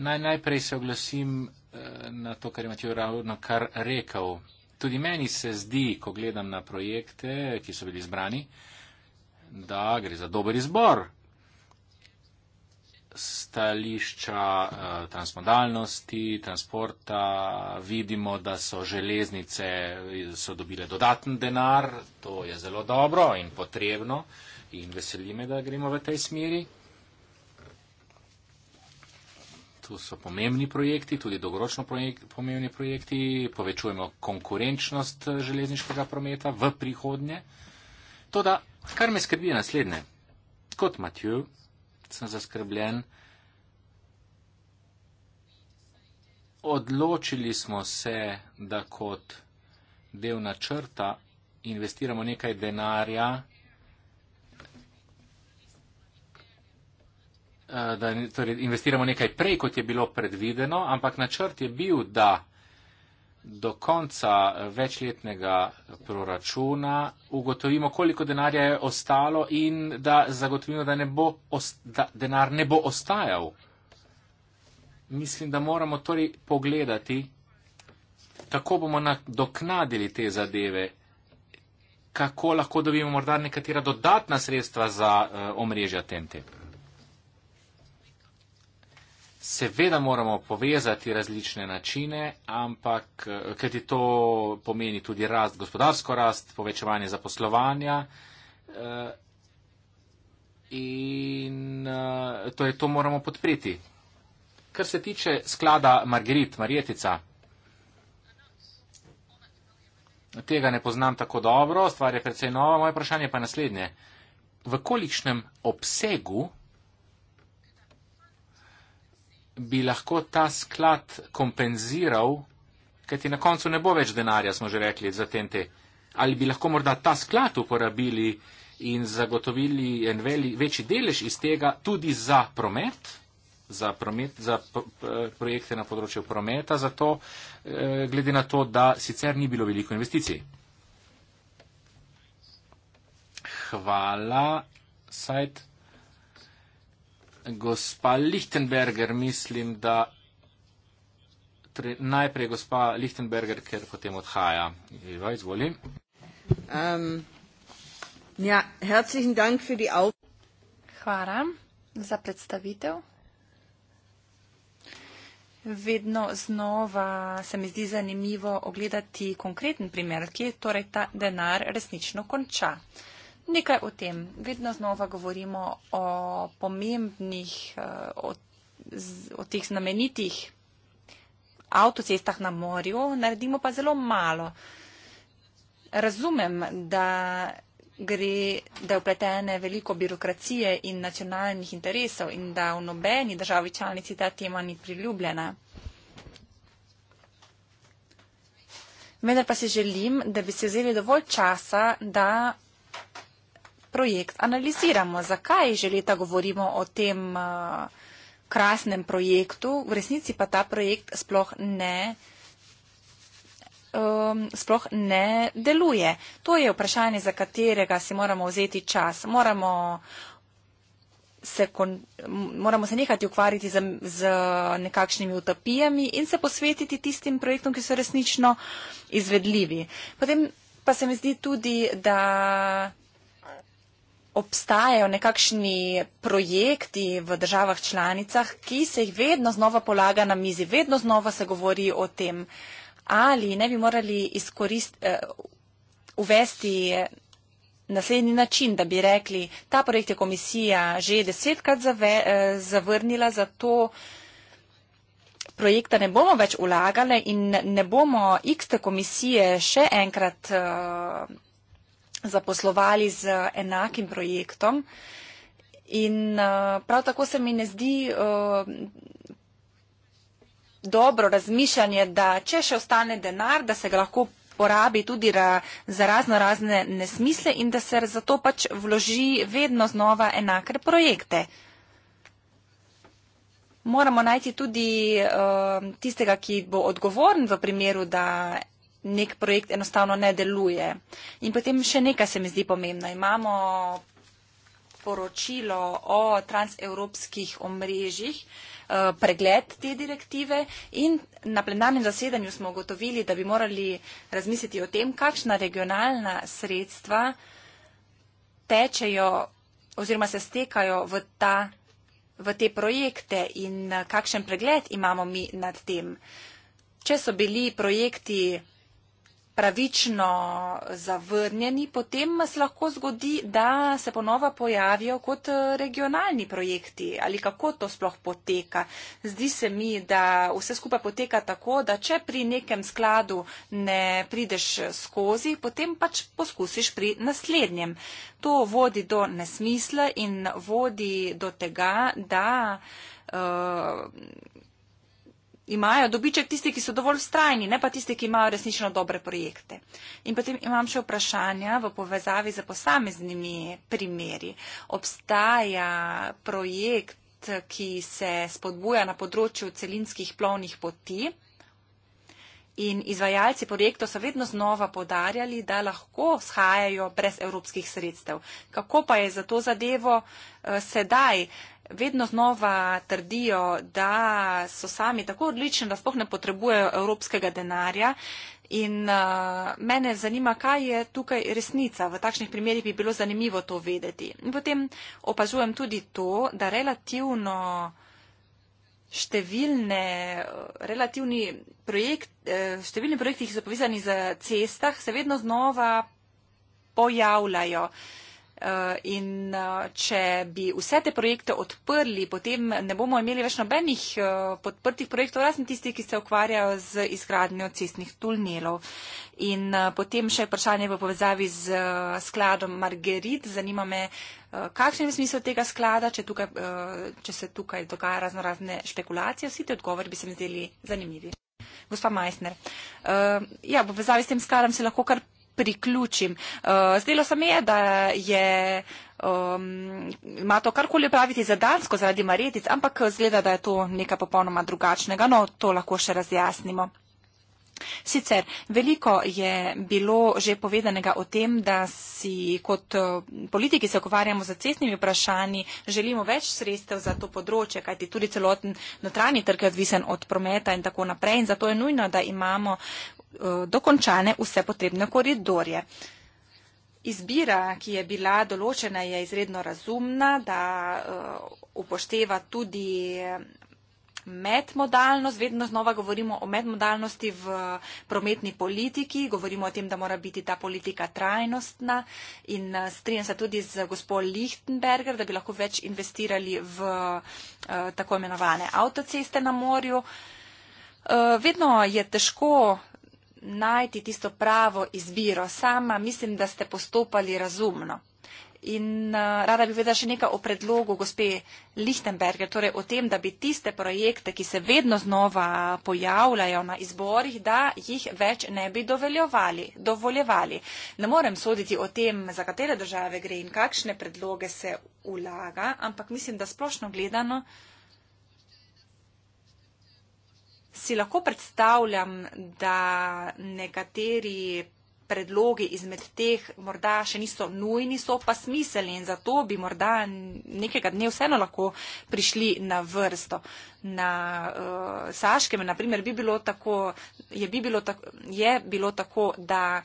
Naj najprej se oglasim eh, na to, kar je Matijo ravno kar rekel. Tudi meni se zdi, ko gledam na projekte, ki so bili izbrani, da gre za dober izbor stališča eh, transmodalnosti, transporta, vidimo, da so železnice so dobile dodaten denar, to je zelo dobro in potrebno in veseli me, da gremo v tej smeri. Tu so pomembni projekti, tudi dolgoročno projek pomembni projekti, povečujemo konkurenčnost eh, železniškega prometa v prihodnje. To, da kar me skrbi je naslednje. Kot Matju, fakt, sem zaskrbljen. Odločili smo se, da kot del načrta investiramo nekaj denarja, eh, da torej investiramo nekaj prej, kot je bilo predvideno, ampak načrt je bil, da do konca večletnega proračuna ugotovimo, koliko denarja je ostalo in da zagotovimo, da, ne bo, da denar ne bo ostajal. Mislim, da moramo torej pogledati, kako bomo nadoknadili te zadeve, kako lahko dobimo morda nekatera dodatna sredstva za uh, omrežja TNT. Seveda moramo povezati različne načine, ampak eh, kajti to pomeni tudi rast, gospodarsko rast, povečevanje zaposlovanja. Eh, in torej to moramo podpreti. Kar se tiče sklada Margerit, Marjetica, tega ne poznam tako dobro, stvar je precej nova, moje vprašanje pa je naslednje. V kolikšnem obsegu bi lahko ta sklad kompenziral, kajti na koncu ne bo več denarja, smo že rekli, za TNT. Ali bi lahko morda ta sklad uporabili in zagotovili en veli, večji delež iz tega tudi za promet, za, promet, za projekte na področju prometa, zato, eh, glede na to, da sicer ni bilo veliko investicij. Hvala, Sajt. Gospa Lichtenberger, mislim, da tre, najprej gospa Lichtenberger, ker potem odhaja. Eva, izvoli. Um, ja, herzlichen Dank für die auf. Hvala za predstavitev. Vedno znova se mi zdi zanimivo ogledati konkreten primer, kje torej ta denar resnično konča. Uh, nekaj o tem. Vedno znova govorimo o pomembnih, eh, o, o teh znamenitih avtocestah na morju, naredimo pa zelo malo. Razumem, da gre, da je upletene veliko birokracije in nacionalnih interesov in da v nobeni državi članici ta tema ni priljubljena. Vendar pa si želim, da bi se vzeli dovolj časa, da projekt analiziramo. Zakaj že leta govorimo o tem eh, krasnem projektu, v resnici pa ta projekt sploh ne. Um, sploh ne deluje. To je vprašanje, za katerega si moramo vzeti čas. Moramo se, kon, moramo se nehati ukvarjati z, z nekakšnimi utopijami in se posvetiti tistim projektom, ki so resnično izvedljivi. Potem pa se mi zdi tudi, da obstajajo nekakšni projekti v državah članicah, ki se jih vedno znova polaga na mizi, vedno znova se govori o tem, ali ne bi morali izkorist, uh, uvesti eh, naslednji način, da bi rekli, ta projekt je komisija že desetkrat zave, uh, zavrnila, zato projekta ne bomo več ulagali in ne bomo x te komisije še enkrat. Uh, zaposlovali z enakim projektom. In uh, prav tako se mi ne zdi uh, dobro razmišljanje, da če še ostane denar, da se ga lahko porabi tudi ra, za razno razne nesmisle in da se zato pač vloži vedno znova enake projekte. Moramo najti tudi uh, tistega, ki bo odgovoren v primeru, da nek projekt enostavno ne deluje. In potem še nekaj se mi zdi pomembno. Imamo poročilo o transevropskih omrežjih, eh, pregled te direktive in na plenarnem zasedanju smo ugotovili, da bi morali razmisliti o tem, kakšna regionalna sredstva tečejo oziroma se stekajo v, ta, v te projekte in eh, kakšen pregled imamo mi nad tem. Če so bili projekti pravično zavrnjeni, potem se lahko zgodi, da se ponova pojavijo kot eh, regionalni projekti ali kako to sploh poteka. Zdi se mi, da vse skupaj poteka tako, da če pri nekem skladu ne prideš skozi, potem pač poskusiš pri naslednjem. To vodi do nesmisla in vodi do tega, da. Uh, imajo dobiček tisti, ki so dovolj strajni, ne pa tisti, ki imajo resnično dobre projekte. In potem imam še vprašanja v povezavi z posameznimi primeri. Obstaja projekt, ki se spodbuja na področju celinskih plovnih poti. In izvajalci projektov so vedno znova podarjali, da lahko shajajo brez evropskih sredstev. Kako pa je za to zadevo eh, sedaj? vedno znova trdijo, da so sami tako odlični, da spoh ne potrebujejo evropskega denarja. In uh, mene zanima, kaj je tukaj resnica. V takšnih primerjih bi bilo zanimivo to vedeti. In potem opazujem tudi to, da relativno številne, relativni projekt, eh, številni projekti, ki so povezani z cestah, se vedno znova pojavljajo. Uh, Eh, in eh, če bi vse te projekte odprli, potem ne bomo imeli več nobenih eh, podprtih projektov, razen tistih, ki se ukvarjajo z izgradnjo cestnih tulnelov. In potem še vprašanje v povezavi z skladom Margerit. Zanima me, kakšen je smisel tega sklada, če, tukaj, če se tukaj dogaja razno razne špekulacije. Vsi te odgovori bi se mi zdeli zanimivi. Gospa Majsner, ja, v povezavi s tem skladom se lahko kar priključim. Eh, zdelo se mi je, da je. Um, ima to karkoli praviti za dansko zaradi maretic, ampak zgleda, da je to nekaj popolnoma drugačnega, no to lahko še razjasnimo. Sicer veliko je bilo že povedanega o tem, da si kot eh, politiki se okvarjamo za cestnimi vprašanji, želimo več sredstev za to področje, kajti tudi celoten notranji trg je odvisen od prometa in tako naprej. In zato je nujno, da imamo Eh, dokončane vse potrebne koridorje. Izbira, ki je bila določena, je izredno razumna, da eh, upošteva tudi medmodalnost, vedno znova govorimo o medmodalnosti v prometni politiki, govorimo o tem, da mora biti ta politika trajnostna in eh, strinjam se tudi z gospod Lichtenberger, da bi lahko več investirali v tako imenovane avtoceste na morju. Vedno je težko najti tisto pravo izbiro. Sama mislim, da ste postopali razumno. In uh, rada bi vedela še nekaj o predlogu gospe Lichtenberger, torej o tem, da bi tiste projekte, ki se vedno znova pojavljajo na izborih, da jih več ne bi dovoljevali. Ne morem soditi o tem, za katere države gre in kakšne predloge se ulaga, ampak mislim, da splošno gledano. Uh, si lahko predstavljam, da nekateri predlogi izmed teh morda še niso nujni, so pa smiselni in zato bi morda nekega dne vseeno lahko prišli na vrsto. Na uh, Saškem, naprimer, bi bilo tako, je, bi bilo tako, je bilo tako, da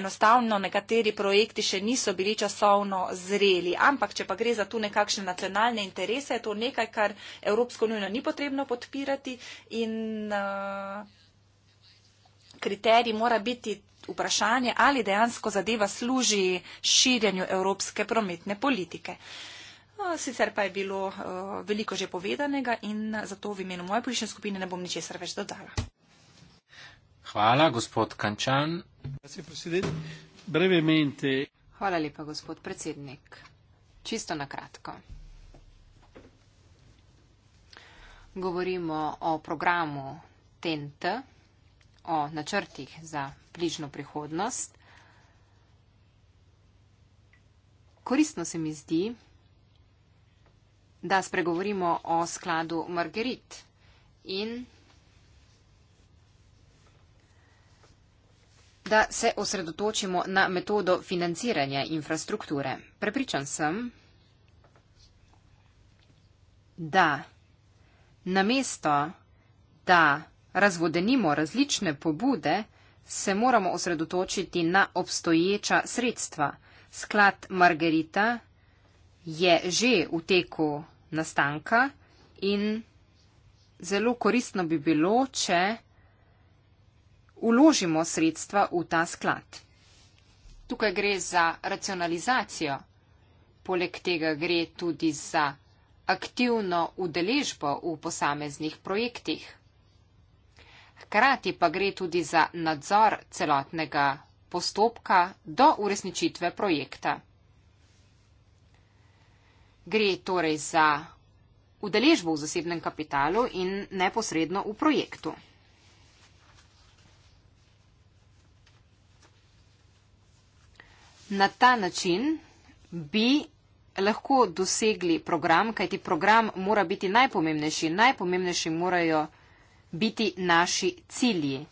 enostavno nekateri projekti še niso bili časovno zreli. Ampak, če pa gre za tu nekakšne nacionalne interese, je to nekaj, kar Evropsko unijo ni potrebno podpirati in uh, kriterij mora biti vprašanje, ali dejansko zadeva služi širjenju evropske prometne politike. No, sicer pa je bilo eh, veliko že povedanega in zato v imenu moje politične skupine ne bom ničesar več dodala. Hvala, gospod Kančan. Hvala lepa, gospod predsednik. Čisto na kratko. Govorimo o programu TNT, o načrtih za bližno prihodnost. Koristno se mi zdi, da spregovorimo o skladu Margerit in da se osredotočimo na metodo financiranja infrastrukture. Prepričan sem, da namesto, da razvodenimo različne pobude, se moramo osredotočiti na obstoječa sredstva. Sklad Margarita je že v teku nastanka in zelo koristno bi bilo, če uložimo sredstva v ta sklad. Tukaj gre za racionalizacijo, poleg tega gre tudi za aktivno udeležbo v posameznih projektih hkrati pa gre tudi za nadzor celotnega postopka do uresničitve projekta. Gre torej za udeležbo v zasebnem kapitalu in neposredno v projektu. Na ta način bi lahko dosegli program, kajti program mora biti najpomembnejši. Najpomembnejši morajo biti biti naši cilji.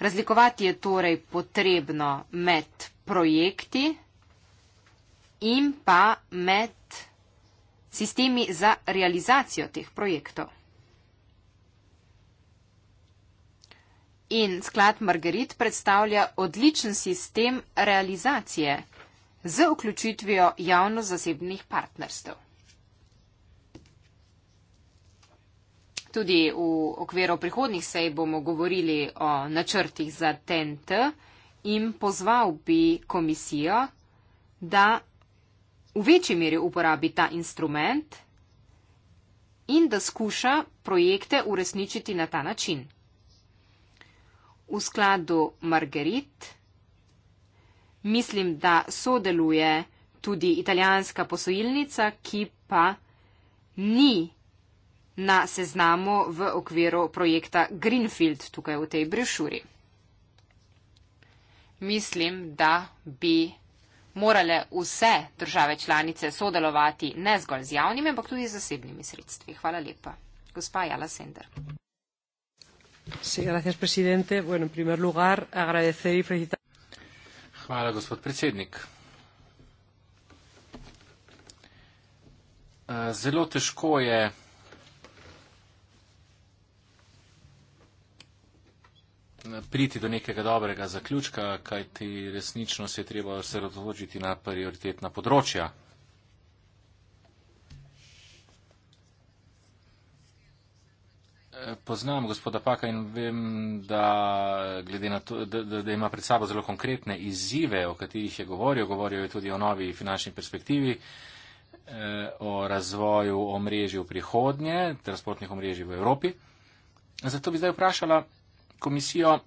Razlikovati je torej potrebno med projekti in pa med sistemi za realizacijo teh projektov. In sklad Margarit predstavlja odličen sistem realizacije z vključitvijo javno-zasebnih partnerstv. Tudi v okviru prihodnih sej bomo govorili o načrtih za TNT in pozval bi komisijo, da v večji meri uporabi ta instrument in da skuša projekte uresničiti na ta način. V skladu Margarit mislim, da sodeluje tudi italijanska posojilnica, ki pa ni na seznamu v okviru projekta Greenfield tukaj v tej brešuri. Mislim, da bi morale vse države članice sodelovati ne zgolj z javnimi, ampak tudi z zasebnimi sredstvi. Hvala lepa. Gospa Jala Sender. Hvala, gospod predsednik. Eh, zelo težko je priti do nekega dobrega zaključka, kajti resnično se je treba osredotočiti na prioritetna področja. Poznam gospoda Paka in vem, da, na to, da, da ima pred sabo zelo konkretne izzive, o katerih je govoril. Govoril je tudi o novi finančni perspektivi, eh, o razvoju omrežij v prihodnje, transportnih omrežij v Evropi. Zato bi zdaj vprašala, komisijo,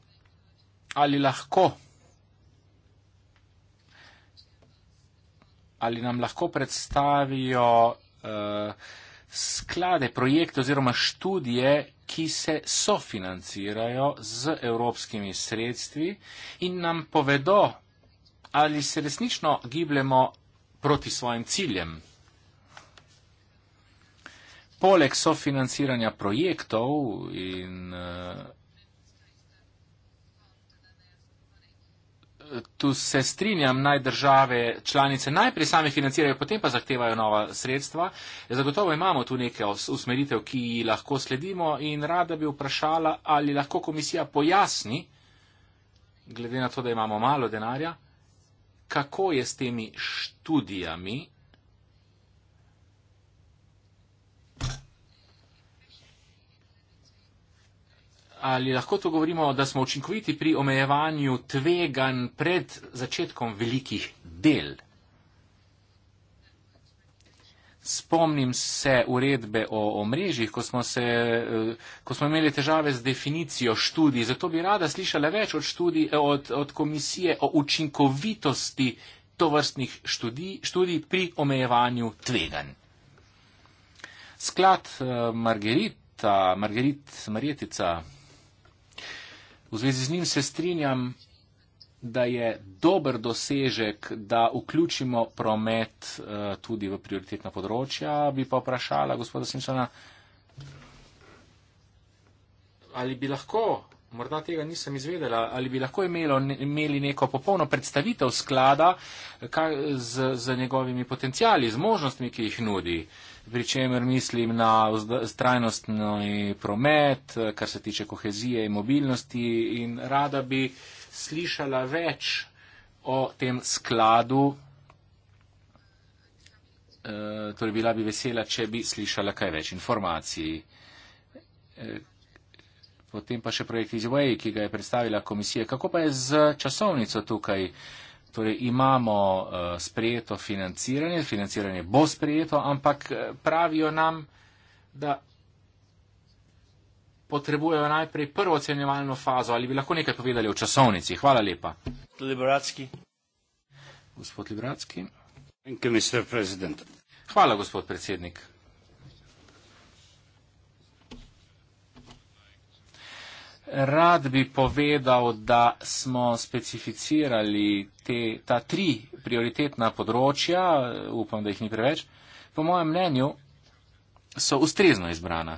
ali lahko, ali nam lahko predstavijo uh, sklade, projekte oziroma študije, ki se sofinancirajo z evropskimi sredstvi in nam povedo, ali se resnično gibljemo proti svojim ciljem. Poleg sofinanciranja projektov in uh, tu se strinjam, naj države članice najprej sami financirajo, potem pa zahtevajo nova sredstva. Zagotovo imamo tu neke usmeritev, ki jih lahko sledimo in rada bi vprašala, ali lahko komisija pojasni, glede na to, da imamo malo denarja, kako je s temi študijami ali lahko to govorimo, da smo učinkoviti pri omejevanju tvegan pred začetkom velikih del? Spomnim se uredbe o, o mrežjih, ko, eh, ko smo imeli težave z definicijo študij. Zato bi rada slišala več od, študij, eh, od, od komisije o učinkovitosti tovrstnih študij, študij pri omejevanju tveganj. Sklad eh, Margerita, Margerit Marjetica, V zvezi z njim se strinjam, da je dober dosežek, da vključimo promet eh, tudi v prioritetna področja. Bi pa vprašala gospoda Simpsona, ali bi lahko Morda tega nisem izvedela, ali bi lahko imelo, imeli neko popolno predstavitev sklada kaj, z, z njegovimi potencijali, z možnostmi, ki jih nudi. Pričemer mislim na trajnostni promet, kar se tiče kohezije in mobilnosti in rada bi slišala več o tem skladu. E, torej bila bi vesela, če bi slišala kaj več informacij. E, potem pa še projekt Izway, ki ga je predstavila komisija. Kako pa je z časovnico tukaj? Torej imamo uh, sprejeto financiranje, financiranje bo sprejeto, ampak eh, pravijo nam, da potrebujejo najprej prvo ocenjevalno fazo. Ali bi lahko nekaj povedali o časovnici? Hvala lepa. Liberacki. Gospod Liberacki. Hvala, gospod predsednik. Rad bi povedal, da smo specificirali te, ta tri prioritetna področja, upam, da jih ni preveč, po mojem mnenju so ustrezno izbrana.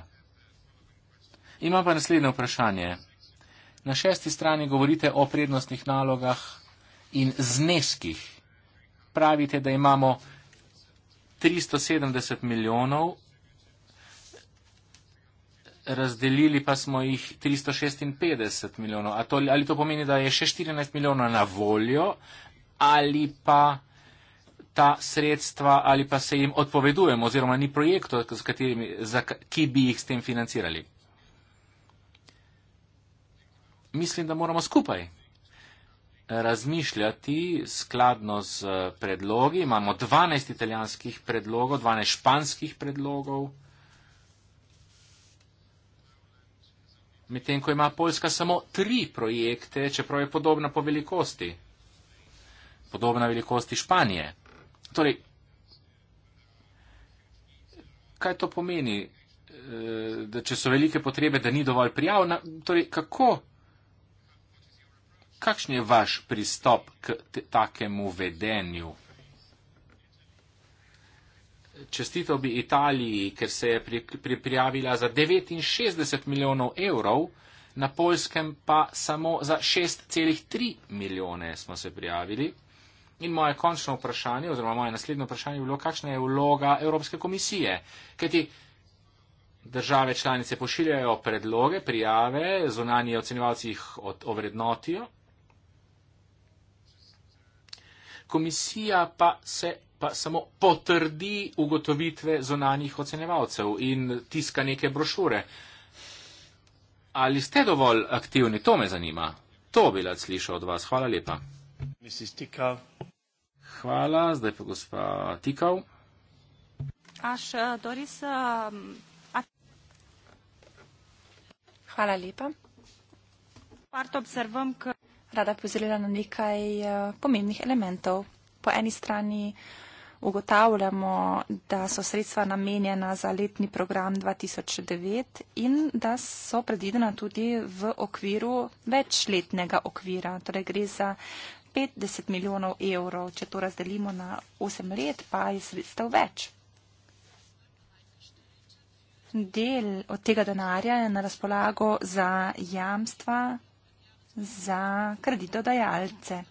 Imam pa naslednje vprašanje. Na šesti strani govorite o prednostnih nalogah in zneskih. Pravite, da imamo 370 milijonov razdelili pa smo jih 356 milijonov. To, ali to pomeni, da je še 14 milijonov na voljo, ali pa ta sredstva, ali pa se jim odpovedujemo, oziroma ni projektov, ki bi jih s tem financirali. Mislim, da moramo skupaj razmišljati skladno z eh, predlogi. Imamo 12 italijanskih predlogov, 12 španskih predlogov. medtem ko ima Poljska samo tri projekte, čeprav je podobna po velikosti. Podobna velikosti Španije. Torej, kaj to pomeni, e, da če so velike potrebe, da ni dovolj prijav? Torej, kako? Kakšen je vaš pristop k takemu vedenju? čestitev bi Italiji, ker se je pri, pri, prijavila za 69 milijonov evrov, na polskem pa samo za 6,3 milijone smo se prijavili. In moje končno vprašanje, oziroma moje naslednje vprašanje je bilo, kakšna je vloga Evropske komisije. Kajti države članice pošiljajo predloge, prijave, zunanji ocenjevalci jih ovrednotijo. Komisija pa se pa samo potrdi ugotovitve zonanih ocenevalcev in tiska neke brošure. Ali ste dovolj aktivni? To me zanima. To bi rad slišal od vas. Hvala lepa. Hvala, zdaj pa gospa Tikal. Aš, eh, Doris, eh, a... Hvala lepa. Part obzervam, ker rada pozirila na nekaj eh, pomembnih elementov. Po eni strani ugotavljamo, da so sredstva namenjena za letni program 2009 in da so predvidena tudi v okviru večletnega okvira. Torej gre za 50 milijonov evrov. Če to razdelimo na 8 let, pa je sredstev več. Del od tega denarja je na razpolago za jamstva za kreditodajalce.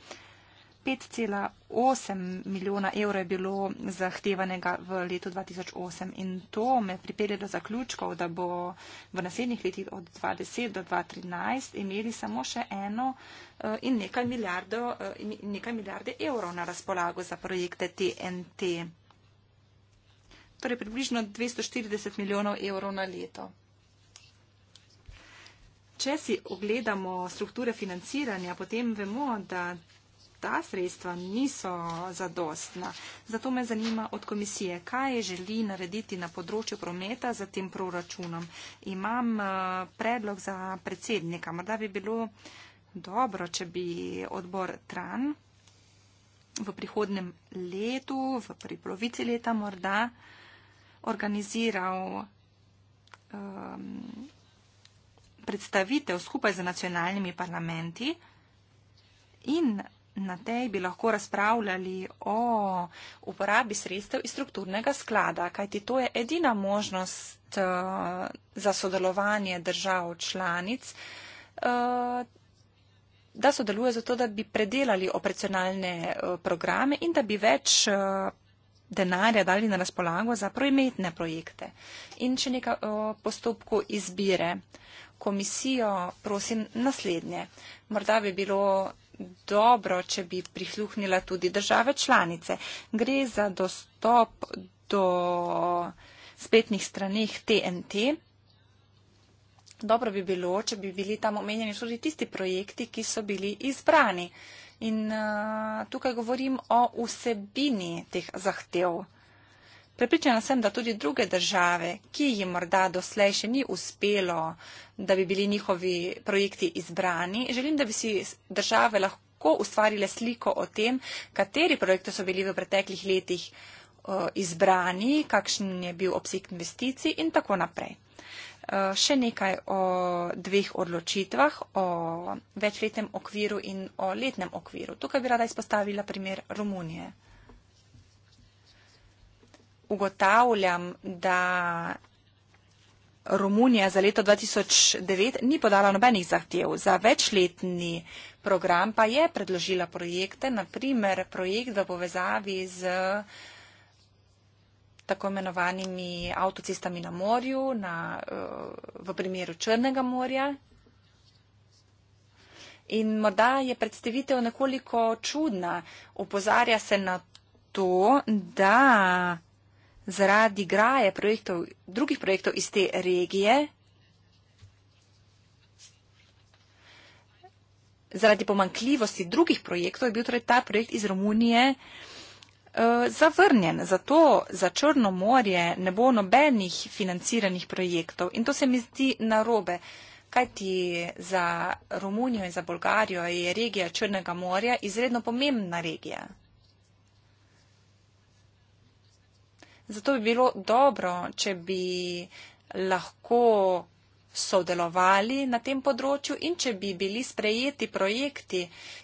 5,8 milijona evrov je bilo zahtevanega v letu 2008 in to me pripelje do zaključkov, da bo v naslednjih letih od 2010 do 2013 imeli samo še eno eh, in nekaj, eh, in nekaj milijarde evrov na razpolago za projekte TNT. Torej približno 240 milijonov evrov na leto. Če si ogledamo strukture financiranja, potem vemo, da ta sredstva niso zadostna. Zato me zanima od komisije, kaj želi narediti na področju prometa za tem proračunom. Imam eh, predlog za predsednika. Morda bi bilo dobro, če bi odbor Tran v prihodnem letu, v priplovici leta morda, organiziral um, predstavitev skupaj z nacionalnimi parlamenti in Na tej bi lahko razpravljali o uporabi sredstev iz strukturnega sklada, kajti to je edina možnost eh, za sodelovanje držav članic, eh, da sodeluje zato, da bi predelali operacionalne eh, programe in da bi več denarja dali na razpolago za projmetne projekte. In še nekaj o postopku izbire. Komisijo prosim naslednje. Morda bi bilo dobro, če bi prihluhnila tudi države članice. Gre za dostop do spletnih straneh TNT. Dobro bi bilo, če bi bili tam omenjeni tudi tisti projekti, ki so bili izbrani. In uh, tukaj govorim o vsebini teh zahtev. Prepričana sem, da tudi druge države, ki jim morda doslej še ni uspelo, da bi bili njihovi projekti izbrani, želim, da bi si države lahko ustvarile sliko o tem, kateri projekti so bili v preteklih letih eh, izbrani, kakšen je bil obseg investicij in tako naprej. Eh, še nekaj o dveh odločitvah, o večletnem okviru in o letnem okviru. Tukaj bi rada izpostavila primer Romunije ugotavljam, da Romunija za leto 2009 ni podala nobenih zahtev. Za večletni program pa je predložila projekte, naprimer projekt v povezavi z tako imenovanimi avtocestami na morju, na, eh, v primeru Črnega morja. In morda je predstavitev nekoliko čudna. Opozarja se na to, da zaradi graje projektov, drugih projektov iz te regije, zaradi pomankljivosti drugih projektov je bil torej ta projekt iz Romunije eh, zavrnjen. Zato za Črno morje ne bo nobenih financiranih projektov in to se mi zdi narobe. Kaj ti za Romunijo in za Bolgarijo je regija Črnega morja izredno pomembna regija? Zato bi bilo dobro, če bi lahko sodelovali na tem področju in če bi bili sprejeti projekti,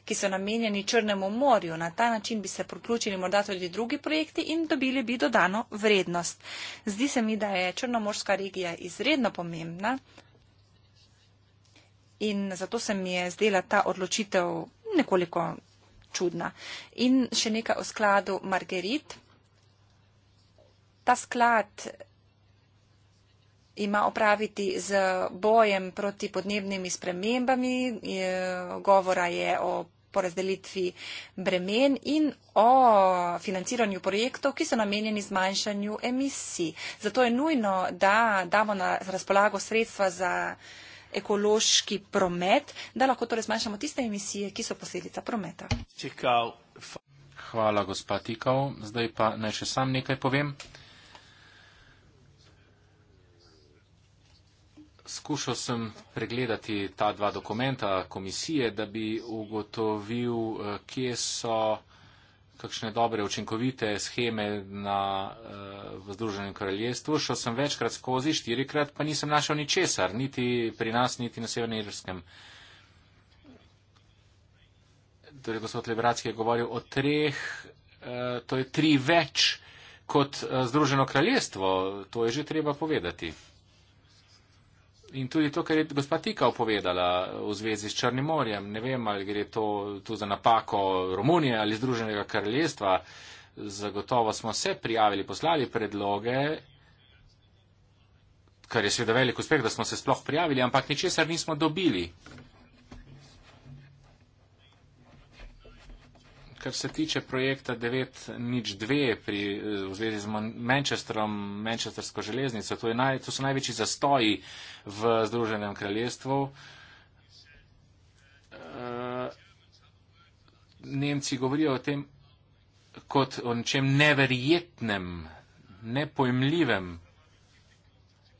ki so namenjeni Črnemu morju. Na ta način bi se priključili morda tudi drugi projekti in dobili bi dodano vrednost. Zdi se mi, da je Črnomorska regija izredno pomembna in zato se mi je zdela ta odločitev nekoliko čudna. In še nekaj o skladu Margerit. Ta sklad ima opraviti z bojem proti podnebnimi spremembami, govora je o porazdelitvi bremen in o financiranju projektov, ki so namenjeni zmanjšanju emisij. Zato je nujno, da damo na razpolago sredstva za ekološki promet, da lahko torej zmanjšamo tiste emisije, ki so posledica prometa. Hvala, gospa Tikov. Zdaj pa naj še sam nekaj povem. Skušal sem pregledati ta dva dokumenta komisije, da bi ugotovil, eh, kje so kakšne dobre, učinkovite scheme na, eh, v Združenem kraljestvu. Šel sem večkrat skozi, štirikrat, pa nisem našel ničesar, niti pri nas, niti na Severnem Irskem. Torej, gospod Lebratski je govoril o treh, eh, to je tri več kot Združeno kraljestvo, to je že treba povedati in tudi to, kar je gospa Tika opovedala v zvezi s Črnim morjem. Ne vem, ali gre to tu za napako Romunije ali Združenega kraljestva. Zagotovo smo se prijavili, poslali predloge, kar je seveda velik uspeh, da smo se sploh prijavili, ampak ničesar nismo dobili. kar se tiče projekta 902 pri, eh, v zvezi z Manchesterom, Manchestersko železnico, to, naj, to so največji zastoji v Združenem kraljestvu. Eh, Nemci govorijo o tem kot o nečem neverjetnem, nepojmljivem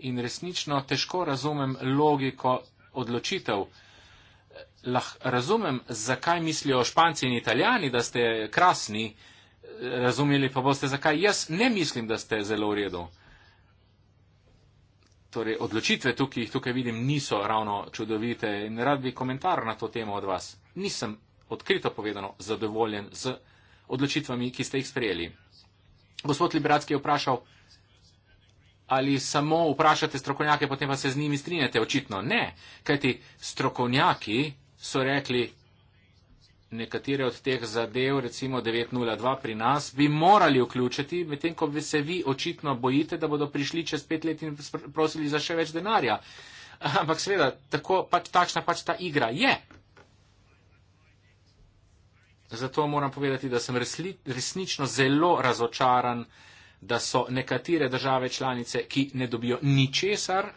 in resnično težko razumem logiko odločitev lahko razumem, zakaj mislijo Španci in Italijani, da ste krasni, razumeli pa boste, zakaj jaz ne mislim, da ste zelo v redu. Torej, odločitve tukaj, ki jih tukaj vidim, niso ravno čudovite in rad bi komentar na to temo od vas. Nisem odkrito povedano zadovoljen z odločitvami, ki ste jih sprejeli. Gospod Liberacki je vprašal, ali samo vprašate strokovnjake, potem pa se z njimi strinjate. Očitno ne, kajti strokovnjaki so rekli nekatere od teh zadev, recimo 9.02 pri nas, bi morali vključiti, medtem ko bi se vi očitno bojite, da bodo prišli čez pet let in prosili za še več denarja. Ampak seveda, tako pač takšna pač ta igra je. Zato moram povedati, da sem resli, resnično zelo razočaran, da so nekatere države članice, ki ne dobijo ničesar,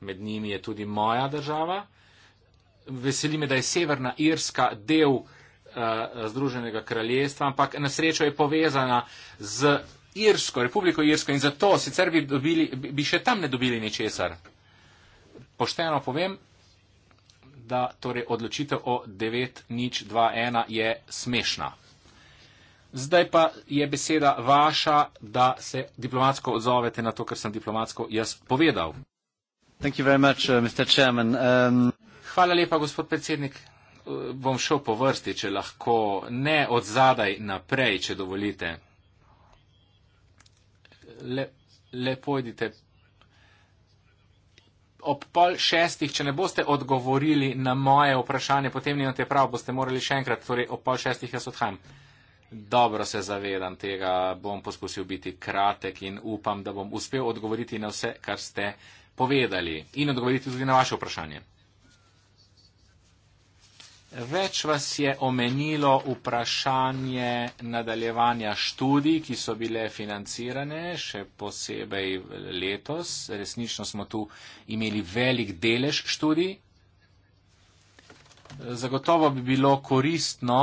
med njimi je tudi moja država, veseli me, da je Severna Irska del eh, Združenega kraljestva, ampak na srečo je povezana z Irsko, Republiko Irsko in zato sicer bi, dobili, bi še tam ne dobili ničesar. Pošteno povem, da torej odločitev o 9 nič 2 1 je smešna. Zdaj pa je beseda vaša, da se diplomatsko odzovete na to, kar sem diplomatsko jaz povedal. Thank you very much, uh, Mr. Chairman. Um... Hvala lepa, gospod predsednik. Bom šel po vrsti, če lahko ne od zadaj naprej, če dovolite. Le, le pojdite. Ob pol šestih, če ne boste odgovorili na moje vprašanje, potem nimate prav, boste morali še enkrat, torej ob pol šestih jaz odhajam. Dobro se zavedam tega, bom poskusil biti kratek in upam, da bom uspel odgovoriti na vse, kar ste povedali in odgovoriti tudi na vaše vprašanje. Več vas je omenilo vprašanje nadaljevanja študij, ki so bile financirane, še posebej letos. Resnično smo tu imeli velik delež študij. Zagotovo bi bilo koristno,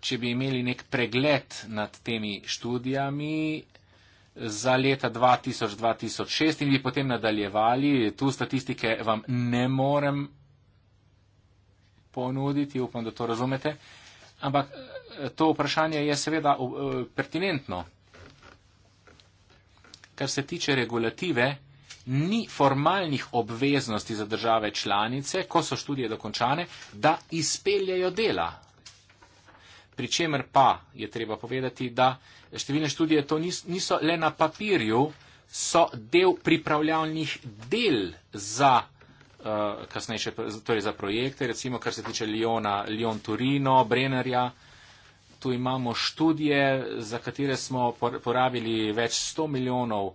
če bi imeli nek pregled nad temi študijami za leta 2000-2006 in bi potem nadaljevali. Tu statistike vam ne morem ponuditi, upam, da to razumete. Ampak eh, to vprašanje je seveda eh, pertinentno. Kar se tiče regulative, ni formalnih obveznosti za države članice, ko so študije dokončane, da izpeljajo dela. Pričemer pa je treba povedati, da številne študije to niso le na papirju, so del pripravljalnih del za uh, kasnejše, torej za projekte, recimo kar se tiče Liona, Lion Turino, Brennerja. Tu imamo študije, za katere smo porabili več sto milijonov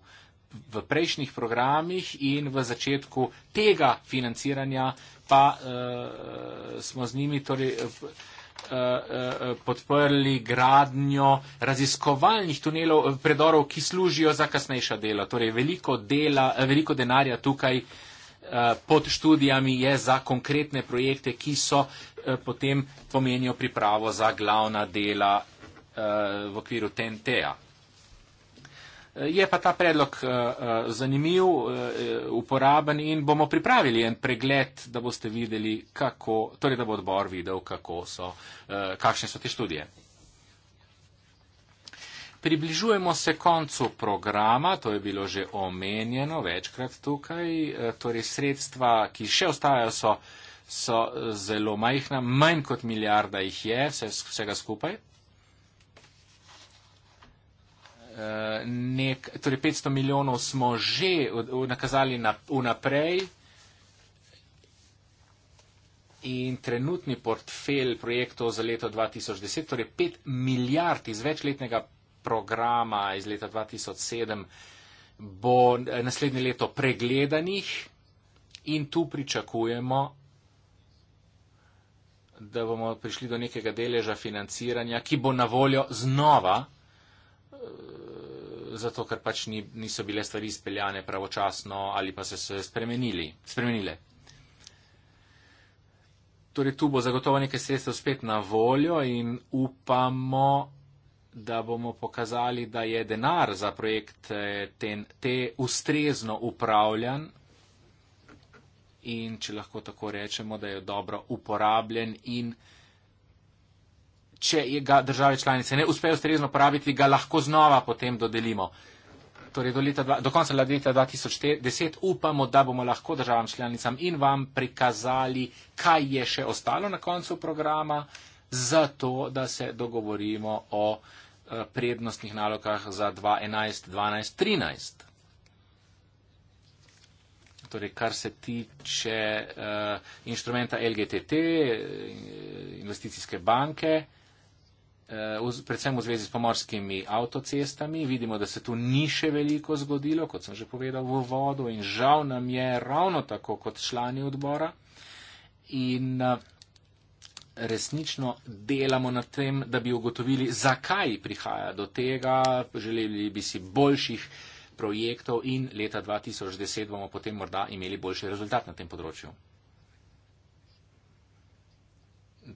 v prejšnjih programih in v začetku tega financiranja pa uh, smo z njimi torej, uh, uh, podprli gradnjo raziskovalnih tunelov, predorov, ki služijo za kasnejša dela. Torej veliko, dela, veliko denarja tukaj uh, Eh, pod študijami je za konkretne projekte, ki so eh, potem pomenijo pripravo za glavna dela eh, v okviru TNT-a. Je pa ta predlog zanimiv, uporaben in bomo pripravili en pregled, da boste videli, kako, torej da bo odbor videl, kako so, kakšne so te študije. Približujemo se koncu programa, to je bilo že omenjeno večkrat tukaj, e, torej sredstva, ki še ostajajo, so, so zelo majhna, manj kot milijarda jih je vsega skupaj. E, nek, torej 500 milijonov smo že nakazali vnaprej in trenutni portfelj projektov za leto 2010, torej 5 milijard iz večletnega programa iz leta 2007 bo naslednje leto pregledanih in tu pričakujemo, da bomo prišli do nekega deleža financiranja, ki bo na voljo znova, eh, zato ker pač ni, niso bile stvari izpeljane pravočasno ali pa se so spremenile. Torej, tu bo zagotovo nekaj sredstev spet na voljo in upamo, da bomo pokazali, da je denar za projekt ten, te ustrezno upravljan in če lahko tako rečemo, da je dobro uporabljen in če ga države članice ne uspejo ustrezno uporabiti, ga lahko znova potem dodelimo. Torej do, leta, do konca leta 2010 upamo, da bomo lahko državam članicam in vam prikazali, kaj je še ostalo na koncu programa zato da se dogovorimo o eh, prednostnih nalogah za 2011, 12, 13. Torej, kar se tiče uh, inštrumenta LGTT, eh, investicijske banke, uh, predvsem v zvezi s pomorskimi avtocestami, vidimo, da se tu ni še veliko zgodilo, kot sem že povedal, v vodu in žal nam je ravno tako kot člani odbora. In, uh, resnično delamo na tem, da bi ugotovili, zakaj prihaja do tega. Želeli bi si boljših projektov in leta 2010 bomo potem morda imeli boljši rezultat na tem področju.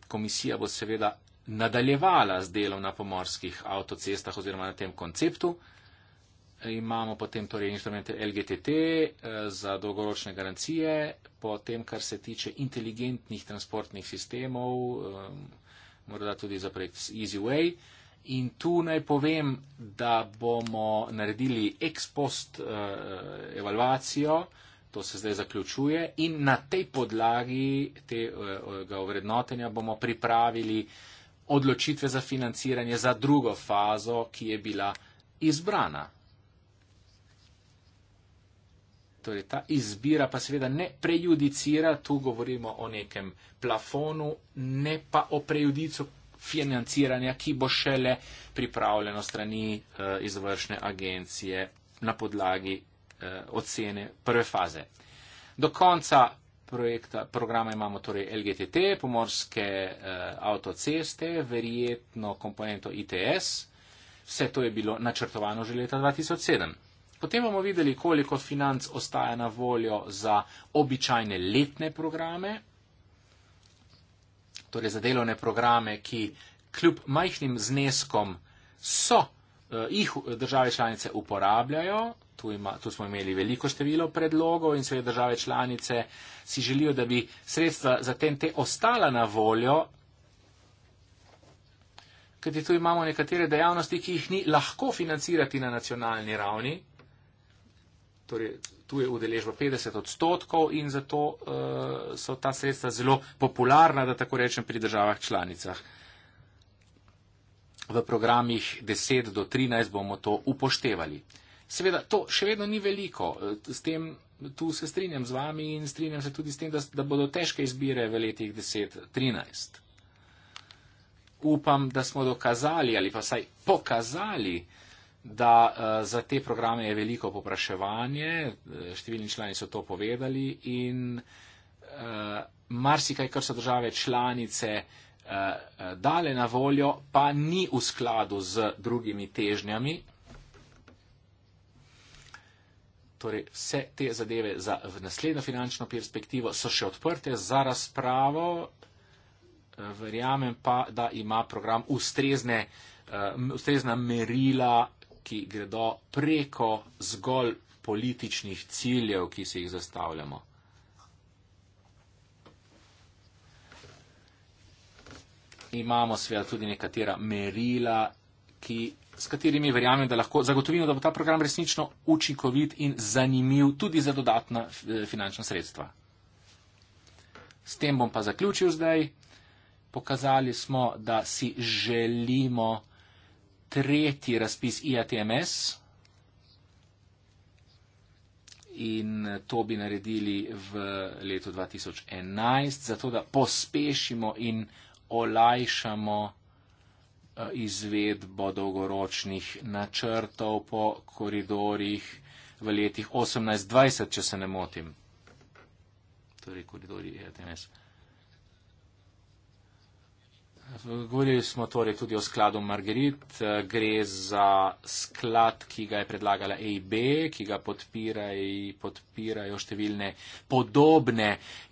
Komisija bo seveda nadaljevala z delom na pomorskih avtocestah oziroma na tem konceptu imamo potem torej inštrumente LGTT eh, za dolgoročne garancije, potem kar se tiče inteligentnih transportnih sistemov, eh, morda tudi za projekt EasyWay. In tu naj povem, da bomo naredili ex post eh, evalvacijo, to se zdaj zaključuje, in na tej podlagi tega ovrednotenja bomo pripravili odločitve za financiranje za drugo fazo, ki je bila izbrana Torej, ta izbira pa seveda ne prejudicira, tu govorimo o nekem plafonu, ne pa o prejudicu financiranja, ki bo šele pripravljeno strani uh, izvršne agencije na podlagi uh, ocene prve faze. Do konca projekta, programa imamo torej LGTT, pomorske uh, avtoceste, verjetno komponento ITS. Vse to je bilo načrtovano že leta 2007. Potem bomo videli, koliko financ ostaja na voljo za običajne letne programe, torej za delovne programe, ki kljub majhnim zneskom so, eh, jih države članice uporabljajo. Tu, ima, tu smo imeli veliko število predlogov in seveda države članice si želijo, da bi sredstva za tem te ostala na voljo. Kajti tu imamo nekatere dejavnosti, ki jih ni lahko financirati na nacionalni ravni, torej tu je udeležba 50 odstotkov in zato uh, so ta sredstva zelo popularna, da tako rečem, pri državah članicah. V programih 10 do 13 bomo to upoštevali. Seveda, to še vedno ni veliko. S tem tu se strinjam z vami in strinjam se tudi s tem, da, da bodo težke izbire v letih 10-13. Upam, da smo dokazali ali pa saj pokazali, uh, da eh, za te programe je veliko popraševanje, eh, številni člani so to povedali in eh, marsikaj, kar so države članice dale na voljo, pa ni v skladu z drugimi težnjami. Torej, vse te zadeve za naslednjo finančno perspektivo so še odprte za razpravo, verjamem pa, da ima program ustrezne, ustrezna merila ki gredo preko zgolj političnih ciljev, ki si jih zastavljamo. Imamo seveda tudi nekatera merila, ki, s katerimi verjamem, da lahko zagotovimo, da bo ta program resnično učinkovit in zanimiv tudi za dodatna eh, finančna sredstva. S tem bom pa zaključil zdaj. Pokazali smo, da si želimo tretji razpis IATMS in to bi naredili v letu 2011, zato da pospešimo in olajšamo eh, izvedbo dolgoročnih načrtov po koridorjih v letih 18-20, če se ne motim. Torej, koridorji IATMS. Ja, Govorili smo torej tudi o skladu Margerit. Eh, gre za sklad, ki ga je predlagala AIB, ki ga podpiraj, podpirajo številne podobne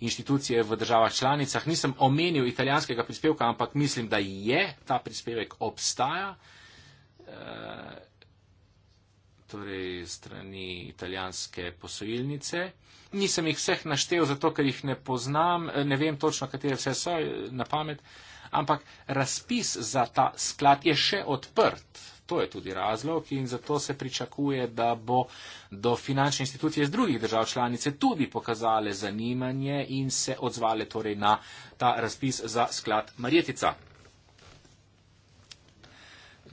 inštitucije v državah članicah. Nisem omenil italijanskega prispevka, ampak mislim, da je ta prispevek obstaja. Eh, torej, strani italijanske posojilnice. Nisem jih vseh naštel, zato ker jih ne poznam, eh, ne vem točno, katere vse so na pamet. Uh, ampak razpis za ta sklad je še odprt. To je tudi razlog in zato se pričakuje, da bo do finančne institucije iz drugih držav članice tudi pokazale zanimanje in se odzvale torej na ta razpis za sklad Marjetica.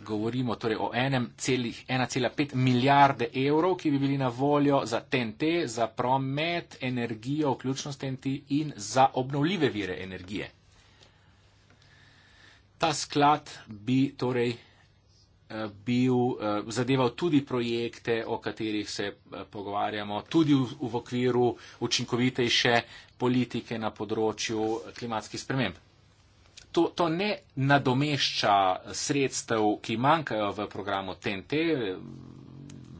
Govorimo torej o 1,5 milijarde evrov, ki bi bili na voljo za TNT, za promet, energijo, vključno s TNT in za obnovljive vire energije ta sklad bi torej eh, bil, eh, zadeval tudi projekte, o katerih se eh, pogovarjamo, tudi v, v okviru učinkovitejše politike na področju klimatskih sprememb. To, to ne nadomešča sredstev, ki manjkajo v programu TNT,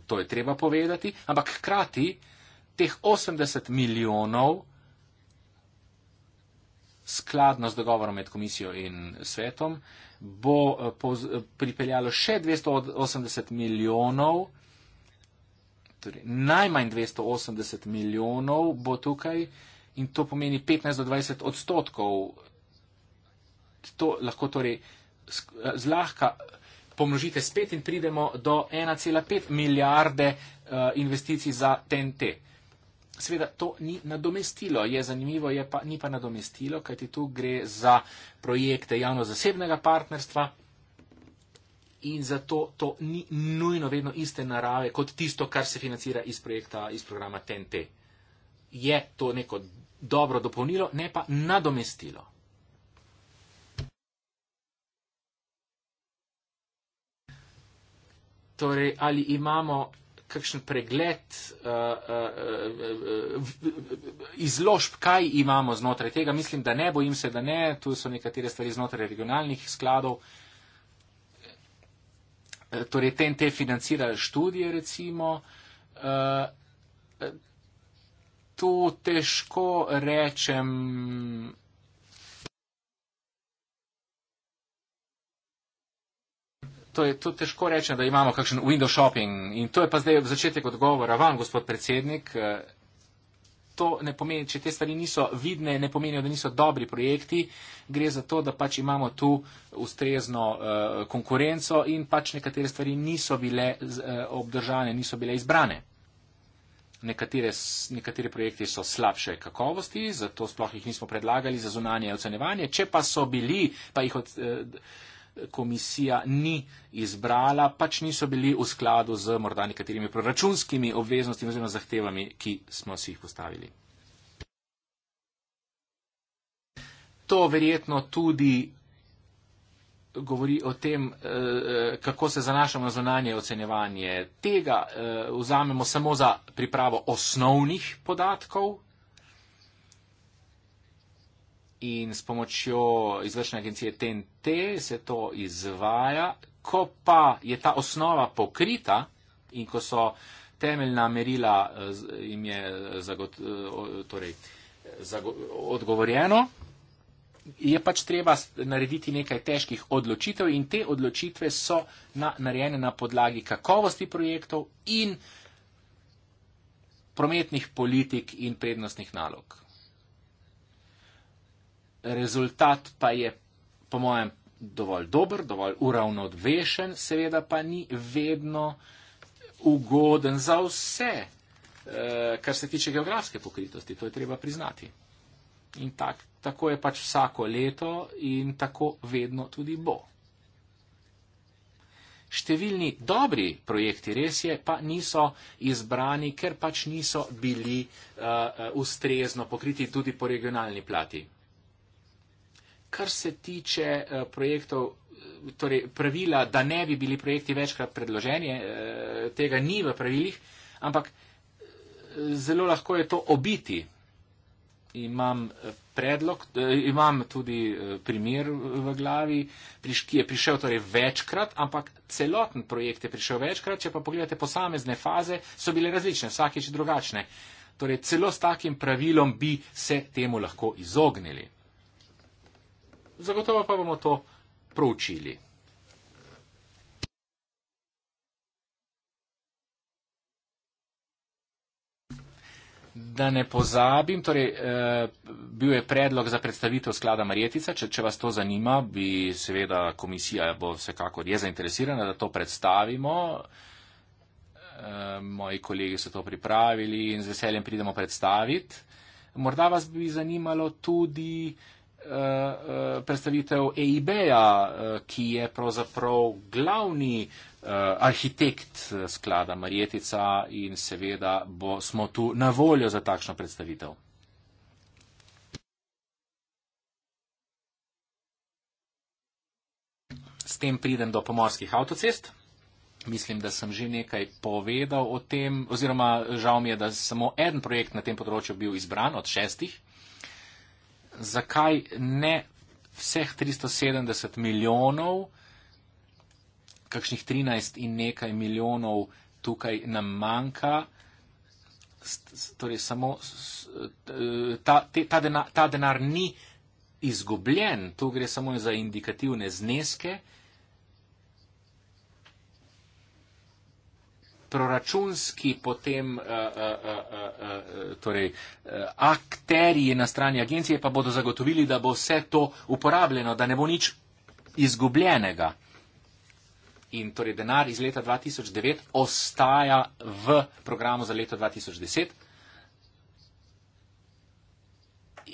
to je treba povedati, ampak hkrati teh 80 milijonov skladno z dogovorom med komisijo in svetom, bo eh, pripeljalo še 280 milijonov, torej najmanj 280 milijonov bo tukaj in to pomeni 15 do 20 odstotkov. To lahko torej eh, zlahka pomnožite spet in pridemo do 1,5 milijarde eh, investicij za TNT. Seveda to ni nadomestilo, je zanimivo, je pa, ni pa nadomestilo, kajti tu gre za projekte javno-zasebnega partnerstva in zato to ni nujno vedno iste narave kot tisto, kar se financira iz projekta, iz programa TNT. Je to neko dobro dopolnilo, ne pa nadomestilo. Torej, ali imamo kakšen pregled uh, uh, uh, izložb, kaj imamo znotraj tega. Mislim, da ne, bojim se, da ne. Tu so nekatere stvari znotraj regionalnih skladov. Eh, torej, TNT financira študije, recimo. Uh, to težko rečem. to je to težko reči, da imamo kakšen window shopping in to je pa zdaj začetek odgovora vam, gospod predsednik. Eh, to ne pomeni, če te stvari niso vidne, ne pomenijo, da niso dobri projekti. Gre za to, da pač imamo tu ustrezno uh, konkurenco in pač nekatere stvari niso bile uh, obdržane, niso bile izbrane. Nekatere, nekatere projekte so slabše kakovosti, zato sploh jih nismo predlagali za zunanje ocenevanje. Če pa so bili, pa jih od. Uh, komisija ni izbrala, pač niso bili v skladu z morda nekaterimi proračunskimi obveznostmi oziroma zahtevami, ki smo si jih postavili. To verjetno tudi govori o tem, eh, kako se zanašamo na zunanje ocenjevanje. Tega eh, vzamemo samo za pripravo osnovnih podatkov, in s pomočjo izvršne agencije TNT se to izvaja. Ko pa je ta osnova pokrita in ko so temeljna merila eh, jim je eh, zagot, eh, torej, zagot, odgovorjeno, je pač treba narediti nekaj težkih odločitev in te odločitve so na, narejene na podlagi kakovosti projektov in prometnih politik in prednostnih nalog rezultat pa je, po mojem, dovolj dober, dovolj uravnovešen, seveda pa ni vedno ugoden za vse, eh, kar se tiče geografske pokritosti, to je treba priznati. In tak, tako je pač vsako leto in tako vedno tudi bo. Številni dobri projekti res je, pa niso izbrani, ker pač niso bili uh, ustrezno pokriti tudi po regionalni plati kar se tiče eh, projektov, eh, torej pravila, da ne bi bili projekti večkrat predloženi, eh, tega ni v pravilih, ampak zelo lahko je to obiti. Imam predlog, imam tudi primer v glavi, ki je prišel torej večkrat, ampak celoten projekt je prišel večkrat, če pa pogledate posamezne faze, so bile različne, vsakeč drugačne. Torej, celo s takim pravilom bi se temu lahko izognili zagotovo pa bomo to proučili. Da ne pozabim, torej, eh, bil je predlog za predstavitev sklada Marjetica. Če, če vas to zanima, bi seveda komisija bo vsekakor je zainteresirana, da to predstavimo. Eh, moji kolegi so to pripravili in z veseljem pridemo predstaviti. Morda vas bi zanimalo tudi, Eh, predstavitev EIB-ja, eh, ki je pravzaprav glavni eh, arhitekt sklada Marjetica in seveda bo, smo tu na voljo za takšno predstavitev. S tem pridem do pomorskih avtocest. Mislim, da sem že nekaj povedal o tem, oziroma žal mi je, da samo en projekt na tem področju bil izbran od šestih zakaj ne vseh 370 milijonov, kakšnih 13 in nekaj milijonov tukaj nam manjka, torej samo eh, ta, te, ta, denar, ta denar ni izgubljen, tu gre samo za indikativne zneske, proračunski potem, eh, eh, eh, torej, akterji na strani agencije pa bodo zagotovili, da bo vse to uporabljeno, da ne bo nič izgubljenega. In torej denar iz leta 2009 ostaja v programu za leto 2010.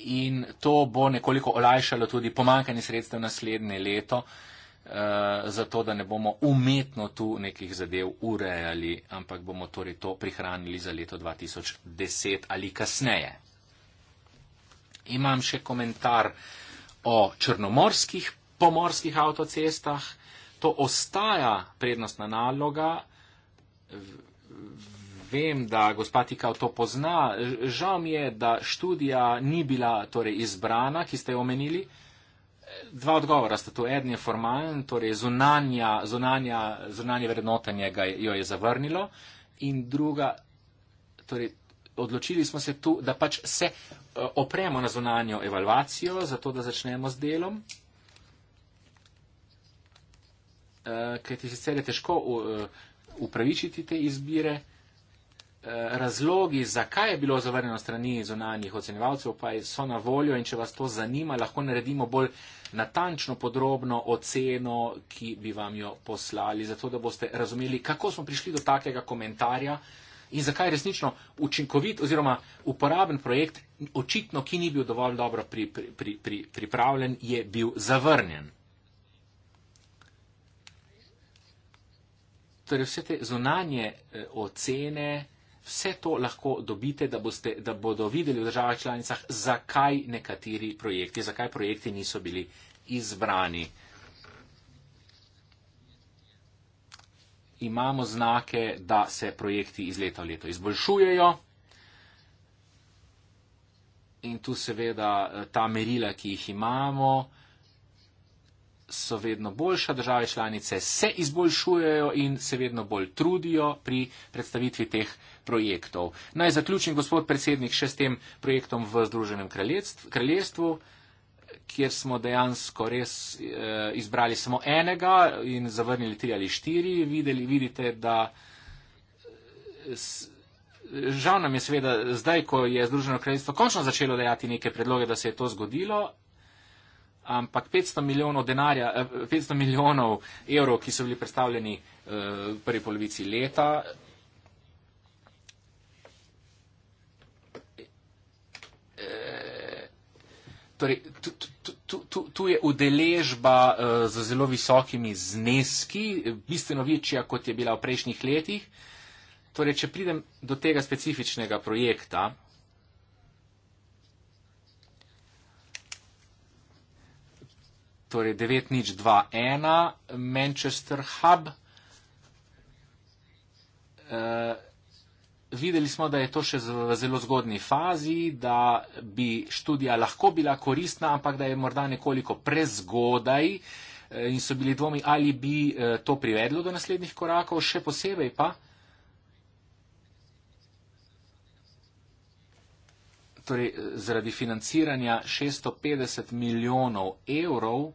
In to bo nekoliko olajšalo tudi pomankanje sredstev naslednje leto. Uh, Eh, zato da ne bomo umetno tu nekih zadev urejali, ampak bomo torej to prihranili za leto 2010 ali kasneje. Imam še komentar o črnomorskih pomorskih avtocestah. To ostaja prednostna naloga. Vem, da gospatika to pozna. Žal mi je, da študija ni bila torej izbrana, ki ste jo omenili. Uh, dva odgovora sta tu. Eden je formalen, torej zunanja, zunanja, zunanje vrednotenje jo je zavrnilo in druga, torej odločili smo se tu, da pač se e, opremo na zunanjo evalvacijo, zato da začnemo z delom. Uh, e, Ker ti sicer je težko uh, upravičiti te izbire. Eh, razlogi, zakaj je bilo zavrnjeno strani zunanjih ocenjevalcev, pa so na voljo in če vas to zanima, lahko naredimo bolj natančno, podrobno oceno, ki bi vam jo poslali, zato da boste razumeli, kako smo prišli do takega komentarja in zakaj resnično učinkovit oziroma uporaben projekt, očitno, ki ni bil dovolj dobro pri, pri, pri, pri, pripravljen, je bil zavrnjen. Torej vse te zunanje eh, ocene, Vse to lahko dobite, da, boste, da bodo videli v državah članicah, zakaj nekateri projekti, zakaj projekti niso bili izbrani. Imamo znake, da se projekti iz leta v leto izboljšujejo. In tu seveda eh, ta merila, ki jih imamo, so vedno boljša. Države članice se izboljšujejo in se vedno bolj trudijo pri predstavitvi teh projektov projektov. Naj zaključim, gospod predsednik, še s tem projektom v Združenem kraljestvu, kjer smo dejansko res eh, izbrali samo enega in zavrnili tri ali štiri. Videli, vidite, da. Eh, žal nam je seveda zdaj, ko je Združeno kraljestvo končno začelo dajati neke predloge, da se je to zgodilo, ampak 500 milijonov, denarja, 500 eh, milijonov evrov, ki so bili predstavljeni v prvi polovici leta, Torej, tu, tu, tu, tu, tu je udeležba uh, z zelo visokimi zneski, eh, bistveno večja, kot je bila v prejšnjih letih. Torej, če pridem do tega specifičnega projekta, torej 9021 Manchester Hub. Uh, videli smo, da je to še v zelo zgodni fazi, da bi študija lahko bila koristna, ampak da je morda nekoliko prezgodaj eh, in so bili dvomi, ali bi eh, to privedlo do naslednjih korakov, še posebej pa. Torej, eh, zaradi financiranja 650 milijonov evrov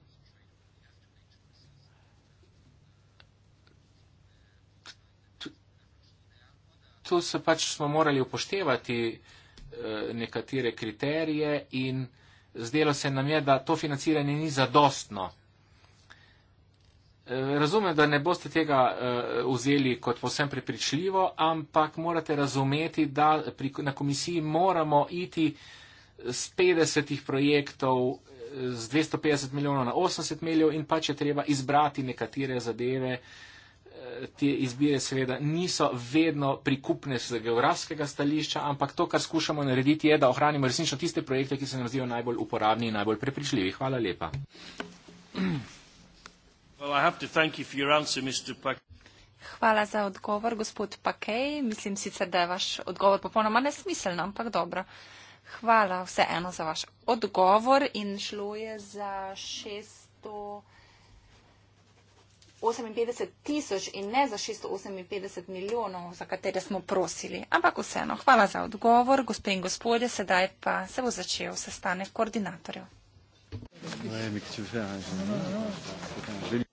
tu se pač smo morali upoštevati eh, nekatere kriterije in zdelo se nam je, da to financiranje ni zadostno. Eh, razumem, da ne boste tega eh, vzeli kot povsem prepričljivo, ampak morate razumeti, da pri, na komisiji moramo iti z 50 projektov, z 250 milijonov na 80 milijonov in pa če treba izbrati nekatere zadeve, te izbire seveda niso vedno prikupne z geografskega stališča, ampak to, kar skušamo narediti, je, da ohranimo resnično tiste projekte, ki se nam zdijo najbolj uporabni in najbolj prepričljivi. Hvala lepa. Well, you answer, Hvala za odgovor, gospod Pakej. Mislim sicer, da je vaš odgovor popolnoma nesmiseln, ampak dobro. Hvala vseeno za vaš odgovor in šlo je za 600. 58 tisoč in ne za 658 milijonov, za katere smo prosili. Ampak vseeno, hvala za odgovor, gospe in gospodje, sedaj pa se bo začel sestanek koordinatorjev. Ja, ja, Zdaj,